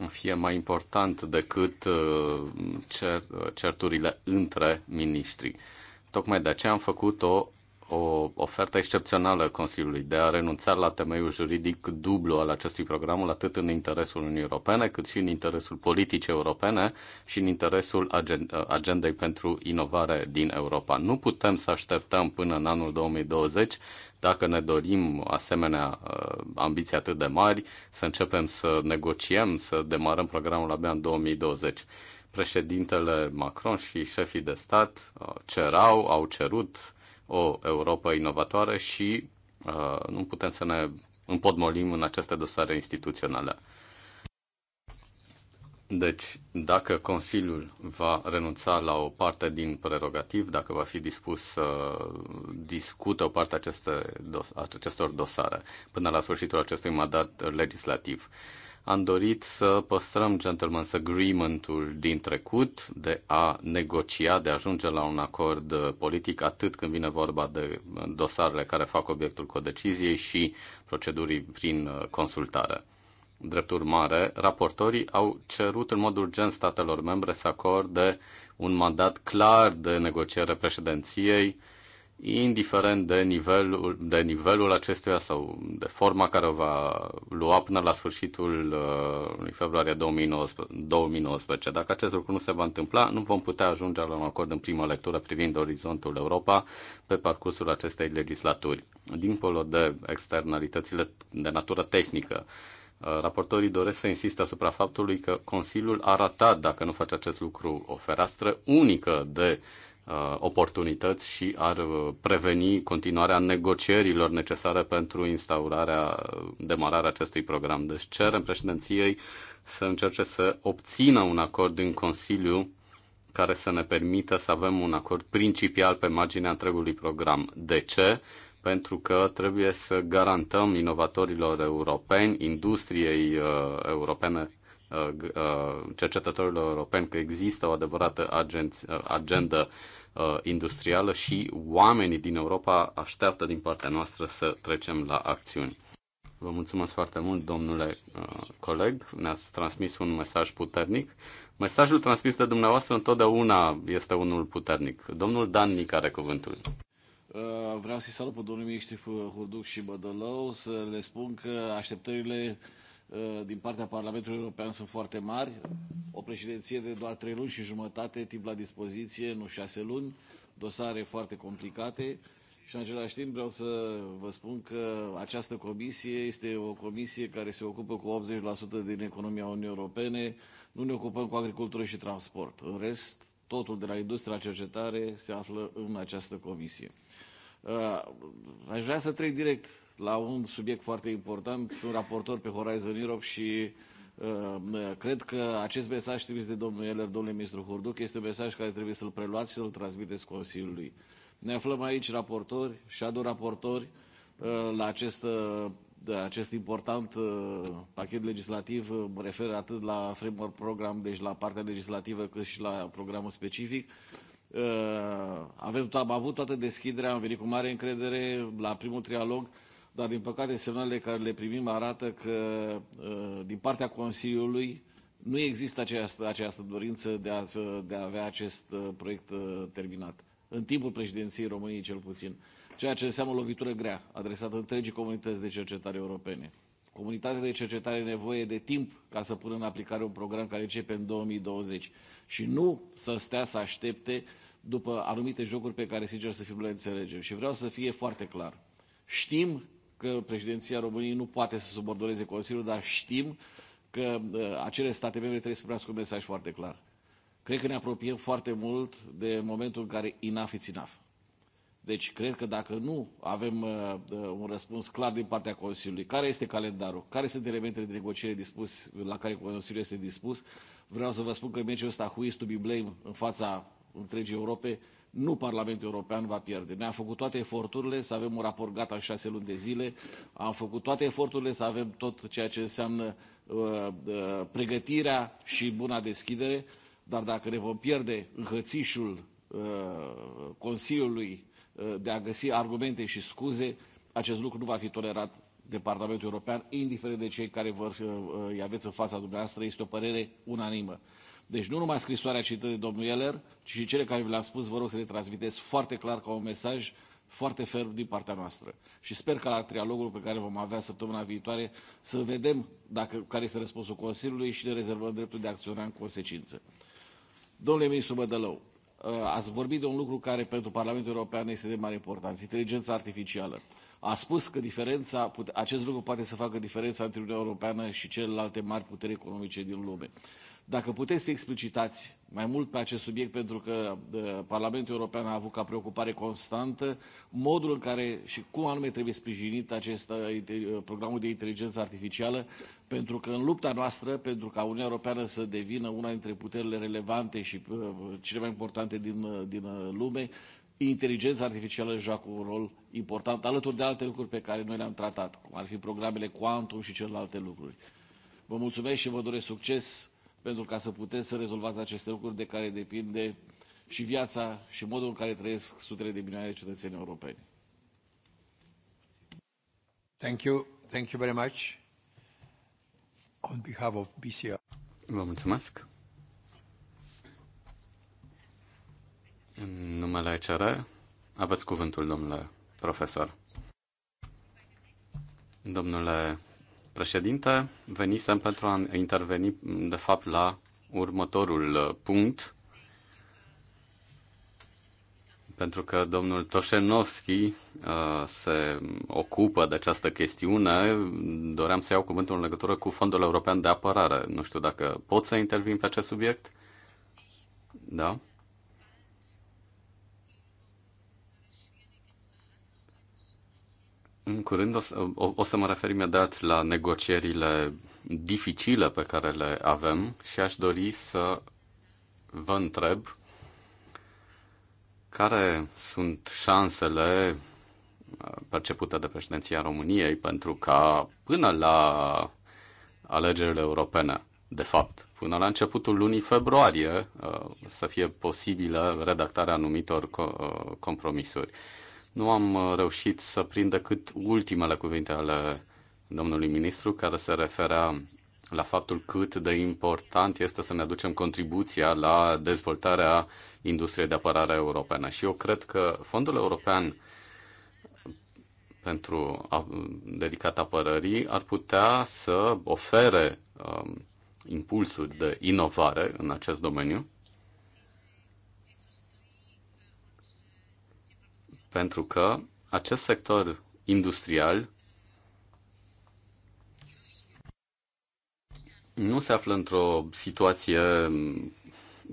fie mai important decât uh, cer, uh, certurile între miniștri. Tocmai de aceea am făcut o o ofertă excepțională Consiliului de a renunța la temeiul juridic dublu al acestui program, atât în interesul Uniunii Europene, cât și în interesul politicii europene și în interesul agendei pentru inovare din Europa. Nu putem să așteptăm până în anul 2020 dacă ne dorim asemenea uh, ambiții atât de mari, să începem să negociem, să demarăm programul abia în 2020 președintele Macron și șefii de stat uh, cerau, au cerut o Europa inovatoare și uh, nu putem să ne împodmolim în aceste dosare instituționale. Deci, dacă Consiliul va renunța la o parte din prerogativ, dacă va fi dispus să discute o parte aceste dos- acestor dosare până la sfârșitul acestui mandat legislativ, uh, am dorit să păstrăm gentleman's agreement-ul din trecut de a negocia, de a ajunge la un acord politic atât când vine vorba de dosarele care fac obiectul codeciziei și procedurii prin uh, consultare. Drept urmare, raportorii au cerut în mod urgent statelor membre să acorde un mandat clar de negociere președinției indiferent de nivelul, de nivelul acestuia sau de forma care o va lua până la sfârșitul uh, februarie 2019, 2019. Dacă acest lucru nu se va întâmpla, nu vom putea ajunge la un acord în prima lectură privind orizontul Europa pe parcursul acestei legislaturi. Dincolo de externalitățile de natură tehnică, uh, Raportorii doresc să insiste asupra faptului că Consiliul a ratat, dacă nu face acest lucru, o fereastră unică de uh, Uh, oportunități și ar uh, preveni continuarea negocierilor necesare pentru instaurarea, uh, demararea acestui program. Deci cerem președinției să încerce să obțină un acord în Consiliu care să ne permită să avem un acord principial pe marginea întregului program. De ce? Pentru că trebuie să garantăm inovatorilor europeni, industriei europene Uh, uh, cercetătorilor europeni că există o adevărată uh, agendă industrială și oamenii din Europa așteaptă din partea noastră să trecem la acțiuni. Vă mulțumesc foarte mult, domnule uh, coleg. Ne-ați transmis un mesaj puternic. Mesajul transmis de dumneavoastră întotdeauna este unul puternic. Domnul Dan Nic are cuvântul. Uh, vreau să-i salut pe domnul Mixtif Hurduc și Bădălău, să le spun că așteptările Eh, din partea Parlamentului European sunt foarte mari. O președinție de doar trei luni și jumătate, timp la dispoziție, nu șase luni, dosare foarte complicate și în același timp vreau să vă spun că această comisie este o comisie care se ocupă cu 80% din economia Uniunii Europene, nu ne ocupăm cu agricultură și transport. În rest, totul de la industria cercetare se află în această comisie. Eh, aș vrea să trec direct la un subiect foarte important. Sunt raportor pe Horizon Europe și uh, uh, cred că acest mesaj trimis de domnul Eller, domnule ministru Hurduc, este un mesaj care trebuie să-l preluați și să-l transmiteți Consiliului. Ne aflăm aici raportori, shadow raportori, uh, la acest, acest important pachet legislativ, mă refer atât la framework program, deci la partea legislativă, cât și la programul specific. Avem, am avut toată deschiderea, am venit cu mare încredere la primul trialog, dar din păcate semnalele care le primim arată că uh, din partea Consiliului nu există această, această dorință de a, de a avea acest uh, proiect uh, terminat, în timpul președinției României cel puțin, ceea ce înseamnă lovitură grea adresată întregii comunități de cercetare europene. Comunitatea de cercetare are nevoie de timp ca să pună în aplicare un program care începe în 2020 și nu să stea să aștepte după anumite jocuri pe care, sincer să fim le înțelegem. Și vreau să fie foarte clar. Știm că președinția României nu poate să subordoneze Consiliul, dar știm că uh, acele state membre trebuie să primească un mesaj foarte clar. Cred că ne apropiem foarte mult de momentul în care INAF is INAF. Deci cred că dacă nu avem uh, uh, un răspuns clar din partea Consiliului, care este calendarul, care sunt elementele de negociere dispus, la care Consiliul este dispus, vreau să vă spun că meciul ăsta, who is to be blame în fața întregii Europe, nu Parlamentul European va pierde. ne am făcut toate eforturile să avem un raport gata în șase luni de zile, am făcut toate eforturile să avem tot ceea ce înseamnă uh, uh, pregătirea și buna deschidere, dar dacă ne vom pierde în hățișul uh, Consiliului uh, de a găsi argumente și scuze, acest lucru nu va fi tolerat de Parlamentul European, indiferent de cei care vor, uh, uh, îi aveți în fața dumneavoastră, este o părere unanimă. Deci nu numai scrisoarea citită de domnul Eller, ci și cele care vi le-am spus, vă rog să le transmiteți foarte clar ca un mesaj foarte ferm din partea noastră. Și sper că la trialogul pe care vom avea săptămâna viitoare să vedem dacă, care este răspunsul Consiliului și ne rezervăm dreptul de a acționa în consecință. Domnule ministru Bădălău, uh, ați vorbit de un lucru care pentru Parlamentul European este de mare importanță, inteligența artificială. A spus că diferența, acest lucru poate să facă diferența între Uniunea Europeană și celelalte mari puteri economice din lume. Dacă puteți să explicitați mai mult pe acest subiect, pentru că Parlamentul European a avut ca preocupare constantă modul în care și cum anume trebuie sprijinit acest uh, uh, programul de inteligență artificială, pentru că în lupta noastră, pentru ca Uniunea Europeană să devină una dintre puterile relevante și uh, cele mai importante din, din lume, inteligența artificială joacă un rol important, alături de alte lucruri pe care noi le-am tratat, cum ar fi programele Quantum și celelalte lucruri. Vă mulțumesc și vă doresc succes pentru ca să puteți să rezolvați aceste lucruri de care depinde și viața și modul în care trăiesc sutele de milioane de cetățeni europeni. Thank you. Thank you very much. On behalf of BCR. Vă mulțumesc. În numele CR, aveți cuvântul, domnule profesor. Domnule președinte. Venisem pentru a interveni, de fapt, la următorul uh, punct, pentru că domnul Toșenovski uh, se ocupă de această chestiune. Doream să iau cuvântul în legătură cu Fondul European de Apărare. Nu știu dacă pot să intervin pe acest subiect. Da? În curând o să, o, o să mă refer imediat la negocierile dificile pe care le avem și aș dori să vă întreb care sunt șansele uh, percepute de președinția României pentru ca până la alegerile europene, de fapt, până la începutul lunii februarie, uh, să fie posibilă redactarea anumitor uh, compromisuri. Nu am uh, reușit să prind decât ultimele cuvinte ale domnului ministru care se referea la faptul cât de important este să ne aducem contribuția la dezvoltarea industriei de apărare europeană. Și eu cred că fondul european pentru a, dedicat apărării ar putea să ofere um, impulsuri de inovare în acest domeniu pentru că acest sector industrial nu se află într-o situație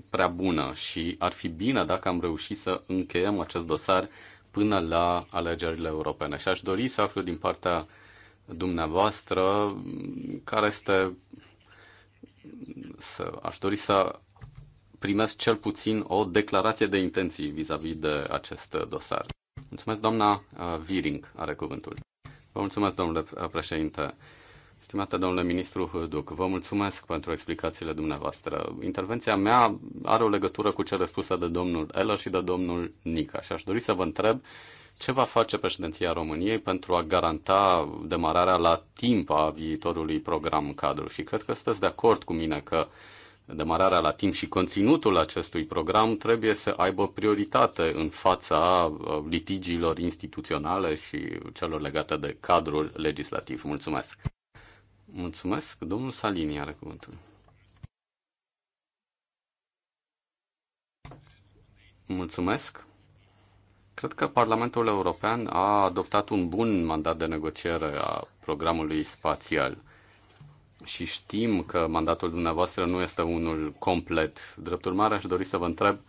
prea bună și ar fi bine dacă am reușit să încheiem acest dosar până la alegerile europene. Și aș dori să aflu din partea dumneavoastră care este să, aș dori să primesc cel puțin o declarație de intenții vis-a-vis -vis de acest dosar. Mulțumesc, doamna uh, Viring are cuvântul. Vă mulțumesc, domnule uh, președinte. Stimate domnule ministru Hârduc, vă mulțumesc pentru explicațiile dumneavoastră. Intervenția mea are o legătură cu cele spuse de domnul Eller și de domnul Nica și aș dori să vă întreb ce va face președinția României pentru a garanta demararea la timp a viitorului program cadru? Și cred că sunteți de acord cu mine că demararea la timp și conținutul acestui program trebuie să aibă prioritate în fața uh, litigiilor instituționale și celor legate de cadrul legislativ. Mulțumesc! Mulțumesc! Domnul Salini are cuvântul. Mulțumesc! Cred că Parlamentul European a adoptat un bun mandat de negociere a programului spațial – și știm că mandatul dumneavoastră nu este unul complet. Drept urmare, aș dori să vă întreb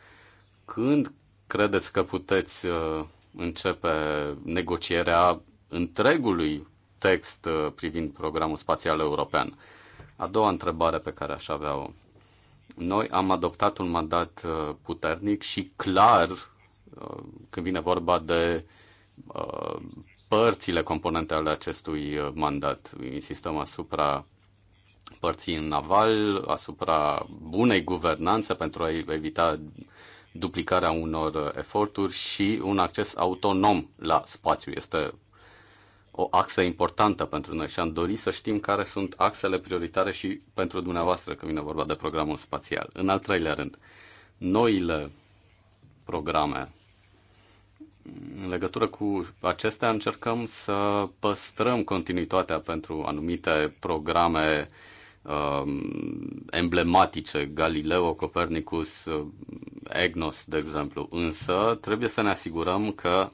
când credeți că puteți uh, începe negocierea întregului text uh, privind programul spațial european? A doua întrebare pe care aș avea-o. Noi am adoptat un mandat uh, puternic și clar când vine vorba de părțile componente ale acestui mandat. Insistăm asupra părții în naval, asupra bunei guvernanțe pentru a evita duplicarea unor eforturi și un acces autonom la spațiu. Este o axă importantă pentru noi și am dorit să știm care sunt axele prioritare și pentru dumneavoastră când vine vorba de programul spațial. În al treilea rând, noile programe. În legătură cu acestea încercăm să păstrăm continuitatea pentru anumite programe uh, Um, emblematice, Galileo, Copernicus, uh, EGNOS, de exemplu. Însă trebuie să ne asigurăm că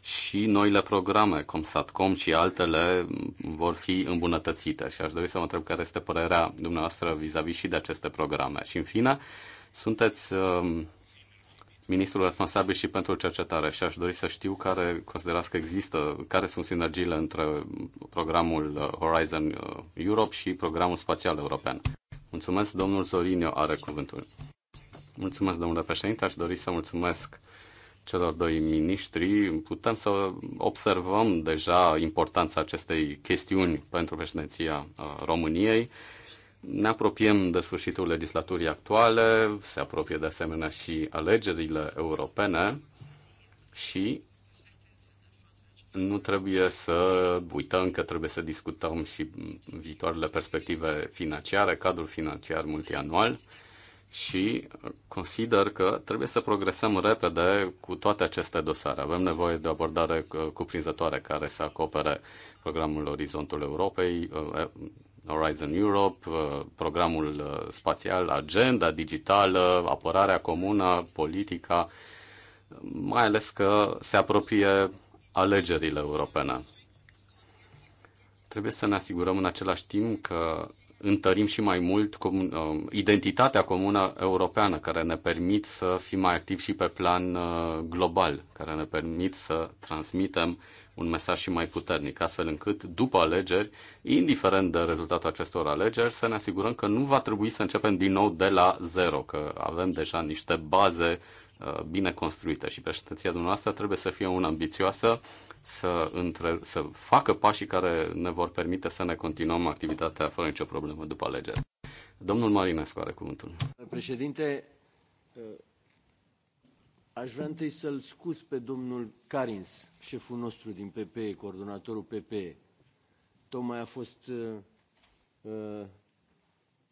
și noile programe, cum SATCOM și altele, vor fi îmbunătățite. Și aș dori să vă întreb care este părerea dumneavoastră vis-a-vis -vis și de aceste programe. Și în fine, sunteți um, ministrul responsabil și pentru cercetare și aș dori să știu care considerați că există, care sunt sinergiile între programul uh, Horizon uh, Europe și programul spațial european. Mulțumesc, domnul Zorinio are cuvântul. Mulțumesc, domnule președinte, aș dori să mulțumesc celor doi miniștri. Putem să observăm deja importanța acestei chestiuni pentru președinția uh, României ne apropiem de sfârșitul legislaturii actuale, se apropie de asemenea și alegerile europene și nu trebuie să uităm că trebuie să discutăm și viitoarele perspective financiare, cadrul financiar multianual și consider că trebuie să progresăm repede cu toate aceste dosare. Avem nevoie de o abordare uh, cuprinzătoare care să acopere programul Orizontul Europei, uh, Horizon Europe, uh, programul uh, spațial, agenda digitală, apărarea comună, politica, mai ales că se apropie alegerile europene. Trebuie să ne asigurăm în același timp că întărim și mai mult uh, identitatea comună europeană, care ne permit să fim mai activi și pe plan global, care ne permit să transmitem un mesaj și mai puternic, astfel încât, după alegeri, indiferent de rezultatul acestor alegeri, să ne asigurăm că nu va trebui să începem din nou de la zero, că avem deja niște baze uh, bine construite și președinția dumneavoastră trebuie să fie una ambițioasă, să, între, să facă pașii care ne vor permite să ne continuăm activitatea fără nicio problemă după alegeri. Domnul Marinescu are cuvântul. Președinte, uh, Aș vrea întâi să-l scuz pe domnul Carins, șeful nostru din PPE, coordonatorul PPE. Tocmai a fost uh, uh,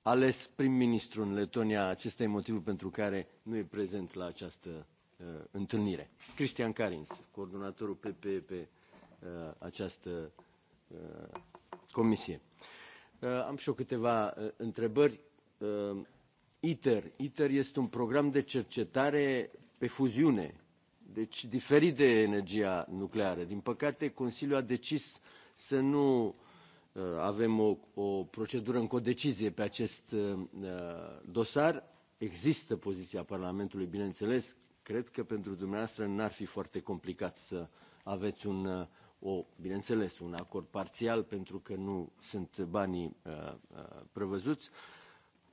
ales prim-ministru în Letonia. Acesta e motivul pentru care nu e prezent la această uh, întâlnire. Cristian Carins, coordonatorul PPE pe uh, această uh, comisie. Uh, am și eu câteva uh, întrebări. Uh, ITER. ITER este un program de cercetare pe fuziune, deci diferit de energia nucleară. Din păcate, Consiliul a decis să nu uh, avem o, o procedură în codecizie pe acest uh, dosar. Există poziția Parlamentului, bineînțeles. Cred că pentru dumneavoastră n-ar fi foarte complicat să aveți un, uh, o, bineînțeles, un acord parțial, pentru că nu sunt banii uh, prevăzuți.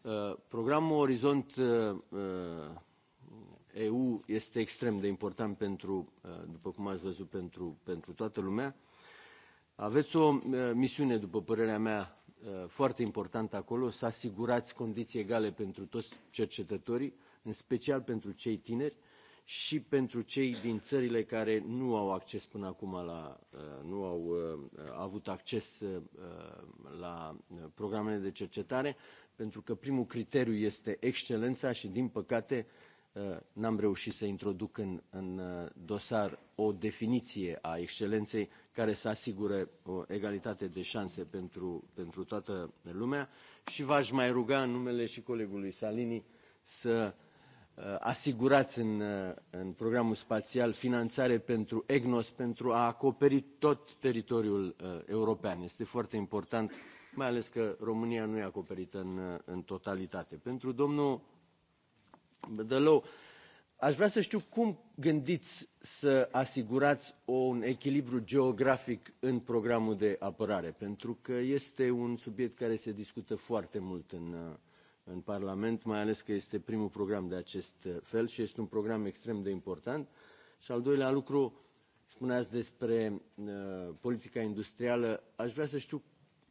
Uh, programul Orizont uh, EU este extrem de important pentru, uh, după cum ați văzut, pentru, pentru toată lumea. Aveți o uh, misiune, după părerea mea, uh, foarte importantă acolo, să asigurați condiții egale pentru toți cercetătorii, în special pentru cei tineri și pentru cei din țările care nu au acces până acum la, nu au avut acces la programele de cercetare, pentru că primul criteriu este excelența și, din păcate, Uh, n-am reușit să introduc în, în uh, dosar o definiție a excelenței care să asigure o uh, egalitate de șanse pentru, pentru toată lumea și v-aș mai ruga în numele și colegului Salini să asigurați în, în programul spațial finanțare pentru EGNOS pentru a acoperi tot teritoriul european. Este foarte important, mai ales că România nu e acoperită în, în totalitate. Pentru domnul Bădălău, aș vrea să știu cum gândiți să asigurați un echilibru geografic în programul de apărare, pentru că este un subiect care se discută foarte mult în, în Parlament, mai ales că este primul program de acest fel și este un program extrem de important. Și al doilea lucru, spuneați despre uh, politica industrială, aș vrea să știu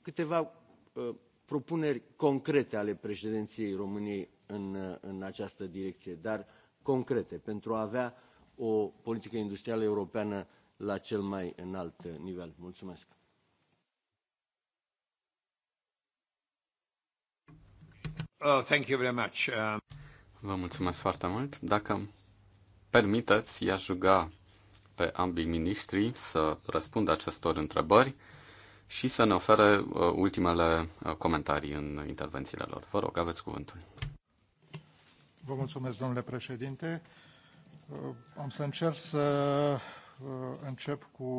câteva uh, propuneri concrete ale președinției României în, în această direcție, dar concrete, pentru a avea o politică industrială europeană la cel mai înalt nivel. Mulțumesc! Oh, thank you very much. Uh... Vă mulțumesc foarte mult. Dacă permiteți, i-aș ruga pe ambii miniștri să răspundă acestor întrebări și să ne ofere uh, ultimele uh, comentarii în intervențiile lor. Vă rog, aveți cuvântul. Vă mulțumesc, domnule președinte. Uh, am să încerc să uh, încep cu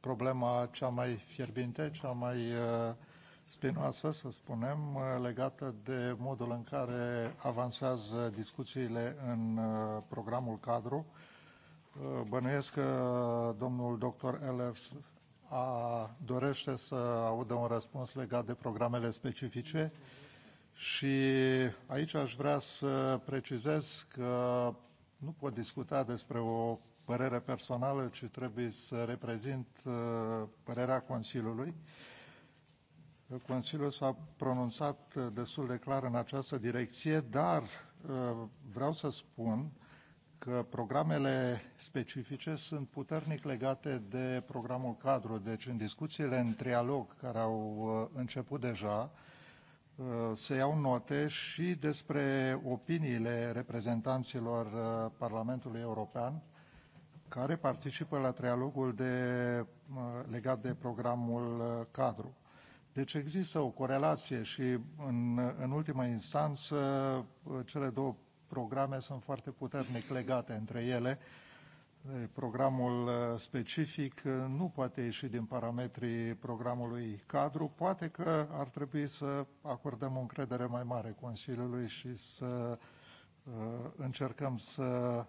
problema cea mai fierbinte, cea mai uh, spinoasă, să spunem, legată de modul în care avansează discuțiile în programul cadru. Bănuiesc că domnul doctor Ellers a, dorește să audă un răspuns legat de programele specifice. Uh, și aici aș vrea să precizez că nu pot discuta despre o părere personală, ci trebuie să reprezint uh, părerea Consiliului. Consiliul s-a pronunțat uh, destul de clar în această direcție, dar uh, vreau să spun că programele specifice sunt puternic legate de programul cadru. Deci în discuțiile în trialog care au început deja, Uh, să iau note și despre opiniile reprezentanților uh, Parlamentului European care participă la trialogul de, uh, legat de programul cadru. Deci există o corelație și în, în ultima instanță cele două programe sunt foarte puternic legate între ele programul uh, specific uh, nu poate ieși din parametrii programului cadru, poate că ar trebui să acordăm o încredere mai mare Consiliului și să uh, încercăm să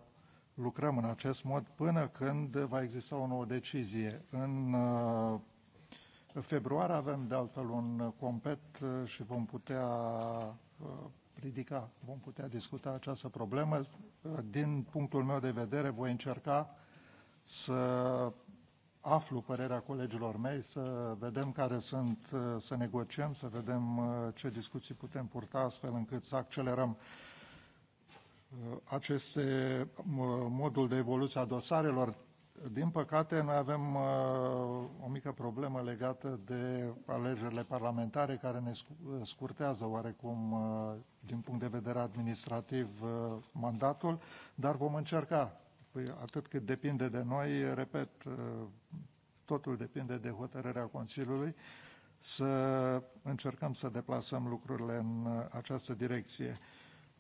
lucrăm în acest mod până când va exista o nouă decizie. În februarie avem de altfel un compet și vom putea ridica, vom putea discuta această problemă. Din punctul meu de vedere, voi încerca să aflu părerea colegilor mei, să vedem care sunt, să negociem, să vedem uh, ce discuții putem purta astfel încât să accelerăm uh, aceste uh, modul de evoluție a dosarelor. Din păcate, noi avem uh, o mică problemă legată de alegerile parlamentare care ne scurtează oarecum, uh, din punct de vedere administrativ, uh, mandatul, dar vom încerca. Păi, atât cât depinde de noi, repet, uh, totul depinde de hotărârea Consiliului, să încercăm să deplasăm lucrurile în uh, această direcție.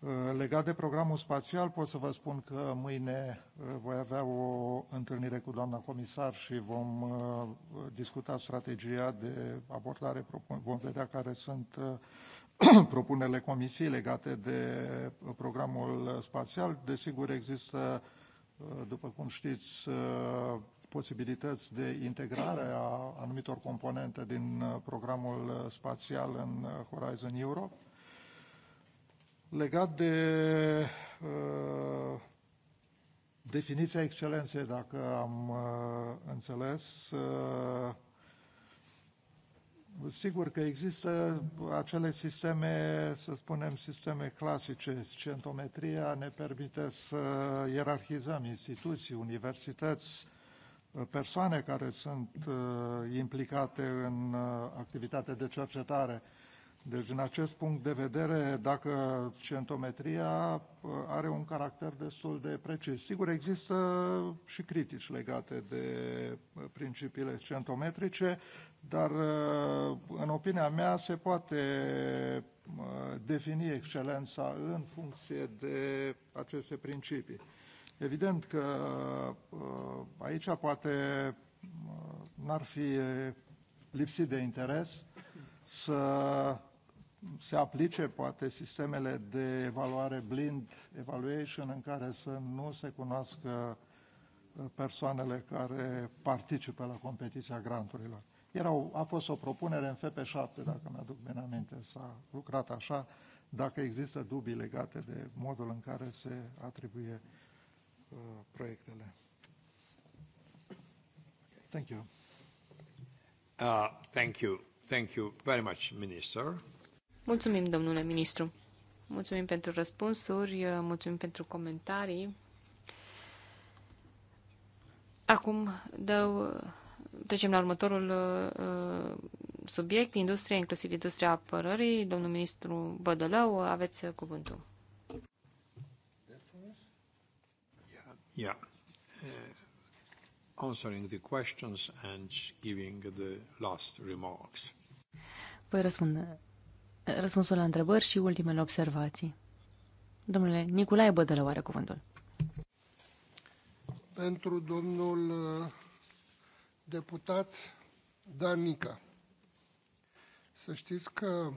Uh, legat de programul spațial, pot să vă spun că mâine uh, voi avea o întâlnire cu doamna comisar și vom uh, discuta strategia de abordare, vom vedea care sunt [clears throat] propunerile comisiei legate de programul spațial. Desigur, există, după cum știți, posibilități de integrare a anumitor componente din programul spațial în Horizon Europe Legat de uh, definiția excelenței, dacă am uh, înțeles, uh, Sigur că există acele sisteme, să spunem, sisteme clasice. Scientometria ne permite să ierarhizăm instituții, universități, persoane care sunt uh, implicate în uh, activitatea de cercetare. Deci, din acest punct de vedere, dacă centometria uh, are un caracter destul de precis. Sigur, există și critici legate de uh, principiile centometrice, dar, uh, în opinia mea, se poate defini excelența în funcție de aceste principii. Evident că aici poate n-ar fi lipsit de interes să se aplice poate sistemele de evaluare blind evaluation în care să nu se cunoască uh, persoanele care participă la competiția granturilor. Era o, a fost o propunere în FP7, dacă mi-aduc bine aminte, s-a lucrat așa, dacă există dubii legate de modul în care se atribuie uh, proiectele. Thank you. Uh, thank you. Thank you very much, Minister. Mulțumim, domnule ministru. Mulțumim pentru răspunsuri, mulțumim pentru comentarii. Acum dau, trecem la următorul uh, subiect, industria, inclusiv industria apărării. Domnul ministru Bădălău, aveți cuvântul. Yeah. Uh, answering the questions and giving the last remarks. Voi răspunde răspunsul la întrebări și ultimele observații. Domnule Nicolae Bădălău are cuvântul. Pentru domnul uh, deputat Danica. Să știți că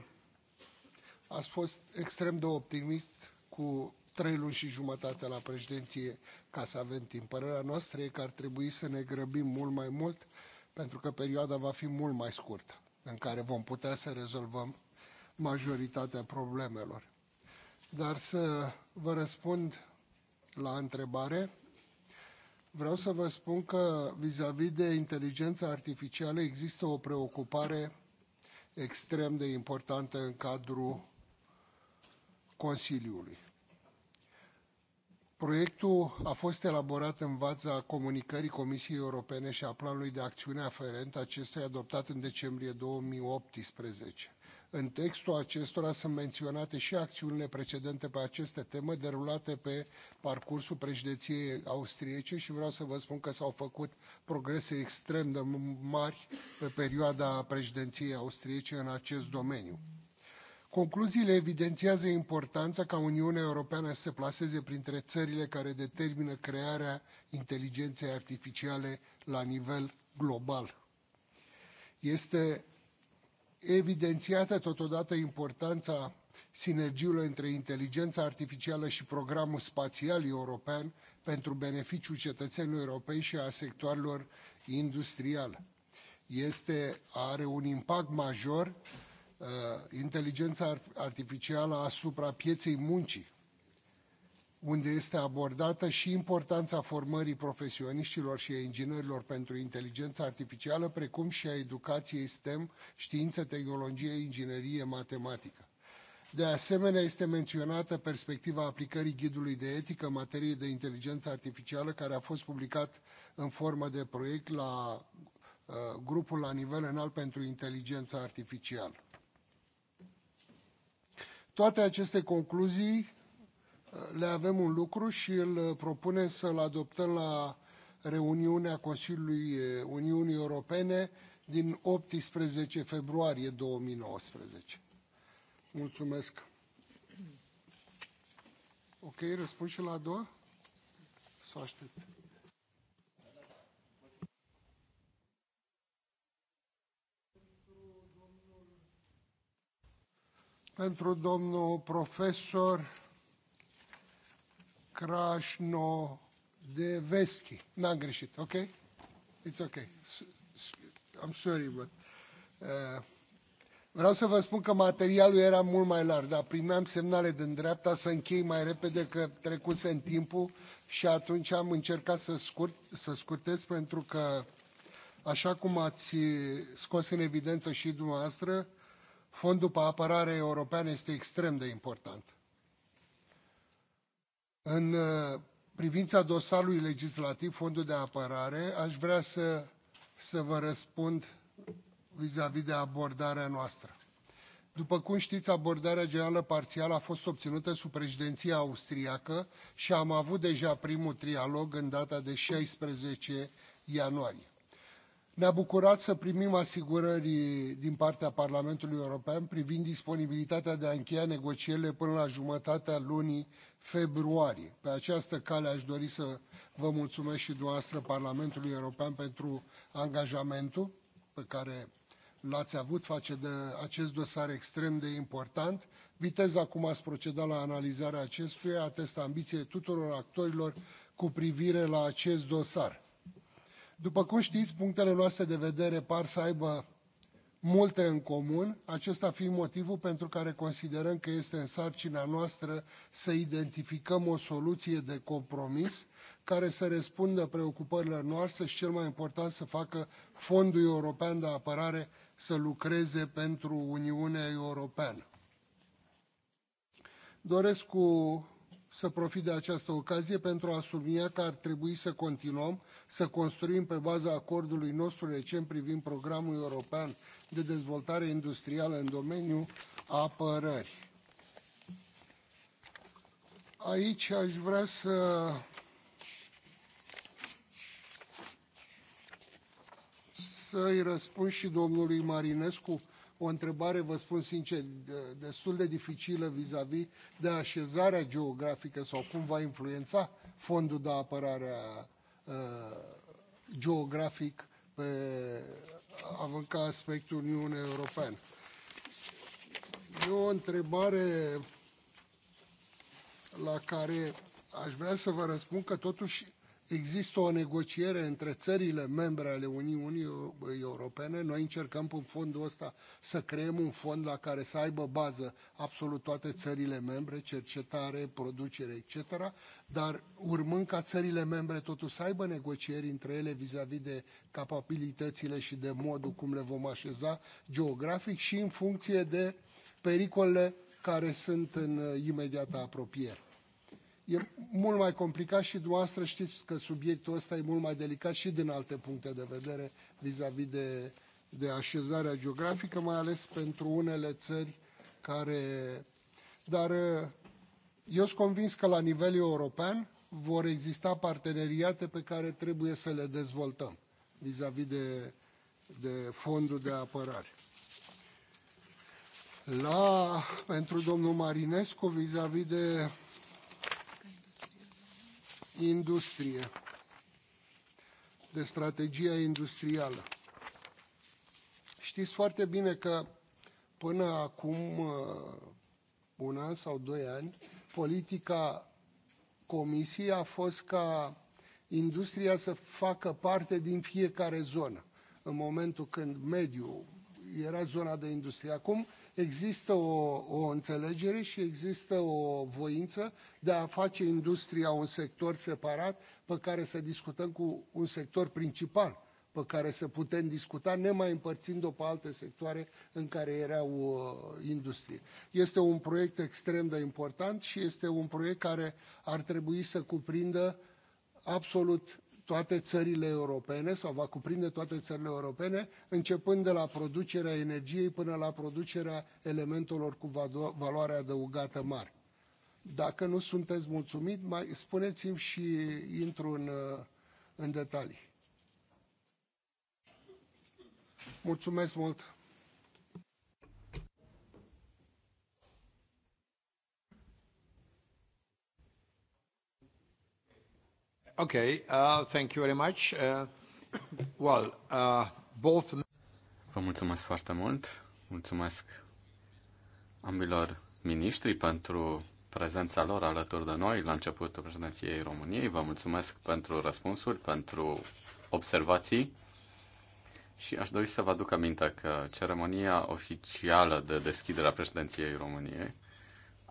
ați fost extrem de optimist cu trei luni și jumătate la președinție ca să avem timp. Părerea noastră e că ar trebui să ne grăbim mult mai mult pentru că perioada va fi mult mai scurtă în care vom putea să rezolvăm majoritatea problemelor. Dar să vă răspund la întrebare, vreau să vă spun că vis-a-vis -vis de inteligența artificială există o preocupare extrem de importantă în cadrul Consiliului. Proiectul a fost elaborat în vaza comunicării Comisiei Europene și a planului de acțiune aferent acestuia adoptat în decembrie 2018. În textul acestora sunt menționate și acțiunile precedente pe aceste teme, derulate pe parcursul președinției austriece și vreau să vă spun că s-au făcut progrese extrem de mari pe perioada președinției austriece în acest domeniu. Concluziile evidențiază importanța ca Uniunea Europeană să se plaseze printre țările care determină crearea inteligenței artificiale la nivel global. Este evidențiată totodată importanța sinergiilor între inteligența artificială și programul spațial european pentru beneficiul cetățenilor europei și a sectoarelor industriale. Este, are un impact major uh, inteligența artificială asupra pieței muncii, unde este abordată și importanța formării profesioniștilor și a inginerilor pentru inteligența artificială, precum și a educației STEM, știință, tehnologie, inginerie, matematică. De asemenea, este menționată perspectiva aplicării ghidului de etică în materie de inteligență artificială, care a fost publicat în formă de proiect la uh, grupul la nivel înalt pentru inteligența artificială. Toate aceste concluzii le avem un lucru și îl uh, propunem să-l adoptăm la reuniunea Consiliului uh, Uniunii Europene din 18 februarie 2019. Mulțumesc. Ok, răspund și la a doua? Să aștept. Pentru domnul profesor Krasnodevski. N-am greșit, ok? It's ok. I'm sorry, but... Uh, vreau să vă spun că materialul era mult mai larg, dar primeam semnale de dreapta să închei mai repede că trecuse în timpul și atunci am încercat să, scurt, să scurtez pentru că, așa cum ați scos în evidență și dumneavoastră, Fondul pe apărare european este extrem de important în uh, privința dosarului legislativ, fondul de apărare, aș vrea să, să vă răspund vis-a-vis -vis de abordarea noastră. După cum știți, abordarea generală parțială a fost obținută sub președinția austriacă și am avut deja primul trialog în data de 16 ianuarie. Ne-a bucurat să primim asigurări din partea Parlamentului European privind disponibilitatea de a încheia negocierile până la jumătatea lunii februarie. Pe această cale aș dori să vă mulțumesc și dumneavoastră Parlamentului European pentru angajamentul pe care l-ați avut face de acest dosar extrem de important. Viteza cum ați procedat la analizarea acestuia atestă ambiție tuturor actorilor cu privire la acest dosar. După cum știți, punctele noastre de vedere par să aibă multe în comun, acesta fiind motivul pentru care considerăm că este în sarcina noastră să identificăm o soluție de compromis care să răspundă preocupărilor noastre și, cel mai important, să facă Fondul European de Apărare să lucreze pentru Uniunea Europeană. Doresc cu să profit de această ocazie pentru a sublinia că ar trebui să continuăm să construim pe baza acordului nostru recent privind programul european de dezvoltare industrială în domeniul apărării. Aici aș vrea să să-i răspund și domnului Marinescu o întrebare, vă spun sincer, destul de dificilă vis-a-vis -vis de așezarea geografică sau cum va influența fondul de apărare a, geografic pe, având ca aspect Uniunea Europeană. E o întrebare la care aș vrea să vă răspund că totuși există o negociere între țările membre ale Uniunii uh, Europene. Noi încercăm în fondul ăsta să creăm un fond la care să aibă bază absolut toate țările membre, cercetare, producere, etc., dar urmând ca țările membre totuși să aibă negocieri între ele vis-a-vis -vis de capabilitățile și de modul cum le vom așeza geografic și în funcție de pericolele care sunt în uh, imediata apropiere e mult mai complicat și dumneavoastră știți că subiectul ăsta e mult mai delicat și din alte puncte de vedere vis-a-vis -vis de, de așezarea geografică, mai ales pentru unele țări care... Dar uh, eu sunt convins că la nivel european vor exista parteneriate pe care trebuie să le dezvoltăm vis-a-vis -vis de, de fondul de apărare. La, pentru domnul Marinescu, vis-a-vis -vis de industrie, de strategia industrială. Știți foarte bine că până acum uh, un an sau doi ani, politica Comisiei a fost ca industria să facă parte din fiecare zonă. În momentul când mediul era zona de industrie. Acum există o, o înțelegere și există o voință de a face industria un sector separat pe care să discutăm cu un sector principal pe care să putem discuta, nemai împărțind-o pe alte sectoare în care erau uh, industrie. Este un proiect extrem de important și este un proiect care ar trebui să cuprindă absolut toate țările europene sau va cuprinde toate țările europene, începând de la producerea energiei până la producerea elementelor cu valoare adăugată mare. Dacă nu sunteți mulțumit, mai spuneți-mi și intru în, în detalii. Mulțumesc mult! Okay, uh, thank you very much. Uh, well, uh, both... Vă mulțumesc foarte mult. Mulțumesc ambilor miniștri pentru prezența lor alături de noi la începutul președinției României. Vă mulțumesc pentru răspunsuri, pentru observații și aș dori să vă aduc aminte că ceremonia oficială de deschidere a președinției României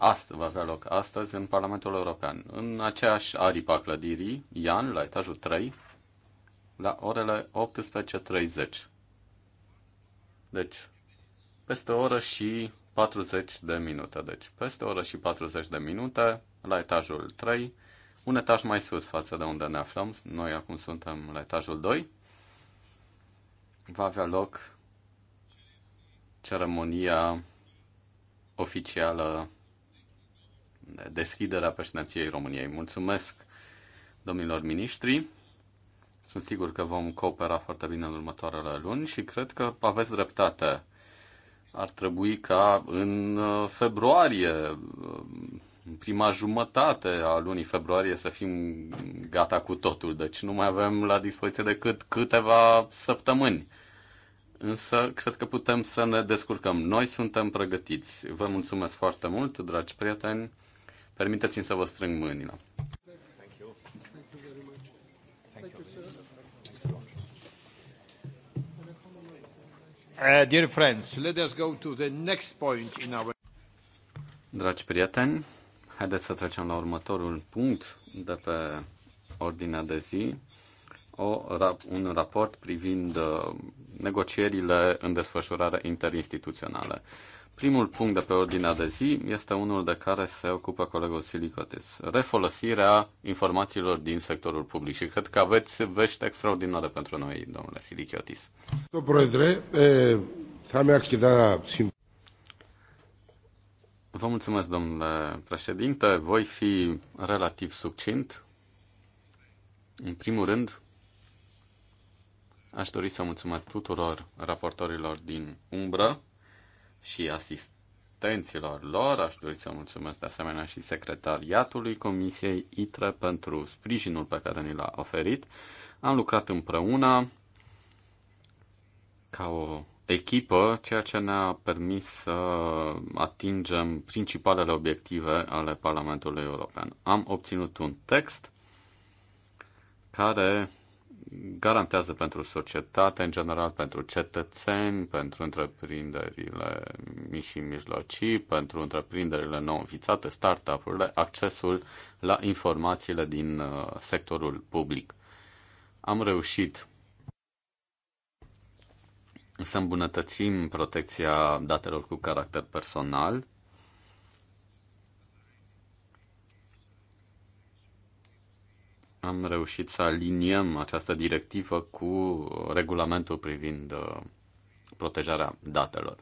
astăzi, va avea loc astăzi în Parlamentul European, în aceeași aripa clădirii, Ian, la etajul 3, la orele 18.30. Deci, peste o oră și 40 de minute. Deci, peste o oră și 40 de minute, la etajul 3, un etaj mai sus față de unde ne aflăm. Noi acum suntem la etajul 2. Va avea loc ceremonia oficială deschiderea președinției României. Mulțumesc domnilor miniștri. Sunt sigur că vom coopera foarte bine în următoarele luni și cred că aveți dreptate. Ar trebui ca în uh, februarie, în uh, prima jumătate a lunii februarie, să fim gata cu totul. Deci nu mai avem la dispoziție decât câteva săptămâni. Însă cred că putem să ne descurcăm. Noi suntem pregătiți. Vă mulțumesc foarte mult, dragi prieteni. Permiteți-mi să vă strâng mâinile. Uh, dear friends, let us go to the next point in our... Dragi prieteni, haideți să trecem la următorul punct de pe ordinea de zi, o, un raport privind uh, negocierile în desfășurare interinstituțională. Primul punct de pe ordinea de zi este unul de care se ocupă colegul Silicotis, refolosirea informațiilor din sectorul public și cred că aveți vești extraordinare pentru noi, domnule Silicotis. Da, Vă mulțumesc, domnule președinte. Voi fi relativ succint. În primul rând, aș dori să mulțumesc tuturor raportorilor din umbră și asistenților lor. Aș dori să mulțumesc de asemenea și secretariatului Comisiei ITRE pentru sprijinul pe care ni l-a oferit. Am lucrat împreună ca o echipă, ceea ce ne-a permis să atingem principalele obiective ale Parlamentului European. Am obținut un text care garantează pentru societate, în general pentru cetățeni, pentru întreprinderile mici și mijlocii, pentru întreprinderile nou înființate, startup-urile, accesul la informațiile din uh, sectorul public. Am reușit să îmbunătățim protecția datelor cu caracter personal am reușit să aliniem această directivă cu regulamentul privind uh, protejarea datelor.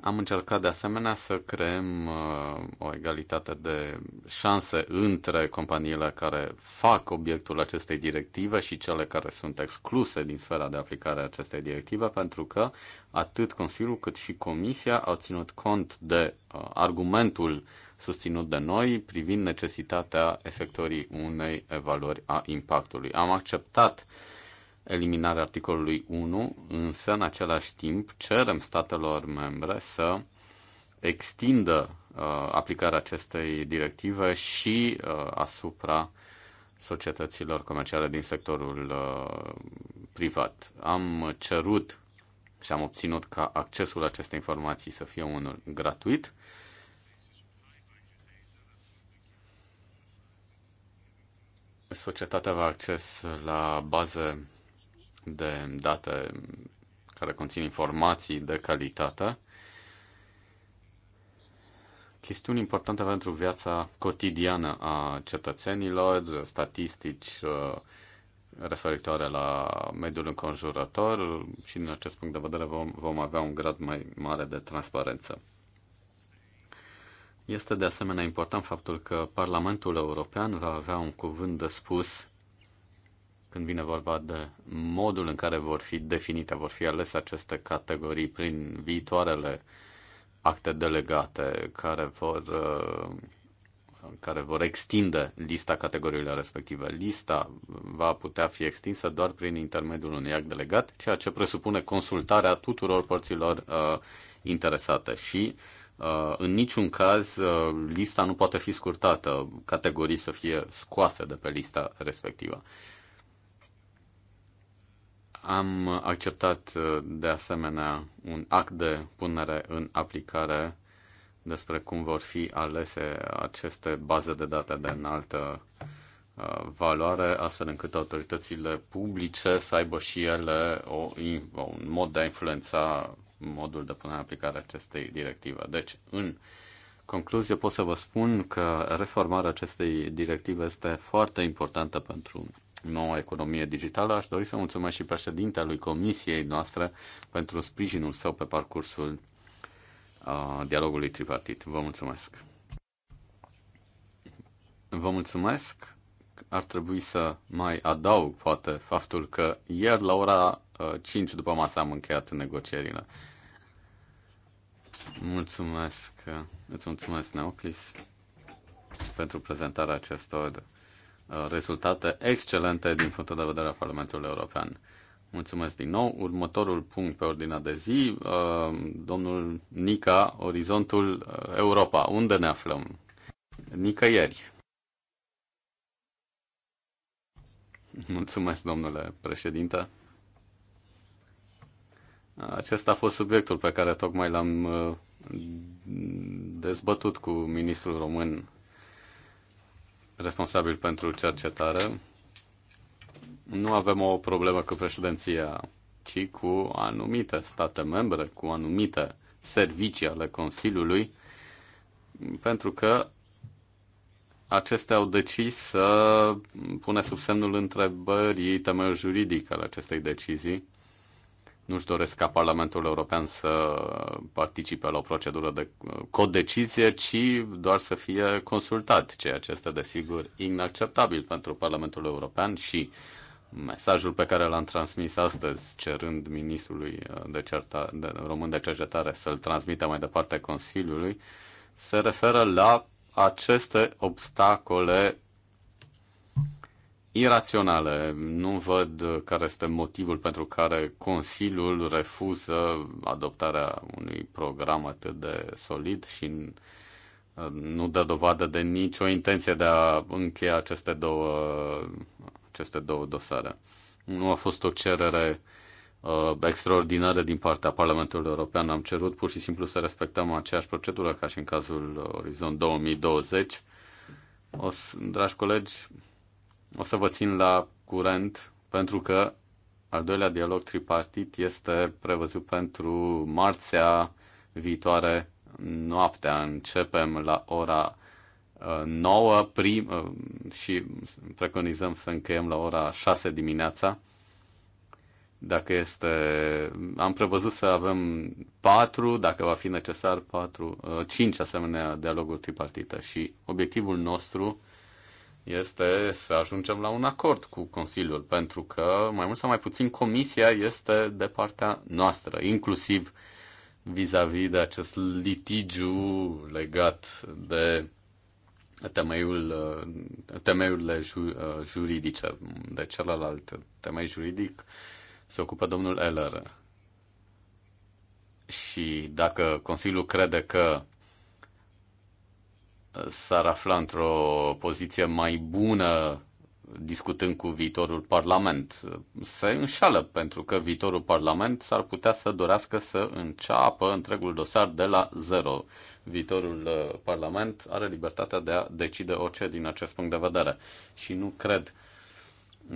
Am încercat de asemenea să creăm uh, o egalitate de șanse între companiile care fac obiectul acestei directive și cele care sunt excluse din sfera de aplicare a acestei directive, pentru că atât Consiliul cât și Comisia au ținut cont de uh, argumentul susținut de noi privind necesitatea efectorii unei evaluări a impactului. Am acceptat eliminarea articolului 1, însă în același timp cerem statelor membre să extindă uh, aplicarea acestei directive și uh, asupra societăților comerciale din sectorul uh, privat. Am cerut și am obținut ca accesul acestei informații să fie unul gratuit, uh, societatea avea acces la baze de date care conțin informații de calitate, chestiuni importante pentru viața cotidiană a cetățenilor, statistici uh, referitoare la mediul înconjurător și din acest punct de vedere vom, vom avea un grad mai mare de transparență. Este de asemenea important faptul că Parlamentul European va avea un cuvânt de spus când vine vorba de modul în care vor fi definite, vor fi alese aceste categorii prin viitoarele acte delegate care vor, uh, care vor extinde lista categoriilor respective. Lista va putea fi extinsă doar prin intermediul unui act delegat, ceea ce presupune consultarea tuturor părților uh, interesate și uh, Uh, în niciun caz uh, lista nu poate fi scurtată, categorii să fie scoase de pe lista respectivă. Am acceptat uh, de asemenea un act de punere în aplicare despre cum vor fi alese aceste baze de date de înaltă valoare, astfel încât autoritățile publice să aibă și ele o, un mod de a influența modul de punere în aplicare a acestei directive. Deci, în concluzie, pot să vă spun că reformarea acestei directive este foarte importantă pentru noua economie digitală. Aș dori să mulțumesc și președintelui Comisiei noastre pentru sprijinul său pe parcursul uh, dialogului tripartit. Vă mulțumesc! Vă mulțumesc! Ar trebui să mai adaug, poate, faptul că ieri la ora 5 uh, după masă am încheiat negocierile. Mulțumesc, îți mulțumesc, Neoclis, pentru prezentarea acestor uh, rezultate excelente din punctul de vedere al Parlamentului European. Mulțumesc din nou. Următorul punct pe ordinea de zi, uh, domnul Nica, Orizontul uh, Europa. Unde ne aflăm? Nicăieri. Mulțumesc, domnule președinte. Acesta a fost subiectul pe care tocmai l-am uh, dezbătut cu ministrul român responsabil pentru cercetare. Nu avem o problemă cu președinția, ci cu anumite state membre, cu anumite servicii ale Consiliului, pentru că acestea au decis să pune sub semnul întrebării temeiul juridic al acestei decizii nu-și doresc ca Parlamentul European să participe la o procedură de codecizie, ci doar să fie consultat, ceea ce este, desigur, inacceptabil pentru Parlamentul European și mesajul pe care l-am transmis astăzi, cerând ministrului uh, de certa, de, român de cercetare să-l transmită mai departe Consiliului, se referă la aceste obstacole iraționale. Nu văd care este motivul pentru care Consiliul refuză adoptarea unui program atât de solid și uh, nu dă dovadă de nicio intenție de a încheia aceste două, aceste două dosare. Nu a fost o cerere uh, extraordinară din partea Parlamentului European. Am cerut pur și simplu să respectăm aceeași procedură ca și în cazul Orizont 2020. O să, dragi colegi, o să vă țin la curent pentru că al doilea dialog tripartit este prevăzut pentru marțea viitoare noaptea. Începem la ora 9 uh, prim, uh, și preconizăm să încheiem la ora 6 dimineața. Dacă este... Am prevăzut să avem 4, dacă va fi necesar, 4, 5 uh, asemenea dialoguri tripartite și obiectivul nostru este să ajungem la un acord cu Consiliul, pentru că, mai mult sau mai puțin, Comisia este de partea noastră, inclusiv vis-a-vis -vis de acest litigiu legat de temeiul, uh, temeiurile ju, uh, juridice. De celălalt temei juridic se ocupă domnul Eller. Și dacă Consiliul crede că s-ar afla într-o poziție mai bună discutând cu viitorul Parlament. Se înșală pentru că viitorul Parlament s-ar putea să dorească să înceapă întregul dosar de la zero. Viitorul uh, Parlament are libertatea de a decide orice din acest punct de vedere și nu cred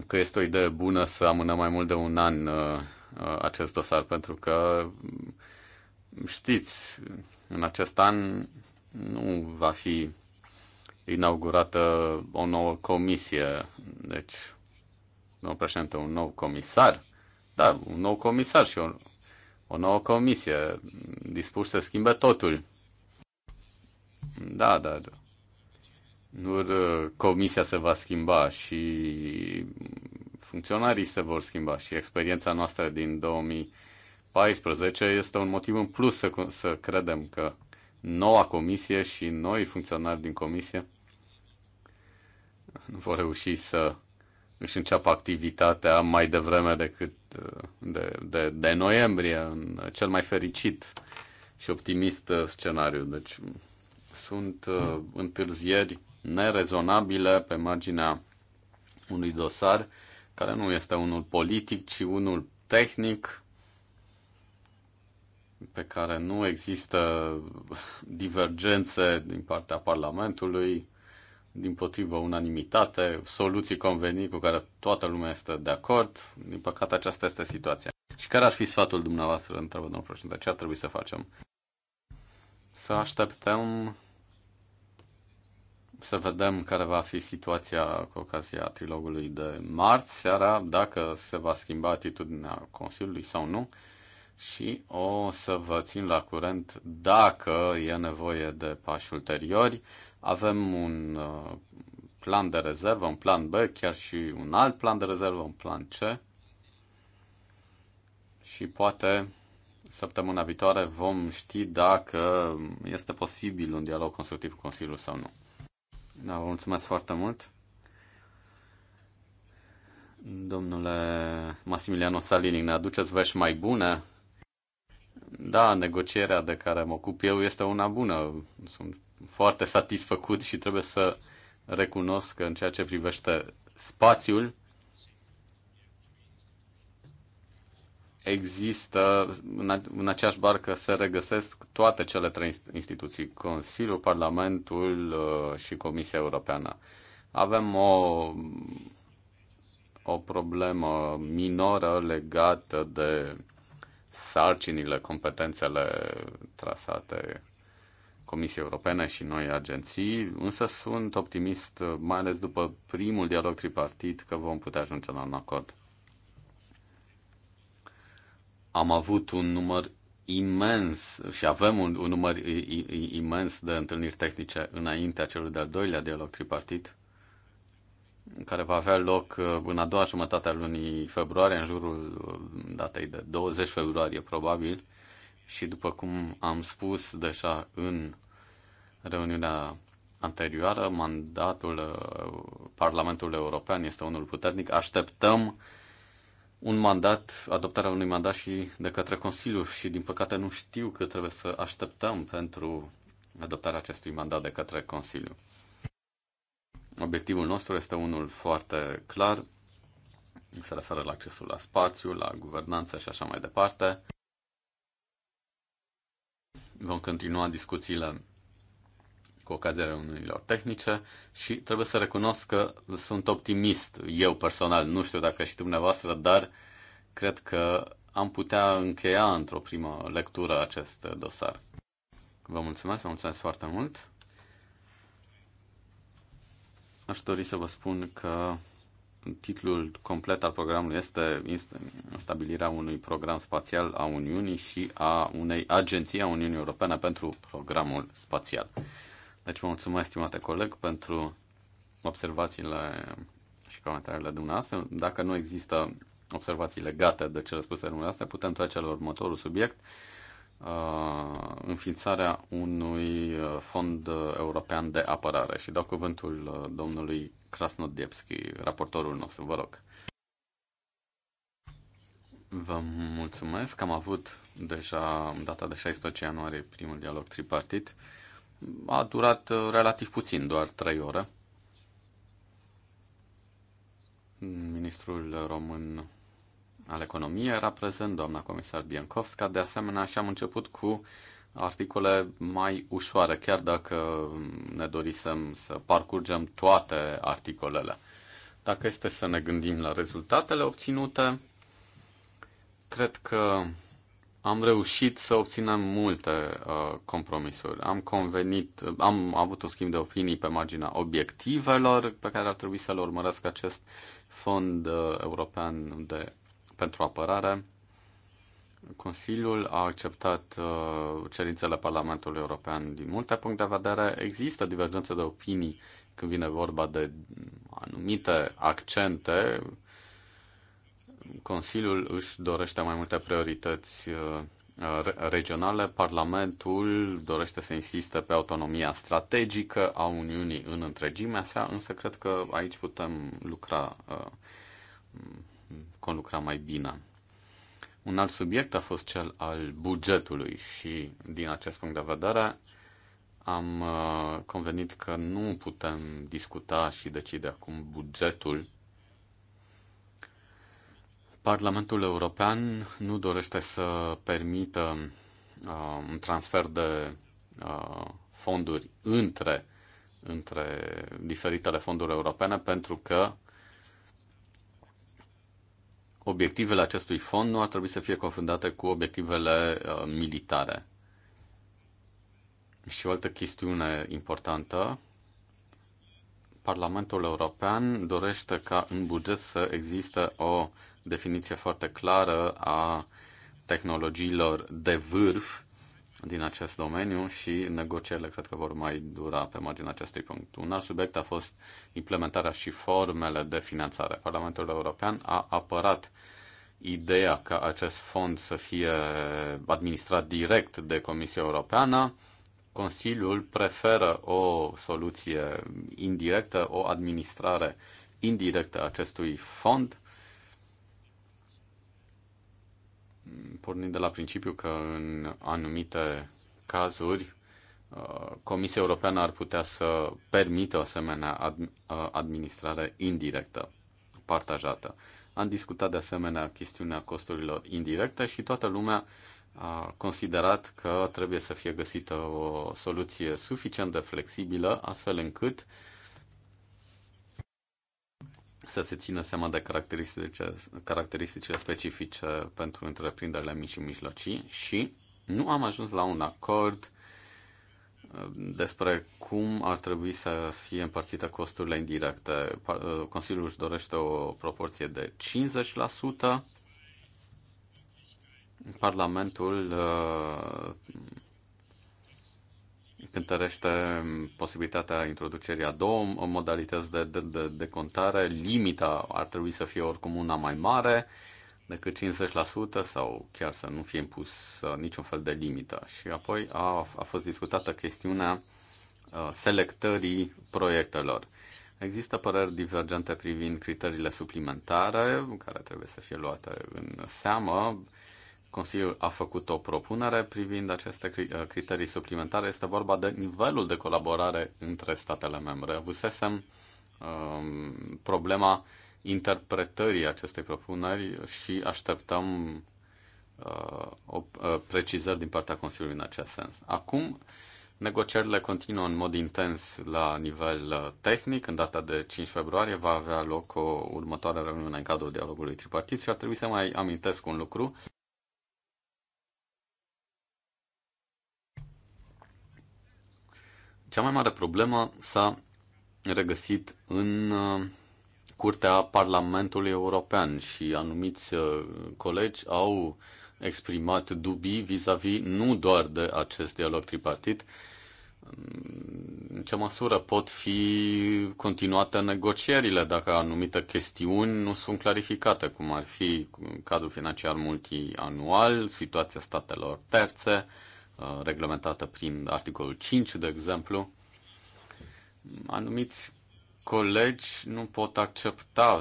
că este o idee bună să amânăm mai mult de un an uh, uh, acest dosar pentru că mm, știți, în acest an nu va fi inaugurată o nouă comisie, deci, domnul președinte, un nou comisar, da, un nou comisar și o, o nouă comisie, dispus să schimbe totul. Da, da, da. Nu comisia se va schimba și funcționarii se vor schimba și experiența noastră din 2014 este un motiv în plus să, să credem că noua comisie și noi funcționari din comisie nu vor reuși să își înceapă activitatea mai devreme decât uh, de, de, de noiembrie, în cel mai fericit și optimist uh, scenariu. Deci sunt uh, întârzieri nerezonabile pe marginea unui dosar care nu este unul politic, ci unul tehnic pe care nu există divergențe din partea Parlamentului, din potrivă unanimitate, soluții convenite cu care toată lumea este de acord. Din păcate, aceasta este situația. Și care ar fi sfatul dumneavoastră, întreabă domnul președinte, ce ar trebui să facem? Să așteptăm să vedem care va fi situația cu ocazia trilogului de marți seara, dacă se va schimba atitudinea Consiliului sau nu și o să vă țin la curent dacă e nevoie de pași ulteriori. Avem un uh, plan de rezervă, un plan B, chiar și un alt plan de rezervă, un plan C. Și poate săptămâna viitoare vom ști dacă este posibil un dialog constructiv cu Consiliul sau nu. Da, vă mulțumesc foarte mult. Domnule Massimiliano Salini, ne aduceți vești mai bune? Da, negocierea de care mă ocup eu este una bună. Sunt foarte satisfăcut și trebuie să recunosc că în ceea ce privește spațiul, există, în aceeași barcă se regăsesc toate cele trei instituții, Consiliul, Parlamentul uh, și Comisia Europeană. Avem o, o problemă minoră legată de sarcinile, competențele trasate Comisiei Europene și noi agenții, însă sunt optimist, mai ales după primul dialog tripartit, că vom putea ajunge la un acord. Am avut un număr imens și avem un, un număr imens de întâlniri tehnice înaintea celui de-al doilea dialog tripartit care va avea loc uh, în a doua jumătate a lunii februarie, în jurul uh, datei de 20 februarie probabil. Și după cum am spus deja în reuniunea anterioară, mandatul uh, Parlamentului European este unul puternic. Așteptăm un mandat, adoptarea unui mandat și de către Consiliu și din păcate nu știu că trebuie să așteptăm pentru adoptarea acestui mandat de către Consiliu. Obiectivul nostru este unul foarte clar, se referă la accesul la spațiu, la guvernanță și așa mai departe. Vom continua discuțiile cu ocazia reuniunilor tehnice și trebuie să recunosc că sunt optimist eu personal, nu știu dacă și dumneavoastră, dar cred că am putea încheia într-o primă lectură acest dosar. Vă mulțumesc, vă mulțumesc foarte mult! Aș dori să vă spun că titlul complet al programului este stabilirea unui program spațial a Uniunii și a unei agenții a Uniunii Europene pentru programul spațial. Deci vă mulțumesc, stimate coleg, pentru observațiile și comentariile dumneavoastră. Dacă nu există observații legate de cele spuse dumneavoastră, putem trece la următorul subiect, uh, înființarea unui uh, fond uh, european de apărare și dau cuvântul uh, domnului Krasnodiepski, raportorul nostru, vă rog. Vă mulțumesc. Am avut deja în data de 16 ianuarie primul dialog tripartit. A durat relativ puțin, doar 3 ore. Ministrul român al economiei era prezent doamna comisar Biancovska. De asemenea, și am început cu articole mai ușoare, chiar dacă ne dorisem să parcurgem toate articolele. Dacă este să ne gândim la rezultatele obținute, cred că am reușit să obținem multe uh, compromisuri. Am convenit, am avut un schimb de opinii pe marginea obiectivelor pe care ar trebui să le urmăresc acest fond uh, european de pentru apărare, Consiliul a acceptat uh, cerințele Parlamentului European din multe puncte de vedere. Există divergențe de opinii când vine vorba de anumite accente. Consiliul își dorește mai multe priorități uh, regionale. Parlamentul dorește să insiste pe autonomia strategică a Uniunii în întregimea sa, însă cred că aici putem lucra uh, conlucra mai bine. Un alt subiect a fost cel al bugetului și, din acest punct de vedere, am uh, convenit că nu putem discuta și decide acum bugetul. Parlamentul European nu dorește să permită uh, un transfer de uh, fonduri între, între diferitele fonduri europene pentru că obiectivele acestui fond nu ar trebui să fie confundate cu obiectivele uh, militare. Și o altă chestiune importantă, Parlamentul European dorește ca în buget să existe o definiție foarte clară a tehnologiilor de vârf din acest domeniu și negocierile cred că vor mai dura pe marginea acestui punct. Un alt subiect a fost implementarea și formele de finanțare. Parlamentul European a apărat ideea ca acest fond să fie administrat direct de Comisia Europeană. Consiliul preferă o soluție indirectă, o administrare indirectă a acestui fond pornind de la principiu că în anumite cazuri uh, Comisia Europeană ar putea să permită o asemenea uh, administrare indirectă, partajată. Am discutat de asemenea chestiunea costurilor indirecte și toată lumea a considerat că trebuie să fie găsită o soluție suficient de flexibilă, astfel încât uh, să se țină seama de caracteristicile, caracteristicile specifice pentru întreprinderile mici și mijlocii și nu am ajuns la un acord uh, despre cum ar trebui să fie împărțite costurile indirecte. Uh, Consiliul își dorește o proporție de 50%. Parlamentul uh, cântărește posibilitatea introducerii a două modalități de, de, de, de contare. Limita ar trebui să fie oricum una mai mare decât 50% sau chiar să nu fie impus uh, niciun fel de limită. Și apoi a, a fost discutată chestiunea uh, selectării proiectelor. Există păreri divergente privind criteriile suplimentare, care trebuie să fie luate în seamă. Consiliul a făcut o propunere privind aceste uh, criterii suplimentare. Este vorba de nivelul de colaborare între statele membre. Avusesem um, problema interpretării acestei propuneri și așteptăm uh, o, uh, precizări din partea Consiliului în acest sens. Acum, negocierile continuă în mod intens la nivel uh, tehnic. În data de 5 februarie va avea loc o următoare reuniune în cadrul dialogului tripartit și ar trebui să mai amintesc un lucru. Cea mai mare problemă s-a regăsit în uh, Curtea Parlamentului European și anumiți uh, colegi au exprimat dubii vis-a-vis -vis nu doar de acest dialog tripartit, în ce măsură pot fi continuate negocierile dacă anumite chestiuni nu sunt clarificate, cum ar fi cadrul financiar multianual, situația statelor terțe, Uh, reglementată prin articolul 5, de exemplu, anumiți colegi nu pot accepta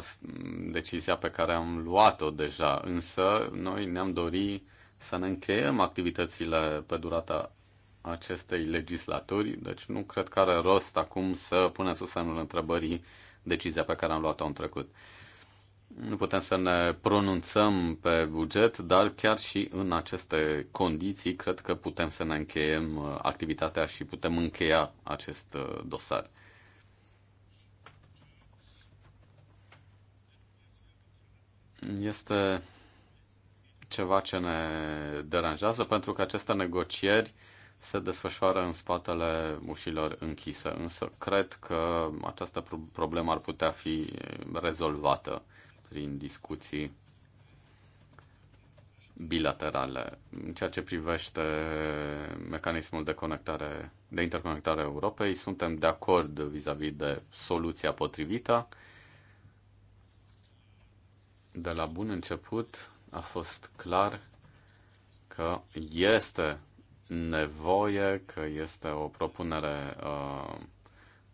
decizia pe care am luat-o deja, însă noi ne-am dorit să ne încheiem activitățile pe durata acestei legislaturi, deci nu cred că are rost acum să punem sus semnul întrebării decizia pe care am luat-o în trecut nu putem să ne pronunțăm pe buget, dar chiar și în aceste condiții cred că putem să ne încheiem uh, activitatea și putem încheia acest uh, dosar. Este ceva ce ne deranjează pentru că aceste negocieri se desfășoară în spatele ușilor închise, însă cred că această problemă ar putea fi rezolvată prin discuții bilaterale. În ceea ce privește mecanismul de conectare, de interconectare a Europei, suntem de acord vis-a-vis -vis de soluția potrivită. De la bun început a fost clar că este nevoie, că este o propunere uh,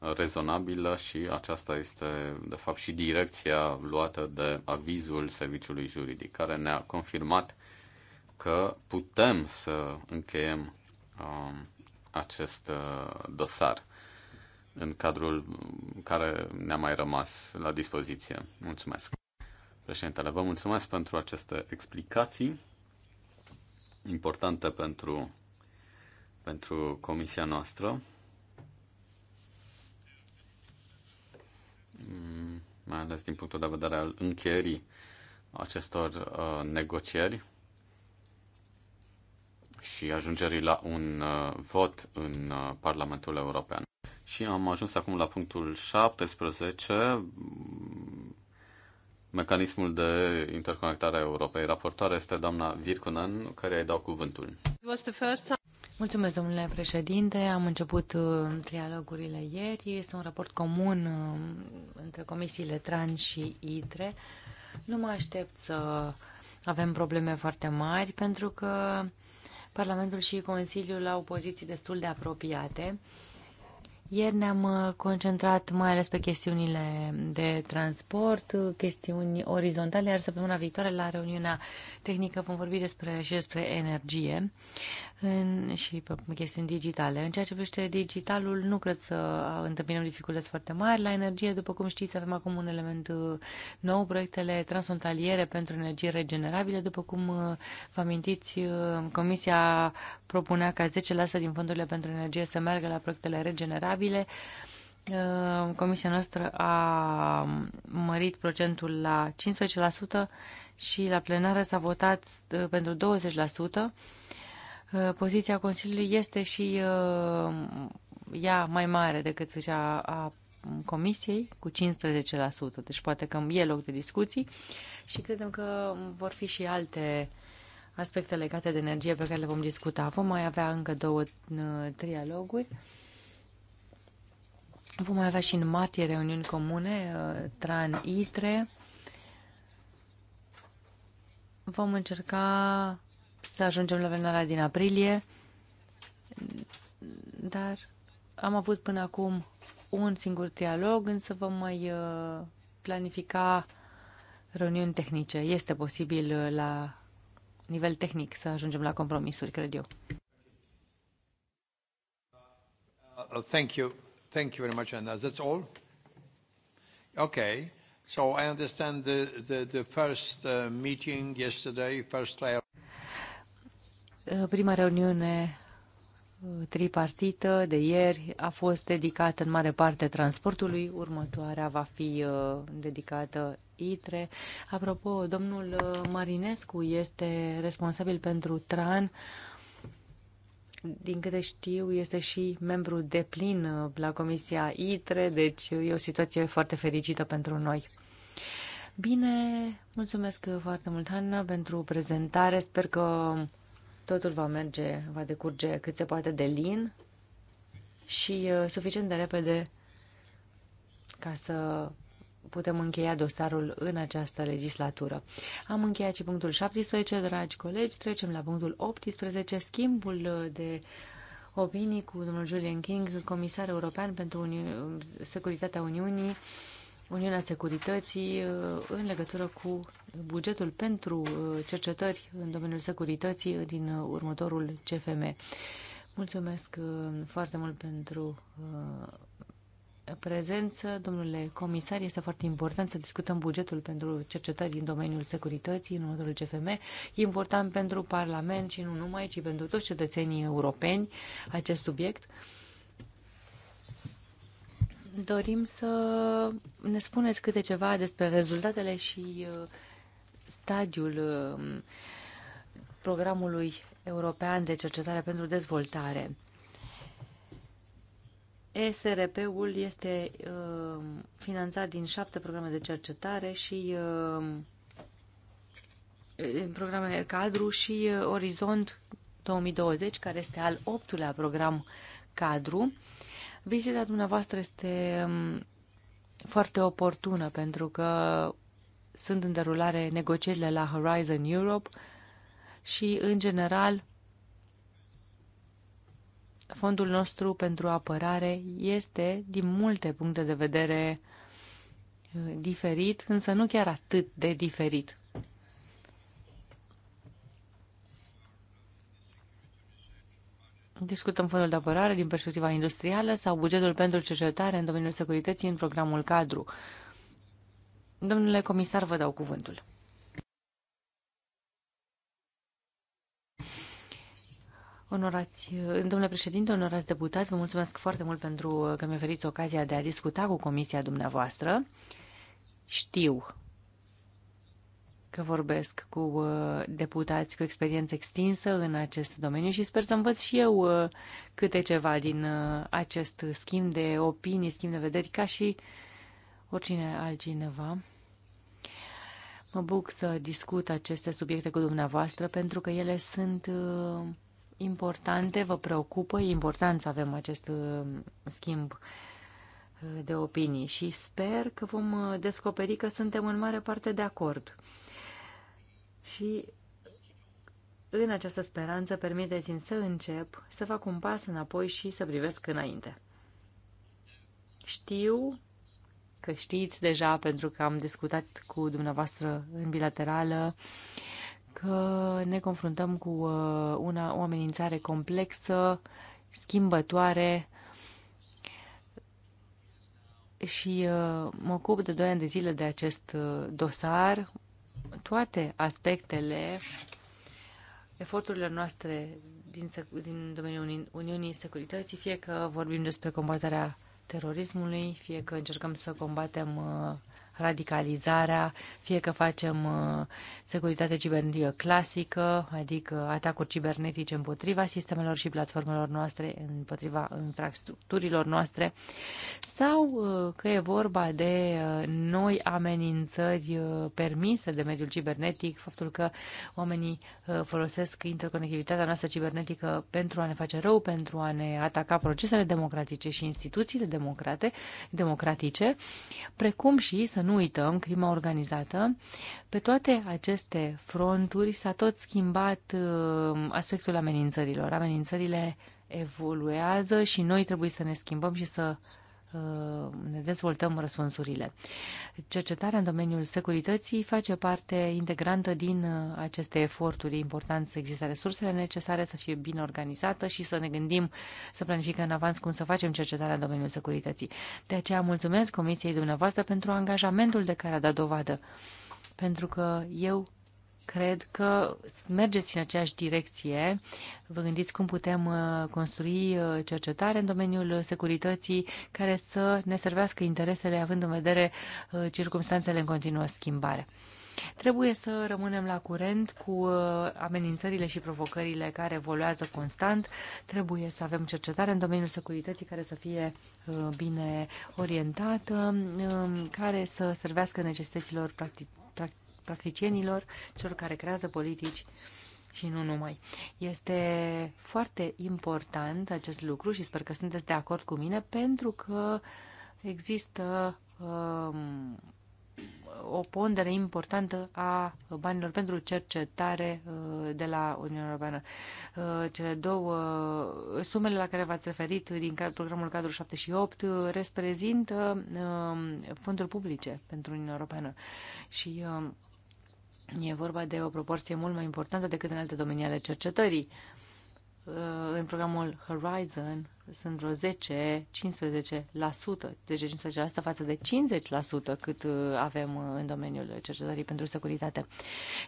rezonabilă și aceasta este, de fapt, și direcția luată de avizul serviciului juridic, care ne-a confirmat că putem să încheiem um, acest uh, dosar în cadrul care ne-a mai rămas la dispoziție. Mulțumesc. Președintele, vă mulțumesc pentru aceste explicații importante pentru, pentru comisia noastră. Mm, mai ales din punctul de vedere al încheierii acestor uh, negocieri și ajungerii la un uh, vot în uh, Parlamentul European. Și am ajuns acum la punctul 17, mm, mecanismul de interconectare a Europei. Raportoarea este doamna Virkunen, care îi dau cuvântul. Mulțumesc, domnule președinte. Am început uh, trialogurile ieri. Este un raport comun uh, între comisiile TRAN și ITRE. Nu mă aștept să avem probleme foarte mari, pentru că Parlamentul și Consiliul au poziții destul de apropiate. Ieri ne-am uh, concentrat mai ales pe chestiunile de transport, chestiuni orizontale, iar săptămâna viitoare la reuniunea tehnică vom vorbi despre și despre energie în, și pe chestiuni digitale. În ceea ce privește digitalul, nu cred să întâmpinăm dificultăți foarte mari. La energie, după cum știți, avem acum un element uh, nou, proiectele transfrontaliere pentru energie regenerabile. După cum uh, vă amintiți, uh, Comisia propunea ca 10% din fondurile pentru energie să meargă la proiectele regenerabile. Comisia noastră a mărit procentul la 15% și la plenară s-a votat pentru 20%. Uh, poziția Consiliului este și uh, ea mai mare decât cea a Comisiei, cu 15%, deci poate că e loc de discuții și credem că vor fi și alte aspecte legate de energie pe care le vom discuta. Vom mai avea încă două uh, trialoguri. Vom mai avea și în martie reuniuni comune, TRAN-ITRE. Vom încerca să ajungem la plenara din aprilie, dar am avut până acum un singur dialog, însă vom mai uh, planifica reuniuni tehnice. Este posibil uh, la nivel tehnic să ajungem la compromisuri, cred eu. Uh, thank you. Thank you very much, Anna. That's all? Okay. So I understand the, the, the first meeting yesterday, first trial. Eh, prima reuniune eh, tripartită de ieri a fost dedicată în mare parte transportului, următoarea va fi eh, dedicată ITRE. Apropo, domnul Marinescu este responsabil pentru TRAN, din câte știu, este și membru de plin la Comisia ITRE, deci e o situație foarte fericită pentru noi. Bine, mulțumesc foarte mult, Hanna, pentru prezentare. Sper că totul va merge, va decurge cât se poate de lin și uh, suficient de repede ca să putem încheia dosarul în această legislatură. Am încheiat și punctul 17, dragi colegi, trecem la punctul 18, schimbul uh, de opinii cu domnul Julian King, comisar european pentru Uni- Securitatea Uniunii, Uniunea Securității uh, în legătură cu bugetul pentru uh, cercetări în domeniul securității din uh, următorul CFM. Mulțumesc foarte mult pentru prezență, domnule comisar. Este foarte important să discutăm bugetul pentru cercetări în domeniul securității în următorul CFM. E important pentru Parlament și nu numai, ci pentru toți cetățenii europeni acest subiect dorim să ne spuneți câte ceva despre rezultatele și uh, stadiul um, programului european de cercetare pentru dezvoltare. srp ul este uh, finanțat din șapte programe de cercetare și uh, programe cadru și uh, Orizont 2020, care este al optulea program cadru. Uh, Vizita dumneavoastră este um, foarte oportună pentru că sunt în derulare negocierile la Horizon Europe și, în general, fondul nostru pentru apărare este, din multe puncte de vedere, uh, diferit, însă nu chiar atât de diferit. Discutăm fondul de apărare din perspectiva industrială sau bugetul pentru cercetare în domeniul securității în programul cadru. Domnule comisar, vă dau cuvântul. Onorați, domnule președinte, onorați deputați, vă mulțumesc foarte mult pentru că mi-a oferit ocazia de a discuta cu comisia dumneavoastră. Știu că vorbesc cu uh, deputați cu experiență extinsă în acest domeniu și sper să învăț și eu uh, câte ceva din uh, acest schimb de opinii, schimb de vederi, ca și oricine altcineva. Mă bucur să discut aceste subiecte cu dumneavoastră pentru că ele sunt importante, vă preocupă, e important să avem acest schimb de opinii și sper că vom uh, descoperi că suntem în mare parte de acord. Și în această speranță, permiteți-mi să încep, să fac un pas înapoi și să privesc înainte. Știu că știți deja, pentru că am discutat cu dumneavoastră în bilaterală, că ne confruntăm cu uh, una, o amenințare complexă, schimbătoare, și uh, mă ocup de 2 ani de zile de acest uh, dosar. Toate aspectele eforturile noastre din, din domeniul Uni Uniunii Securității, fie că vorbim despre combaterea terorismului, fie că încercăm să combatem uh, radicalizarea, fie că facem uh, securitate cibernetică clasică, adică atacuri cibernetice împotriva sistemelor și platformelor noastre, împotriva infrastructurilor noastre, sau uh, că e vorba de uh, noi amenințări permise de mediul cibernetic, faptul că oamenii folosesc interconectivitatea noastră cibernetică pentru a ne face rău, pentru a ne ataca procesele democratice și instituțiile democrate, democratice, precum și să nu nu uităm, crima organizată, pe toate aceste fronturi s-a tot schimbat uh, aspectul amenințărilor. Amenințările evoluează și noi trebuie să ne schimbăm și să Uh, ne dezvoltăm răspunsurile. Cercetarea în domeniul securității face parte integrantă din uh, aceste eforturi. E important să existe resursele necesare, să fie bine organizată și să ne gândim, să planificăm în avans cum să facem cercetarea în domeniul securității. De aceea mulțumesc Comisiei dumneavoastră pentru angajamentul de care a dat dovadă, pentru că eu cred că mergeți în aceeași direcție. Vă gândiți cum putem uh, construi uh, cercetare în domeniul securității care să ne servească interesele având în vedere uh, circumstanțele în continuă schimbare. Trebuie să rămânem la curent cu amenințările și provocările care evoluează constant. Trebuie să avem cercetare în domeniul securității care să fie bine orientată, um, care să servească necesităților practic practicienilor, celor care creează politici și nu numai. Este foarte important acest lucru și sper că sunteți de acord cu mine pentru că există um, o pondere importantă a banilor pentru cercetare uh, de la Uniunea Europeană. Uh, cele două uh, sumele la care v-ați referit din programul cadru 7 și 8 reprezintă um, fonduri publice pentru Uniunea Europeană și um, E vorba de o proporție mult mai importantă decât în alte domenii ale cercetării. Uh, în programul Horizon sunt vreo 10-15%, deci 15 față de 50% cât uh, avem uh, în domeniul cercetării pentru securitate.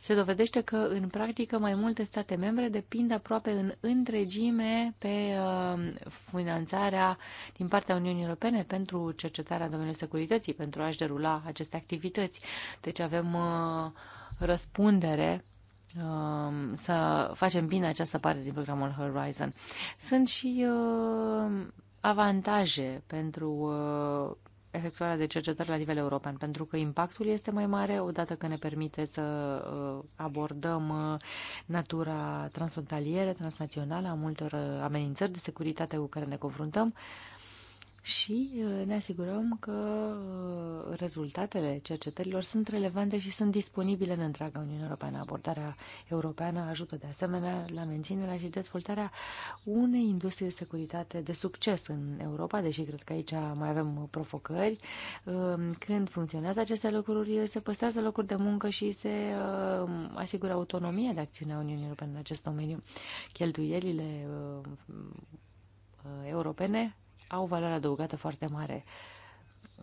Se dovedește că, în practică, mai multe state membre depind aproape în întregime pe finanțarea din partea Uniunii Europene pentru cercetarea în domeniul securității, pentru a-și derula aceste activități. Deci avem uh, răspundere um, să facem bine această parte din programul Horizon. Sunt și um, avantaje pentru uh, efectuarea de cercetări la nivel european, pentru că impactul este mai mare odată că ne permite să uh, abordăm uh, natura transfrontalieră, transnațională a multor amenințări de securitate cu care ne confruntăm și uh, ne asigurăm că uh, rezultatele cercetărilor sunt relevante și sunt disponibile în întreaga Uniune Europeană. Abordarea europeană ajută de asemenea la menținerea și dezvoltarea unei industrie de securitate de succes în Europa, deși cred că aici mai avem provocări. Um, când funcționează aceste lucruri, uh, se păstrează locuri de muncă și se asigură autonomia de acțiune a Uniunii Europene în acest domeniu. Cheltuielile europene au valoare adăugată foarte mare.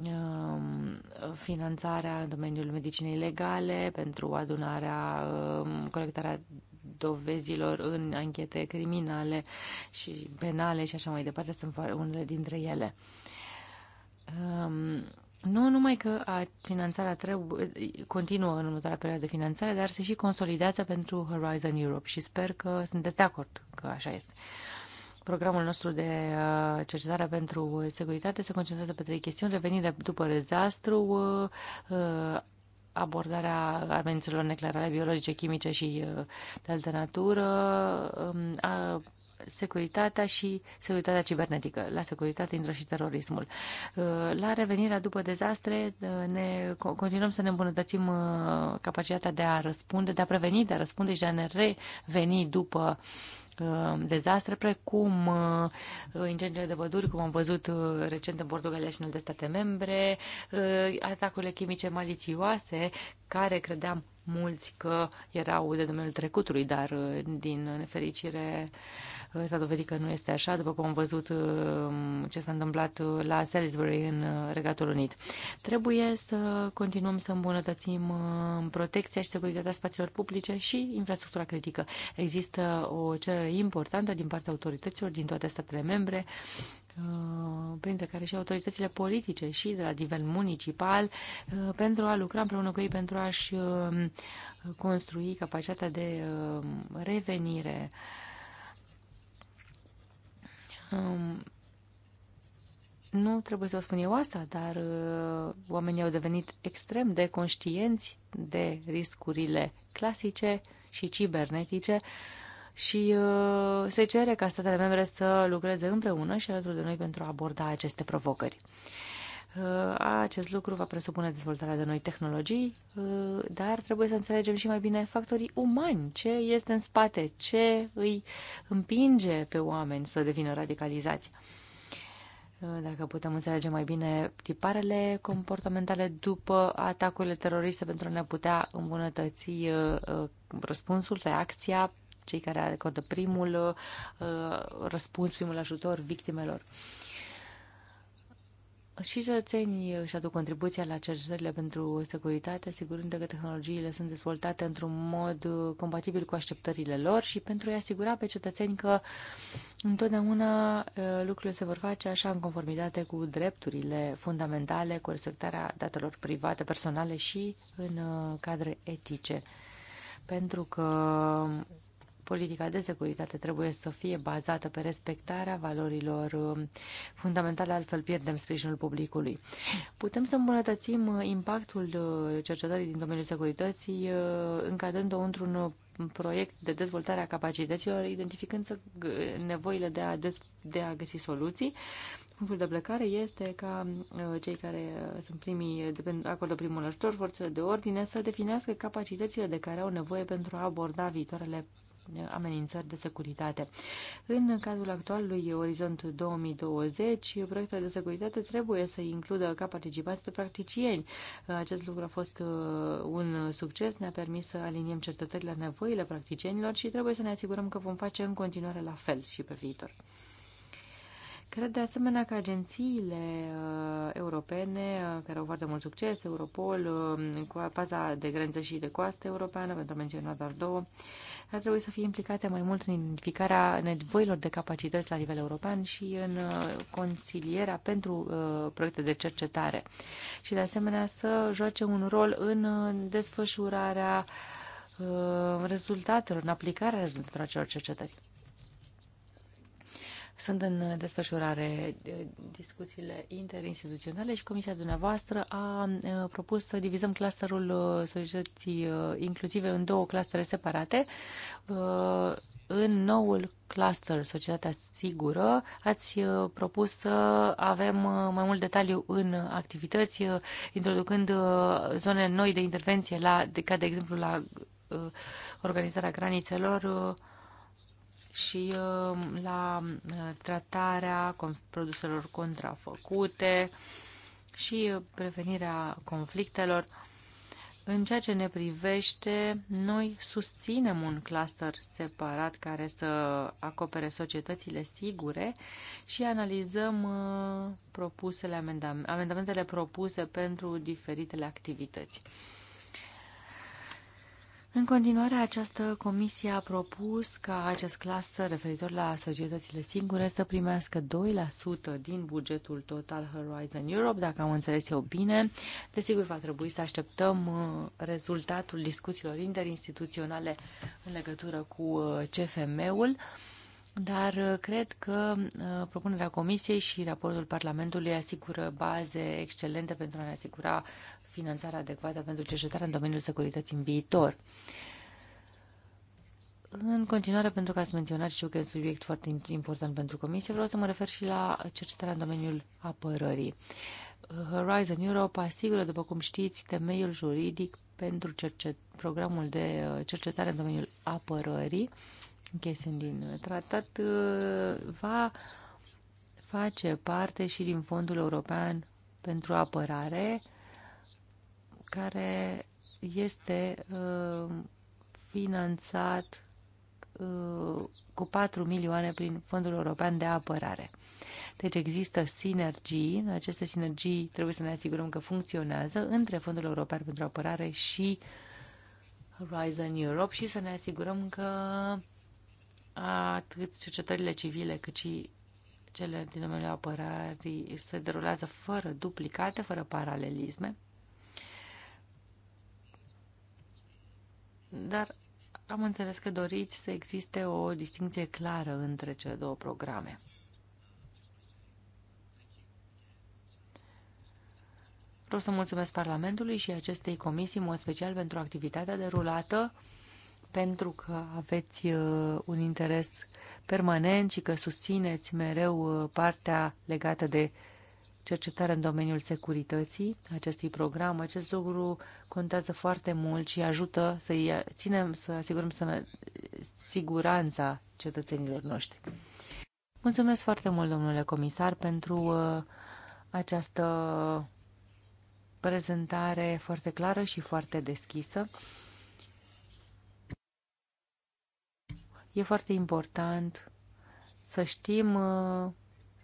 Um, finanțarea în domeniul medicinei legale pentru adunarea, um, colectarea dovezilor în anchete criminale și penale și așa mai departe sunt unele dintre ele. Um, nu numai că finanțarea trebuie, continuă în următoarea perioadă de finanțare, dar se și consolidează pentru Horizon Europe și sper că sunteți de acord că așa este. Uh, Programul nostru de uh, cercetare pentru securitate se concentrează pe trei chestiuni. Revenirea după dezastru, uh, uh, abordarea amenințelor neclarale biologice, chimice și de altă natură, um, securitatea și securitatea cibernetică. La securitate intră și terorismul. La revenirea după dezastre ne continuăm să ne îmbunătățim capacitatea de a răspunde, de a preveni, de a răspunde și de a ne reveni după uh, Uh, dezastre, precum uh, incendiile de păduri, cum am văzut uh, recent în Portugalia și în alte state membre, atacurile chimice malicioase, care credeam mulți că erau de domeniul trecutului, dar uh, din nefericire uh, s-a dovedit că nu este așa, după cum am văzut uh, ce s-a întâmplat la Salisbury în Regatul Unit. Trebuie să continuăm să îmbunătățim protecția și securitatea spațiilor publice și infrastructura critică. Există o cerere importantă din partea autorităților din toate statele membre Uh, printre care și autoritățile politice și de la nivel municipal, uh, pentru a lucra împreună cu ei, pentru a-și uh, construi capacitatea de revenire. Um, nu trebuie să o spun eu asta, dar oamenii au devenit extrem de conștienți de riscurile clasice și cibernetice, și uh, se cere ca statele membre să lucreze împreună și alături de noi pentru a aborda aceste provocări. Uh, acest lucru va presupune dezvoltarea de noi tehnologii, uh, dar trebuie să înțelegem și mai bine factorii umani, ce este în spate, ce îi împinge pe oameni să devină radicalizați. Dacă putem înțelege mai bine tiparele comportamentale după atacurile teroriste pentru a ne putea îmbunătăți răspunsul, reacția cei care acordă primul uh, răspuns, primul ajutor victimelor. Și cetățenii își aduc contribuția la cercetările pentru securitate, asigurând că tehnologiile sunt dezvoltate într-un mod uh, compatibil cu așteptările lor și pentru a-i asigura pe cetățeni că întotdeauna uh, lucrurile se vor face așa în conformitate cu drepturile fundamentale, cu respectarea datelor private, personale și în cadre etice. Pentru că politica de securitate trebuie să fie bazată pe respectarea valorilor um, fundamentale, altfel pierdem sprijinul publicului. Putem să îmbunătățim uh, impactul uh, cercetării din domeniul securității uh, încadrând-o într-un proiect de dezvoltare a capacităților, identificând nevoile de a, des, de a găsi soluții. Punctul de plecare este ca cei care sunt primii, de, primul ajutor, forțele de ordine, să definească capacitățile de care au nevoie pentru a aborda viitoarele amenințări de securitate. În cadrul actualului Orizont 2020, proiectele de securitate trebuie să includă ca participanți pe practicieni. Acest lucru a fost uh, un succes, ne-a permis să aliniem cercetările la nevoile practicienilor și trebuie să ne asigurăm că vom face în continuare la fel și pe viitor. Cred de asemenea că agențiile uh, europene, uh, care au foarte mult succes, Europol, uh, cu paza de grență și de coastă europeană, pentru a menționa doar două, ar trebui să fie implicate mai mult în identificarea nevoilor de capacități la nivel european și în consilierea pentru proiecte de cercetare. Și de asemenea să joace un rol în desfășurarea rezultatelor, în aplicarea rezultatelor acelor cercetări. Sunt în uh, desfășurare uh, discuțiile interinstituționale și Comisia dumneavoastră a uh, propus să divizăm clusterul societății inclusive în două clustere separate. În noul cluster, Societatea Sigură, ați propus să avem mai mult detaliu în activități, introducând zone noi de intervenție, la, ca de exemplu la organizarea granițelor, și uh, la uh, tratarea produselor contrafăcute și uh, prevenirea conflictelor. În ceea ce ne privește, noi susținem un cluster separat care să acopere societățile sigure și analizăm propusele amendamentele propuse pentru diferitele activități. În continuare, această comisie a propus ca acest clas referitor la societățile singure să primească 2% din bugetul total Horizon Europe, dacă am înțeles eu bine. Desigur, va trebui să așteptăm uh, rezultatul discuțiilor interinstituționale în legătură cu uh, CFM-ul. Dar uh, cred că propunerea Comisiei și raportul Parlamentului asigură baze excelente pentru a ne asigura finanțare adecvată pentru cercetarea în domeniul securității în viitor. În continuare, pentru că ați menționat, eu că e un subiect foarte important pentru Comisie, vreau să mă refer și la cercetarea în domeniul apărării. Horizon Europe asigură, după cum știți, temeiul juridic pentru cercet- programul de uh, cercetare în domeniul apărării, în chestiuni din tratat, uh, va face parte și din Fondul European pentru Apărare, care este uh, finanțat uh, cu 4 milioane prin Fondul European de Apărare. Deci există sinergii, aceste sinergii trebuie să ne asigurăm că funcționează între Fondul European pentru Apărare și Horizon Europe și să ne asigurăm că atât cercetările civile cât și cele din domeniul apărării se derulează fără duplicate, fără paralelisme. Dar am înțeles că doriți să existe o distinție clară între cele două programe. Vreau să mulțumesc Parlamentului și acestei comisii, în special pentru activitatea derulată, pentru că aveți uh, un interes permanent și că susțineți mereu uh, partea legată de cercetare în domeniul securității acestui program. Acest lucru contează foarte mult și ajută să ținem, să asigurăm sănă, siguranța cetățenilor noștri. Mulțumesc foarte mult, domnule comisar, pentru uh, această prezentare foarte clară și foarte deschisă. E foarte important să știm uh,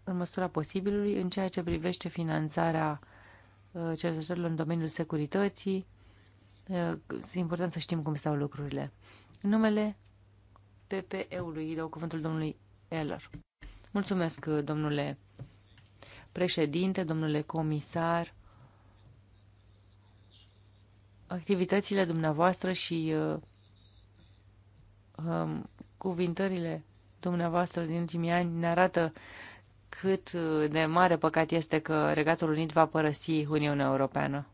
în măsura posibilului în ceea ce privește finanțarea uh, cercetărilor în domeniul securității. Este uh, important să știm cum stau lucrurile. În numele PPE-ului dau cuvântul domnului Eller. Mulțumesc, domnule președinte, domnule comisar. Activitățile dumneavoastră și uh, um, cuvintările dumneavoastră din ultimii ani ne arată uh, cât uh, de mare păcat este că Regatul Unit va părăsi Uniunea Europeană.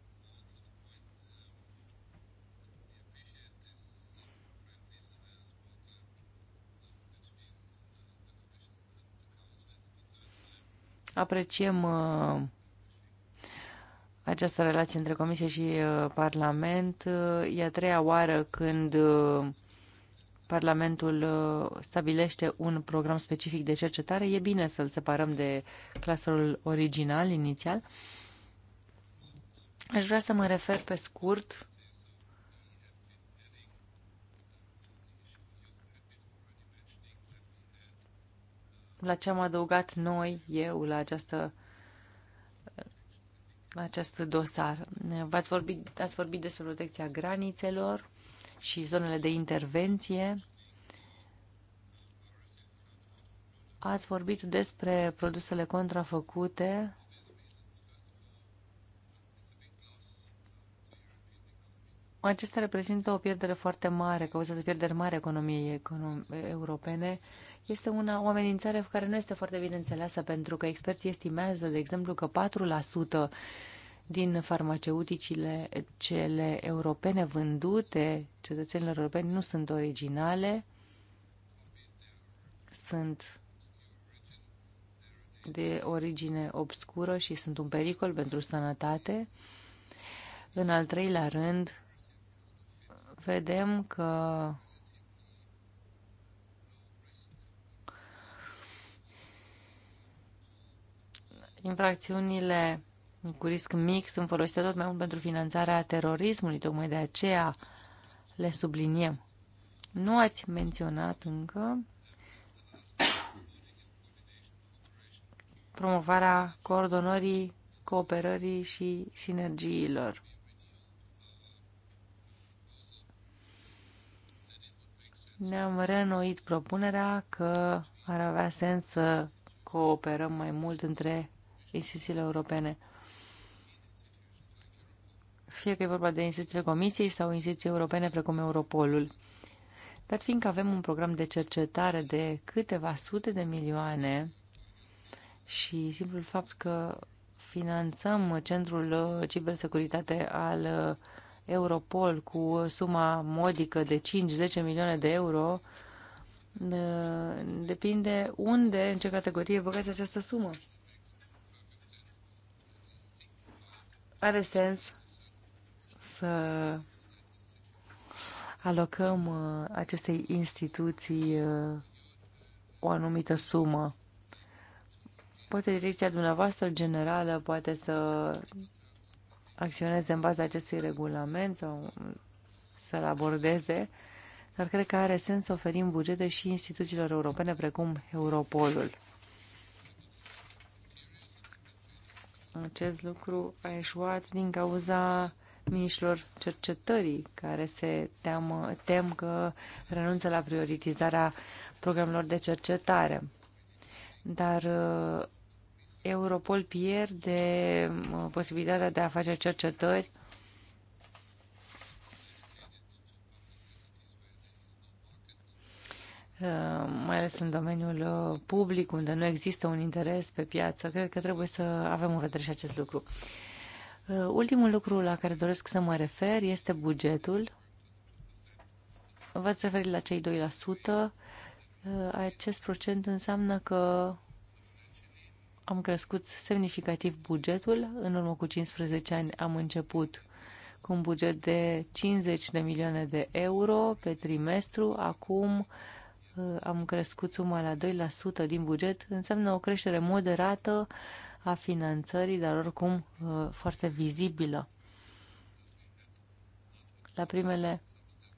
Apreciem uh, această relație între Comisie și uh, Parlament. Uh, e a treia oară când Parlamentul uh, stabilește un program specific de cercetare, e bine să-l separăm de claserul original, inițial. Aș vrea să mă refer pe scurt la ce am adăugat noi, eu, la această acest dosar. V-ați vorbit, ați vorbit despre protecția granițelor, și zonele de intervenție. Ați vorbit despre produsele contrafăcute. Acestea reprezintă o pierdere foarte mare, cauzată pierderi mari economiei econom europene. Este una, o amenințare care nu este foarte bine înțeleasă, pentru că experții estimează, de exemplu, că din farmaceuticile cele europene vândute cetățenilor europeni nu sunt originale, sunt de origine obscură și sunt un pericol pentru sănătate. În al treilea rând, vedem că infracțiunile cu risc mic sunt folosite tot mai mult pentru finanțarea terorismului, tocmai de aceea le subliniem. Nu ați menționat încă promovarea coordonării, cooperării și sinergiilor. Ne-am renoit propunerea că ar avea sens să cooperăm mai mult între instituțiile europene fie că e vorba de instituțiile Comisiei sau instituții europene precum Europolul. Dar fiindcă avem un program de cercetare de câteva sute de milioane și simplul fapt că finanțăm Centrul Cibersecuritate al Europol cu suma modică de 5-10 milioane de euro, depinde unde, în ce categorie băgați această sumă. Are sens să alocăm uh, acestei instituții uh, o anumită sumă. Poate direcția dumneavoastră generală poate să acționeze în baza acestui regulament sau să-l abordeze, dar cred că are sens să oferim bugete și instituțiilor europene precum Europolul. Acest lucru a ieșuat din cauza miniștilor cercetării care se teamă, tem că renunță la prioritizarea programelor de cercetare. Dar uh, Europol pierde uh, posibilitatea de a face cercetări uh, mai ales în domeniul public, unde nu există un interes pe piață. Cred că trebuie să avem în vedere și acest lucru. Uh, ultimul lucru la care doresc să mă refer este bugetul. V-ați referit la cei 2%. Uh, acest procent înseamnă că am crescut semnificativ bugetul. În urmă cu 15 ani am început cu un buget de 50 de milioane de euro pe trimestru. Acum uh, am crescut suma la 2% din buget. Înseamnă o creștere moderată a finanțării, dar oricum uh, foarte vizibilă. La primele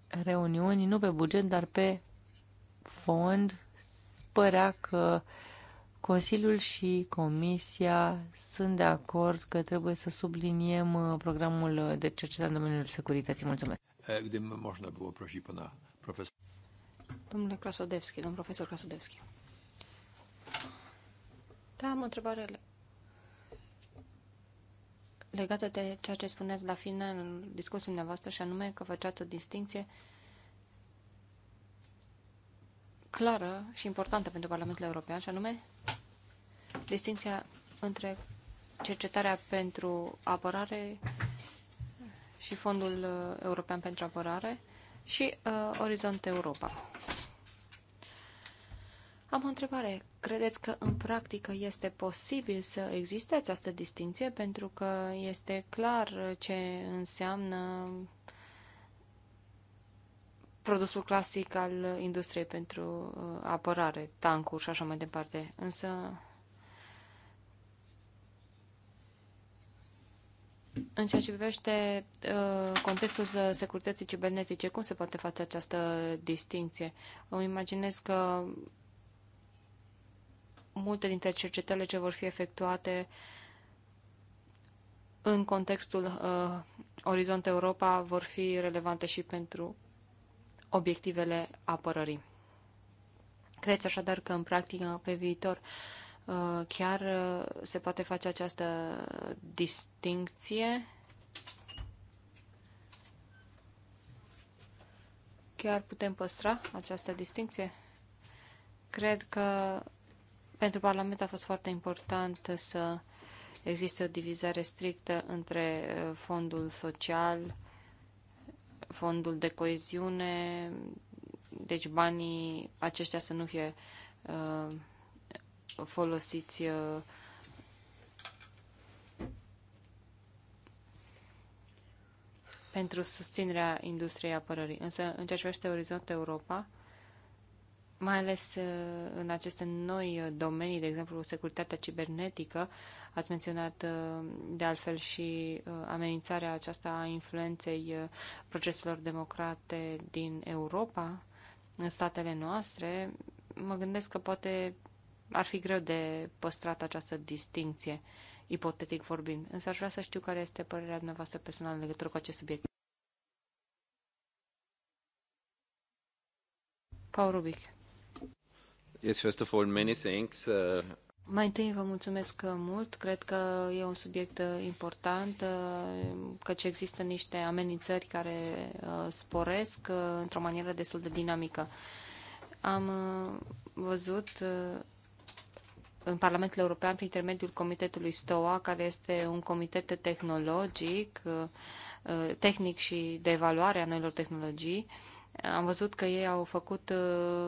reuniuni, nu pe buget, dar pe fond, părea că Consiliul și Comisia sunt de acord că trebuie să subliniem uh, programul de cercetare în domeniul securității. Mulțumesc. Domnule Krasodevski, domn profesor Krasodevski. Da, am o întrebare legată de ceea ce spuneți la finalul discursului dumneavoastră, și anume că făceați o distinție clară și importantă pentru Parlamentul European, și anume distinția între cercetarea pentru apărare și Fondul European pentru Apărare și uh, Orizont Europa. Am o întrebare. Credeți că în practică este posibil să existe această distinție? Pentru că este clar ce înseamnă produsul clasic al industriei pentru uh, apărare, tankuri și așa mai departe. Însă În ceea ce privește uh, contextul securității cibernetice, cum se poate face această distinție? Îmi imaginez că multe dintre cercetările ce vor fi efectuate în contextul uh, Orizont Europa vor fi relevante și pentru obiectivele apărării. Creți așadar că în practică pe viitor uh, chiar uh, se poate face această distincție? Chiar putem păstra această distincție? Cred că pentru Parlament a fost foarte important să există o divizare strictă între uh, fondul social, fondul de coeziune, deci banii aceștia să nu fie uh, folosiți uh, pentru susținerea industriei apărării. Însă, în ceea ce privește Orizont Europa, uh, mai ales uh, în aceste noi uh, domenii, de exemplu securitatea cibernetică, ați menționat uh, de altfel și amenințarea aceasta a influenței proceselor democrate din Europa, în statele noastre, mă gândesc că poate ar fi greu de păstrat această distinție, ipotetic vorbind. Însă aș vrea să știu care este părerea dumneavoastră personală în legătură cu acest subiect. Paul Rubic. Yes, first of all, many thanks. Uh... Mai întâi vă mulțumesc mult. Cred că e un subiect uh, important, uh, căci există niște amenințări care uh, sporesc într-o manieră destul de dinamică. Am văzut în Parlamentul European prin intermediul Comitetului STOA, care este un comitet tehnologic, tehnic și de evaluare a noilor tehnologii. Am văzut că ei au făcut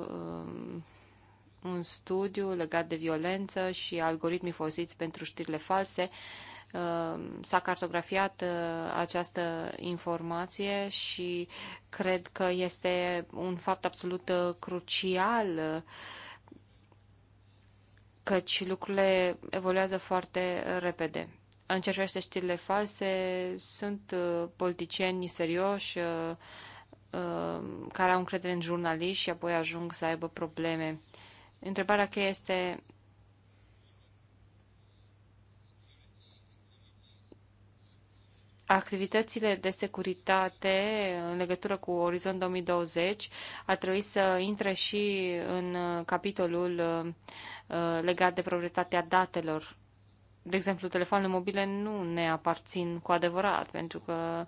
um, un studiu legat de violență și algoritmii folosiți pentru știrile false. Uh, s-a cartografiat uh, această informație și cred că este un fapt absolut uh, crucial căci lucrurile evoluează foarte repede. În ce privește știrile false, sunt politicieni serioși care au încredere în jurnaliști și apoi ajung să aibă probleme Întrebarea cheie este activitățile de securitate în legătură cu Orizont 2020 ar trebui să intre și în uh, capitolul uh, uh, legat de proprietatea datelor. De exemplu, telefoanele mobile nu ne aparțin cu adevărat, pentru că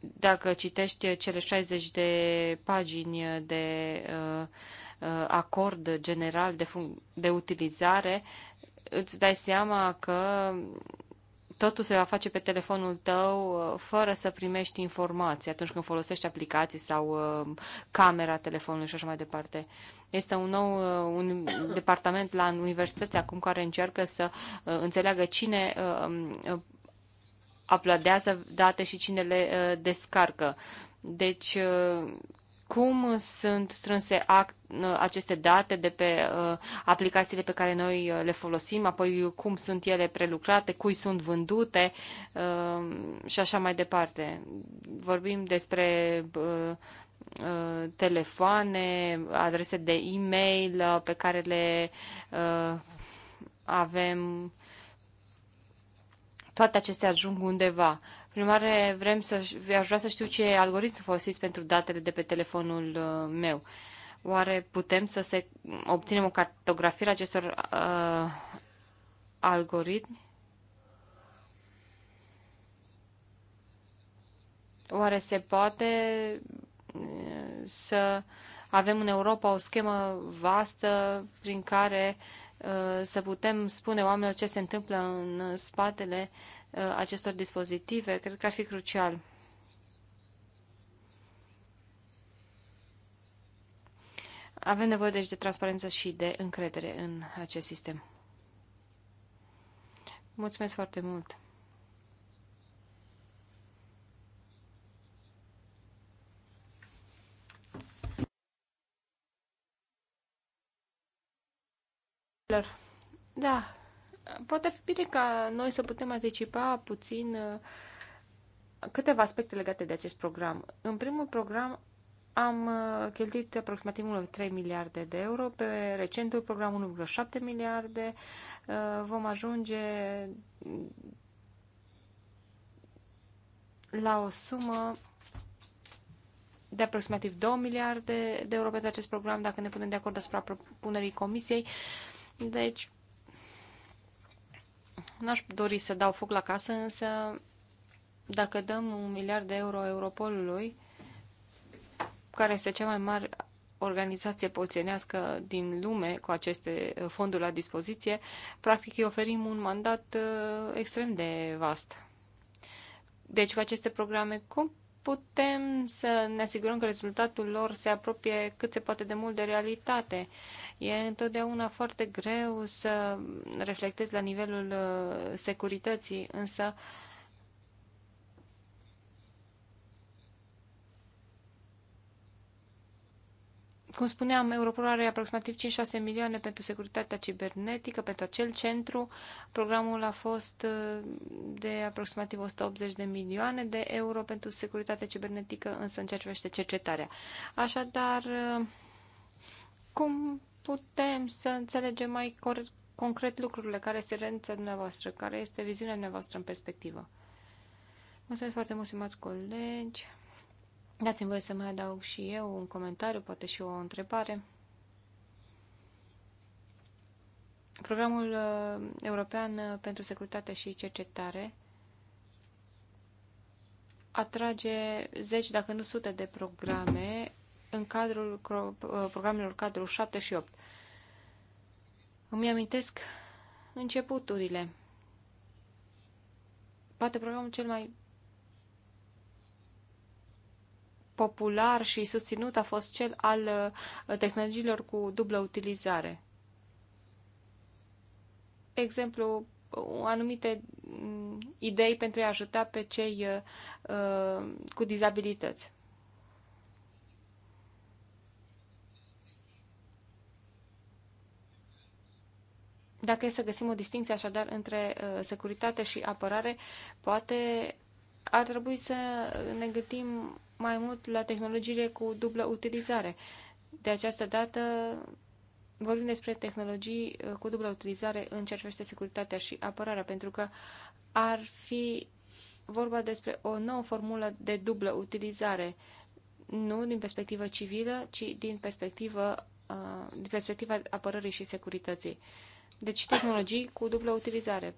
dacă citești cele 60 de pagini de uh, uh, acord general de, de utilizare, îți dai seama că totul se va face pe telefonul tău uh, fără să primești informații atunci când folosești aplicații sau camera telefonului și așa mai departe. Este un nou un departament la universități acum care încearcă să înțeleagă cine aplaudează date și cine le uh, descarcă. Deci, uh, cum sunt strânse act, uh, aceste date de pe uh, aplicațiile pe care noi uh, le folosim, apoi cum sunt ele prelucrate, cui sunt vândute uh, și așa mai departe. Vorbim despre uh, uh telefoane, adrese de e-mail uh, pe care le uh, avem toate acestea ajung undeva. Prin urmare, vrem să, aș vrea să știu ce algoritm folosiți pentru datele de pe telefonul uh, meu. Oare putem să se obținem o cartografie a acestor uh, algoritmi? Oare se poate uh, să avem în Europa o schemă vastă prin care uh, Uh, să putem spune oamenilor ce se întâmplă în spatele uh, acestor dispozitive, cred că ar fi crucial. Avem nevoie deci de transparență și de încredere în acest sistem. Mulțumesc foarte mult! Da, poate fi bine ca noi să putem anticipa puțin uh, câteva aspecte legate de acest program. În primul program am uh, cheltuit aproximativ 3 miliarde de euro, pe recentul program 1,7 miliarde, uh, vom ajunge la o sumă de aproximativ 2 miliarde de euro pentru acest program, dacă ne punem de acord asupra propunerii comisiei. Uh, deci, n-aș dori să dau foc la casă, însă dacă dăm un miliard de euro Europolului, care este cea mai mare organizație polițienească din lume cu aceste uh, fonduri la dispoziție, practic îi oferim un mandat uh, extrem de vast. Deci cu aceste programe, cum putem să ne asigurăm că rezultatul lor se apropie cât se poate de mult de realitate. E întotdeauna foarte greu să reflectezi la nivelul uh, securității, însă uh, Cum spuneam, Europol are aproximativ 5-6 milioane pentru securitatea cibernetică, pentru acel centru. Programul a fost uh, de aproximativ 180 de milioane de euro pentru securitatea cibernetică, însă în ceea ce privește cercetarea. Așadar, uh, cum putem să înțelegem mai concret lucrurile, care este rența dumneavoastră, care este viziunea dumneavoastră în perspectivă. Mulțumesc foarte mult, stimați colegi. Dați-mi voie să mai adaug și eu un comentariu, poate și o întrebare. Programul uh, European uh, pentru Securitate și Cercetare atrage zeci, dacă nu sute de programe în cadrul uh, programelor cadrul 7 și 8. Îmi amintesc începuturile. Poate programul cel mai popular și susținut a fost cel al uh, tehnologiilor cu dublă utilizare. Exemplu, uh, anumite mm, idei pentru a ajuta pe cei uh, cu dizabilități. Dacă e să găsim o distinție așadar între securitate și apărare, poate ar trebui să ne gândim mai mult la tehnologiile cu dublă utilizare. De această dată vorbim despre tehnologii uh, cu dublă utilizare în ceea ce privește securitatea și apărarea, pentru că ar fi vorba despre o nouă formulă de dublă utilizare, nu din perspectivă civilă, ci din perspectivă uh, din perspectiva apărării și securității. Deci tehnologii cu dublă utilizare.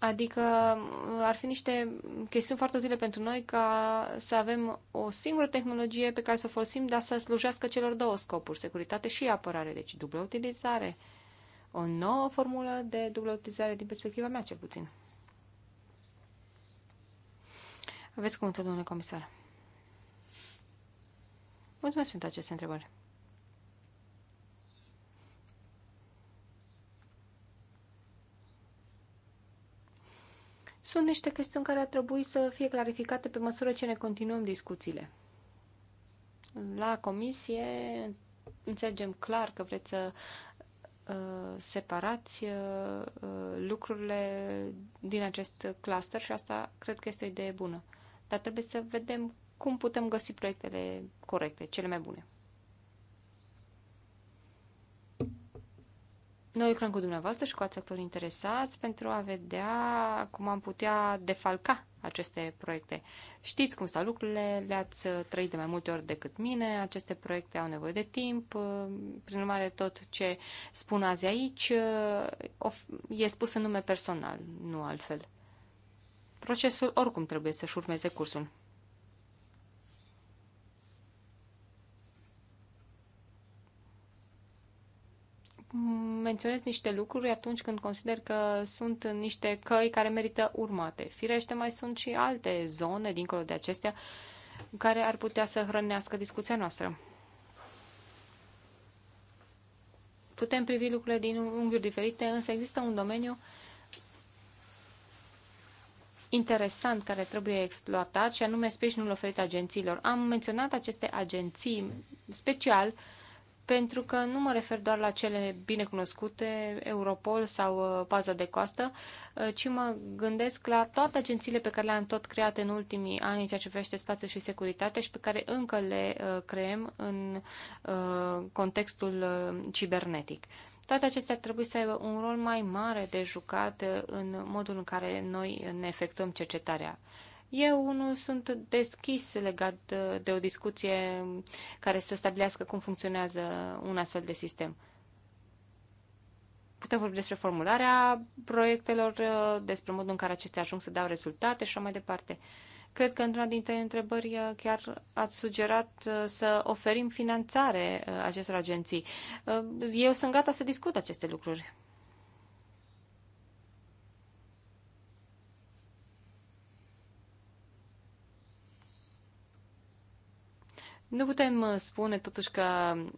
Adică uh, ar fi niște chestiuni foarte utile pentru noi ca să avem o singură tehnologie pe care să o folosim, dar să slujească celor două scopuri, securitate și apărare, deci dublă utilizare. O nouă formulă de dublă utilizare din perspectiva mea, cel puțin. Aveți cuvântul, domnule comisar. Mulțumesc pentru aceste întrebări. Sunt niște chestiuni care ar trebui să fie clarificate pe măsură ce ne continuăm discuțiile. La comisie înțelegem clar că vreți să uh, separați uh, uh, lucrurile din acest cluster și asta cred că este o idee bună. Dar trebuie să vedem cum putem găsi proiectele corecte, cele mai bune. Noi lucrăm cu dumneavoastră și cu alți actori interesați pentru a vedea cum am putea defalca aceste proiecte. Știți cum stau lucrurile, le-ați trăit de mai multe ori decât mine, aceste proiecte au nevoie de timp, prin urmare tot ce spun azi aici e spus în nume personal, nu altfel. Procesul oricum trebuie să-și urmeze cursul. menționez niște lucruri atunci când consider că sunt niște căi care merită urmate. Firește, mai sunt și alte zone, dincolo de acestea, care ar putea să hrănească discuția noastră. Putem privi lucrurile din unghiuri diferite, însă există un domeniu interesant care trebuie exploatat și anume sprijinul oferit agențiilor. Am menționat aceste agenții special uh, pentru că nu mă refer doar la cele binecunoscute, Europol sau uh, paza de coastă, uh, ci mă gândesc la toate agențiile pe care le-am tot creat în ultimii ani în ceea ce privește spațiu și securitate și pe care încă le uh, creăm în contextul cibernetic. Toate acestea trebuie să aibă un rol mai mare de jucat în modul în care noi ne efectuăm cercetarea. Eu unul sunt deschis legat uh, de o discuție care să stabilească cum funcționează un astfel de sistem. Putem vorbi despre formularea proiectelor, uh, despre modul în care acestea ajung să dau rezultate și așa mai departe. Cred că într-una dintre întrebări uh, chiar ați sugerat să oferim finanțare acestor agenții. Eu sunt gata să discut aceste lucruri. Nu putem uh, spune totuși că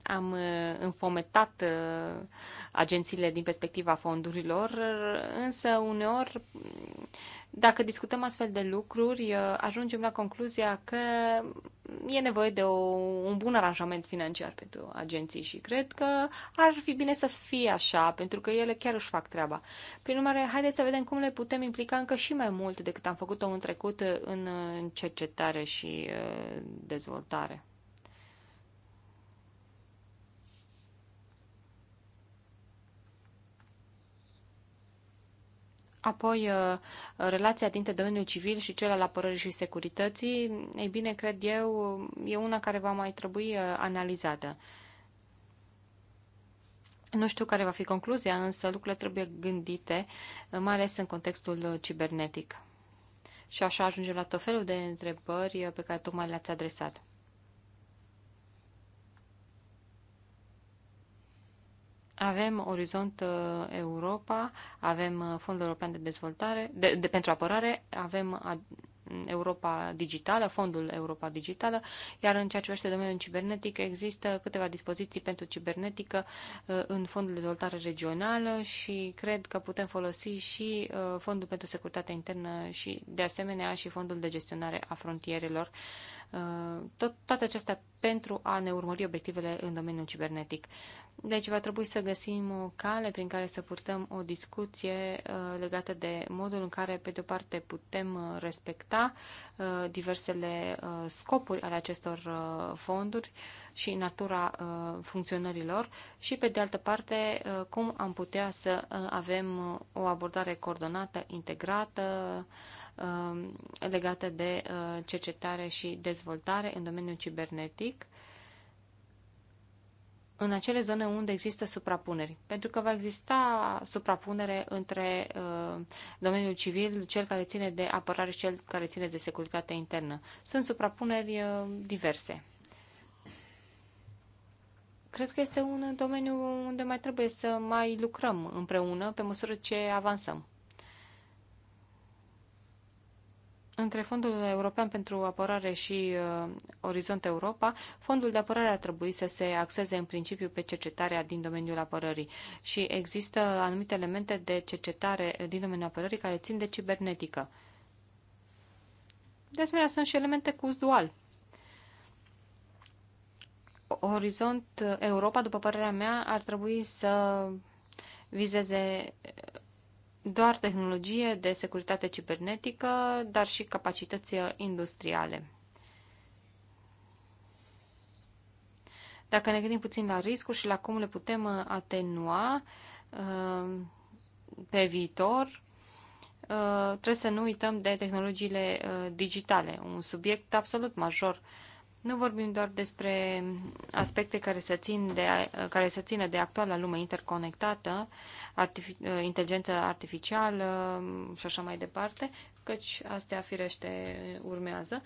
am uh, înfometat uh, agențiile din perspectiva fondurilor, însă uneori, dacă discutăm astfel de lucruri, ajungem la concluzia că e nevoie de o, un bun aranjament financiar pentru agenții și cred că ar fi bine să fie așa, pentru că ele chiar își fac treaba. Prin urmare, haideți să vedem cum le putem implica încă și mai mult decât am făcut-o în trecut în cercetare și dezvoltare. Apoi, uh, relația dintre domeniul civil și cel al apărării și securității, ei bine, cred eu, e una care va mai trebui uh, analizată. Nu știu care va fi concluzia, însă lucrurile trebuie gândite, uh, mai ales în contextul cibernetic. Și așa ajungem la tot felul de întrebări pe care tocmai le-ați adresat. Avem Orizont uh, Europa, avem uh, Fondul European de Dezvoltare, de, de, pentru apărare, avem uh, Europa Digitală, Fondul Europa Digitală, iar în ceea ce privește domeniul cibernetic există câteva dispoziții pentru cibernetică în Fondul de Dezvoltare Regională și cred că putem folosi și Fondul pentru Securitate Internă și de asemenea și Fondul de Gestionare a Frontierelor Uh, tot, toate acestea pentru a ne urmări obiectivele în domeniul cibernetic. Deci va trebui să găsim o cale prin care să purtăm o discuție uh, legată de modul în care, pe de-o parte, putem uh, respecta diversele scopuri ale acestor fonduri și natura funcționărilor și, pe de altă parte, cum am putea să avem o abordare coordonată, integrată, Um, legate de uh, cercetare și dezvoltare în domeniul cibernetic în acele zone unde există suprapuneri. Pentru că va exista suprapunere între uh, domeniul civil, cel care ține de apărare și cel care ține de securitate internă. Sunt suprapuneri uh, diverse. Cred că este un domeniu unde mai trebuie să mai lucrăm împreună pe măsură ce avansăm. între Fondul European pentru Apărare și uh, Orizont Europa, Fondul de Apărare ar trebui să se axeze în principiu pe cercetarea din domeniul apărării și există anumite elemente de cercetare uh, din domeniul apărării care țin de cibernetică. De asemenea, sunt și elemente cu dual. Orizont Europa, după părerea mea, ar trebui să vizeze doar tehnologie de securitate cibernetică, dar și capacități industriale. Dacă ne gândim puțin la riscuri și la cum le putem atenua uh, pe viitor, uh, trebuie să nu uităm de tehnologiile uh, digitale, un subiect absolut major nu vorbim doar despre aspecte care se țin de, care se țină de actuala lume interconectată, artific- uh, inteligență artificială și așa mai departe, căci astea firește urmează,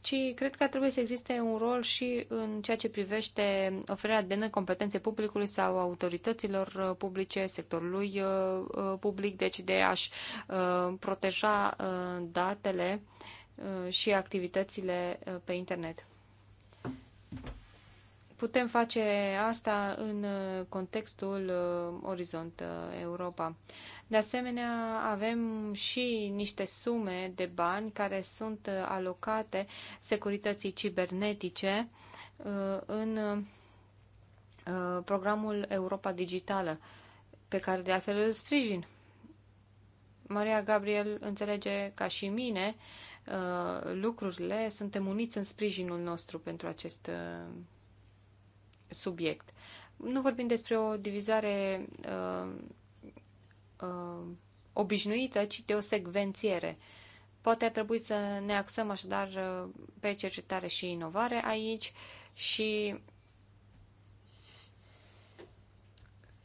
ci cred că trebuie să existe un rol și în ceea ce privește oferirea de noi competențe publicului sau autorităților uh, publice, sectorului uh, public, deci de a-și proteja datele și activitățile pe internet. Putem face asta în uh, contextul uh, Orizont uh, Europa. De asemenea, avem și niște sume de bani care sunt alocate securității cibernetice în programul Europa Digitală, pe care de altfel îl sprijin. Maria Gabriel înțelege ca și mine uh, Uh, lucrurile, suntem uniți în sprijinul nostru pentru acest uh, subiect. Nu vorbim despre o divizare uh, uh, obișnuită, ci de o secvențiere. Poate ar trebui să ne axăm așadar uh, pe cercetare și inovare aici și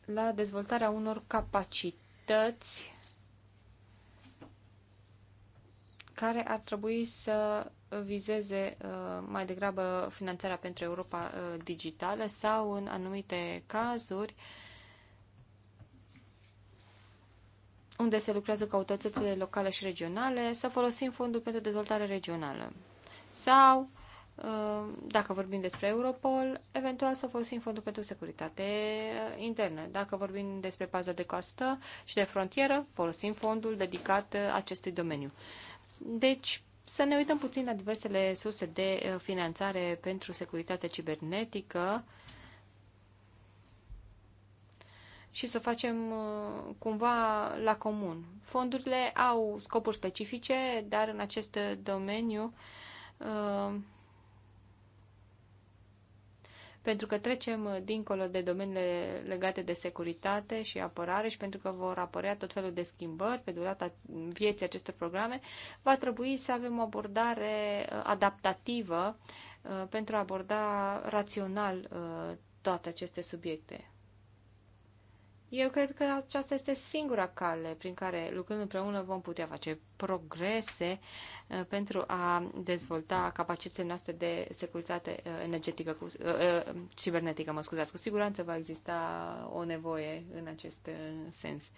la dezvoltarea unor capacități care ar trebui să vizeze uh, mai degrabă finanțarea pentru Europa uh, digitală sau, în anumite cazuri, unde se lucrează cu autoritățile locale și regionale, să folosim fondul pentru dezvoltare regională. Sau, uh, dacă vorbim despre Europol, eventual să folosim fondul pentru securitate internă. Dacă vorbim despre paza de costă și de frontieră, folosim fondul dedicat acestui domeniu. Deci, să ne uităm puțin la diversele surse de uh, finanțare pentru securitate cibernetică și să facem uh, cumva la comun. Fondurile au scopuri specifice, dar în acest domeniu uh, pentru că trecem uh, dincolo de domeniile legate de securitate și apărare și pentru că vor apărea tot felul de schimbări pe durata vieții acestor programe, va trebui să avem o abordare uh, adaptativă uh, pentru a aborda rațional toate aceste subiecte. Eu cred că aceasta este singura cale prin care, lucrând împreună, vom putea face progrese uh, pentru a dezvolta capacitățile noastre de securitate uh, energetică, cu, uh, cibernetică, mă scuzați. Cu siguranță va exista o nevoie în acest sens.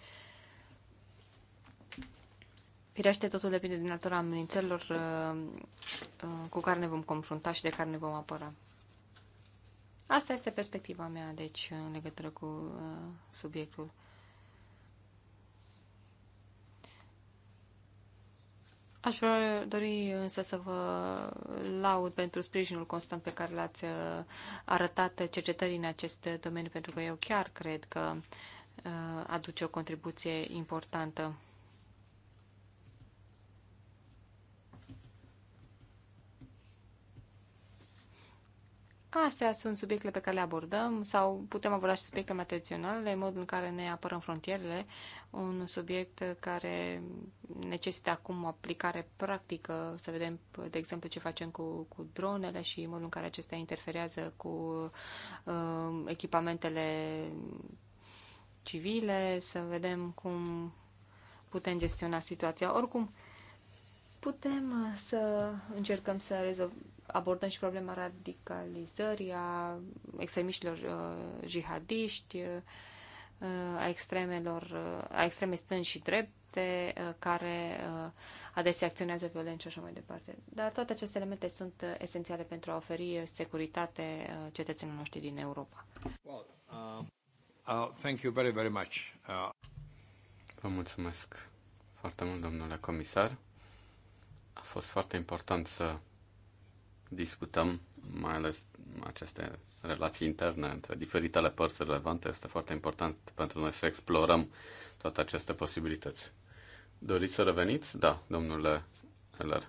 Firește, totul depinde din natura amenințărilor cu care ne vom confrunta și de care ne vom apăra. Asta este perspectiva mea, deci, în legătură cu uh, subiectul. Aș vrea, dori însă să vă laud pentru sprijinul constant pe care l-ați uh, arătat cercetării în acest domeniu, pentru că eu chiar cred că uh, aduce o contribuție importantă. Astea sunt subiectele pe care le abordăm sau putem aborda și subiecte mai tradiționale, modul în care ne apărăm frontierele, un subiect care necesită acum o aplicare practică, să vedem, de exemplu, ce facem cu, cu dronele și modul în care acestea interferează cu uh, echipamentele civile, să vedem cum putem gestiona situația. Oricum, putem să încercăm să rezolvăm abordăm și problema radicalizării a extremiștilor uh, jihadiști, uh, a extremelor, uh, a extreme stângi și drepte, uh, care uh, adesea acționează violent și așa mai departe. Dar toate aceste elemente sunt uh, esențiale pentru a oferi uh, securitate uh, cetățenilor noștri din Europa. Well, uh, uh, thank you very, very much. Uh... Vă mulțumesc foarte mult, domnule comisar. A fost foarte important să discutăm mai ales aceste relații interne între diferitele părți relevante. Este foarte important pentru noi să explorăm toate aceste posibilități. Doriți să reveniți? Da, domnule Heller.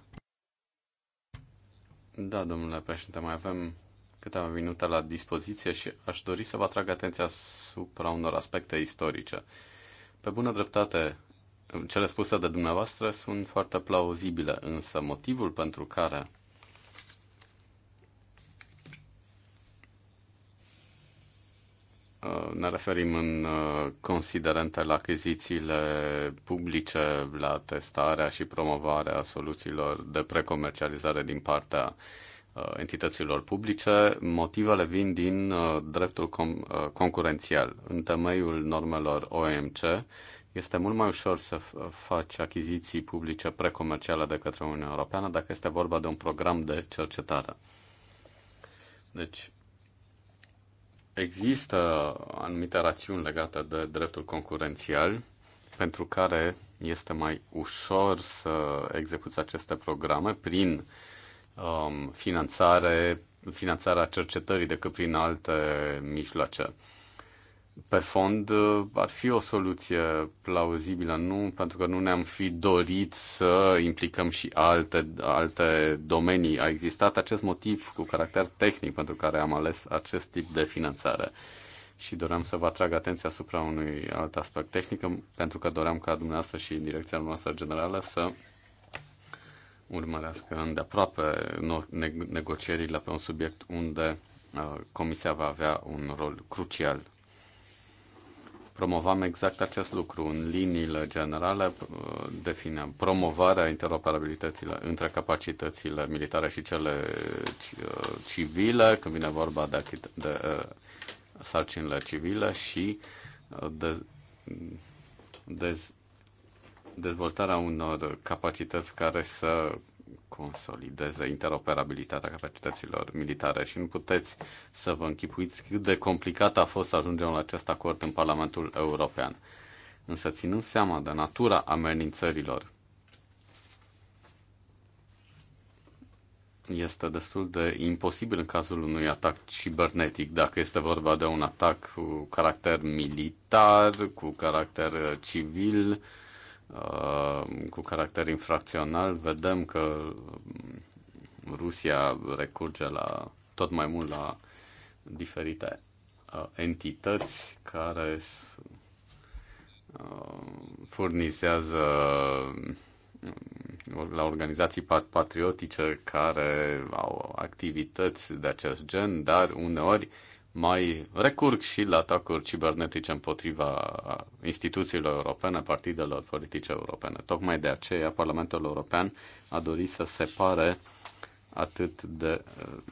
Da, domnule președinte, mai avem câteva minute la dispoziție și aș dori să vă atrag atenția asupra unor aspecte istorice. Pe bună dreptate, cele spuse de dumneavoastră sunt foarte plauzibile, însă motivul pentru care Uh, ne referim în uh, considerente la achizițiile publice, la testarea și promovarea soluțiilor de precomercializare din partea uh, entităților publice, motivele vin din dreptul com- concurențial. În temeiul normelor OMC, este mult mai ușor să faci achiziții publice precomerciale de către Uniunea Europeană dacă este vorba de un program de cercetare. Deci, Există anumite rațiuni legate de dreptul concurențial pentru care este mai ușor să execuți aceste programe prin um, finanțare, finanțarea cercetării decât prin alte mijloace pe fond uh, ar fi o soluție plauzibilă, nu pentru că nu ne-am fi dorit să implicăm și alte, alte domenii. A existat acest motiv cu caracter tehnic pentru care am ales acest tip de finanțare. Și doream să vă atrag atenția asupra unui alt aspect tehnic, pentru că doream ca dumneavoastră și direcția noastră generală să urmărească îndeaproape negocierile pe un subiect unde uh, Comisia va avea un rol crucial promovam exact acest lucru. În liniile generale uh, definem promovarea interoperabilității între capacitățile militare și cele uh, civile, când vine vorba de, achit- de uh, sarcinile civile și de, de, dezvoltarea unor capacități care să consolideze interoperabilitatea capacităților militare și nu puteți să vă închipuiți cât de complicat a fost să ajungem la acest acord în Parlamentul European. Însă ținând seama de natura amenințărilor, este destul de imposibil în cazul unui atac cibernetic, dacă este vorba de un atac cu caracter militar, cu caracter civil, Uh, cu caracter infracțional, vedem că um, Rusia recurge la tot mai mult la diferite uh, entități care uh, furnizează um, la organizații patriotice care au activități de acest gen, dar uneori mai recurg și la atacuri cibernetice împotriva instituțiilor europene, partidelor politice europene. Tocmai de aceea Parlamentul European a dorit să separe atât de,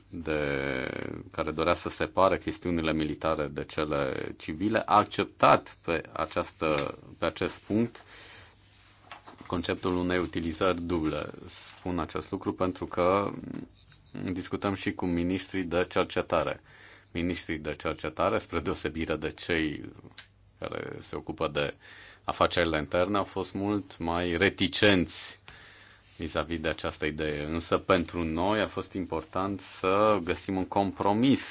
de care dorea să separe chestiunile militare de cele civile, a acceptat pe, această, pe acest punct conceptul unei utilizări duble. Spun acest lucru pentru că discutăm și cu ministrii de cercetare miniștrii de cercetare, spre deosebire de cei care se ocupă de afacerile interne, au fost mult mai reticenți vis-a-vis -vis de această idee. Însă pentru noi a fost important să găsim un compromis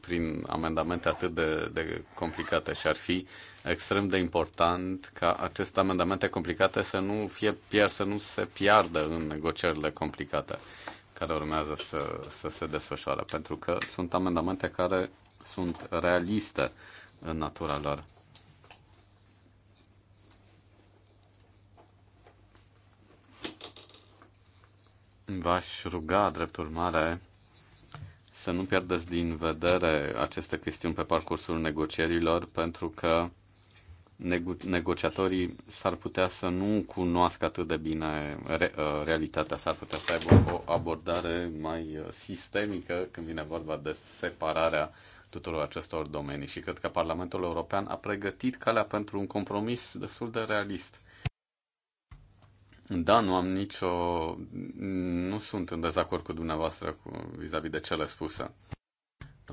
prin amendamente atât de, de complicate și ar fi extrem de important ca aceste amendamente complicate să nu fie pier, să nu se piardă în negocierile complicate care urmează să, să se desfășoare, pentru că sunt amendamente care sunt realiste în natura lor. V-aș ruga, drept urmare, să nu pierdeți din vedere aceste chestiuni pe parcursul negocierilor, pentru că nego- negociatorii s-ar putea să nu cunoască atât de bine re- uh, realitatea, s-ar putea să aibă o abordare mai uh, sistemică când vine vorba de separarea tuturor acestor domenii și cred că Parlamentul European a pregătit calea pentru un compromis destul de realist. Da, nu am nicio... nu sunt în dezacord cu dumneavoastră cu, vis-a-vis -vis de cele spuse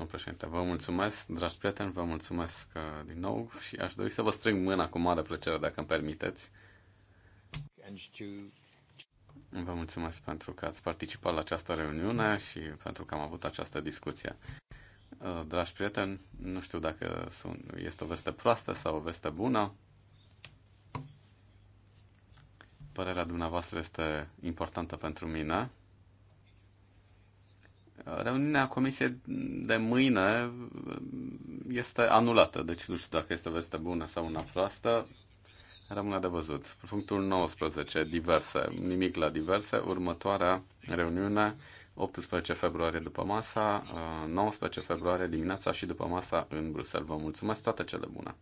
domn președinte, vă mulțumesc, dragi prieteni, vă mulțumesc uh, din nou și aș dori să vă strâng mâna cu mare plăcere, dacă îmi permiteți. Vă mulțumesc pentru că ați participat la această reuniune și pentru că am avut această discuție. Uh, dragi prieteni, nu știu dacă sunt, este o veste proastă sau o veste bună. Părerea dumneavoastră este importantă pentru mine Reuniunea comisiei de mâine este anulată, deci nu știu dacă este veste bună sau una proastă. Rămâne de văzut. Punctul 19, diverse, nimic la diverse. Următoarea reuniune, 18 februarie după masa, 19 februarie dimineața și după masa în Bruxelles. Vă mulțumesc, toate cele bune!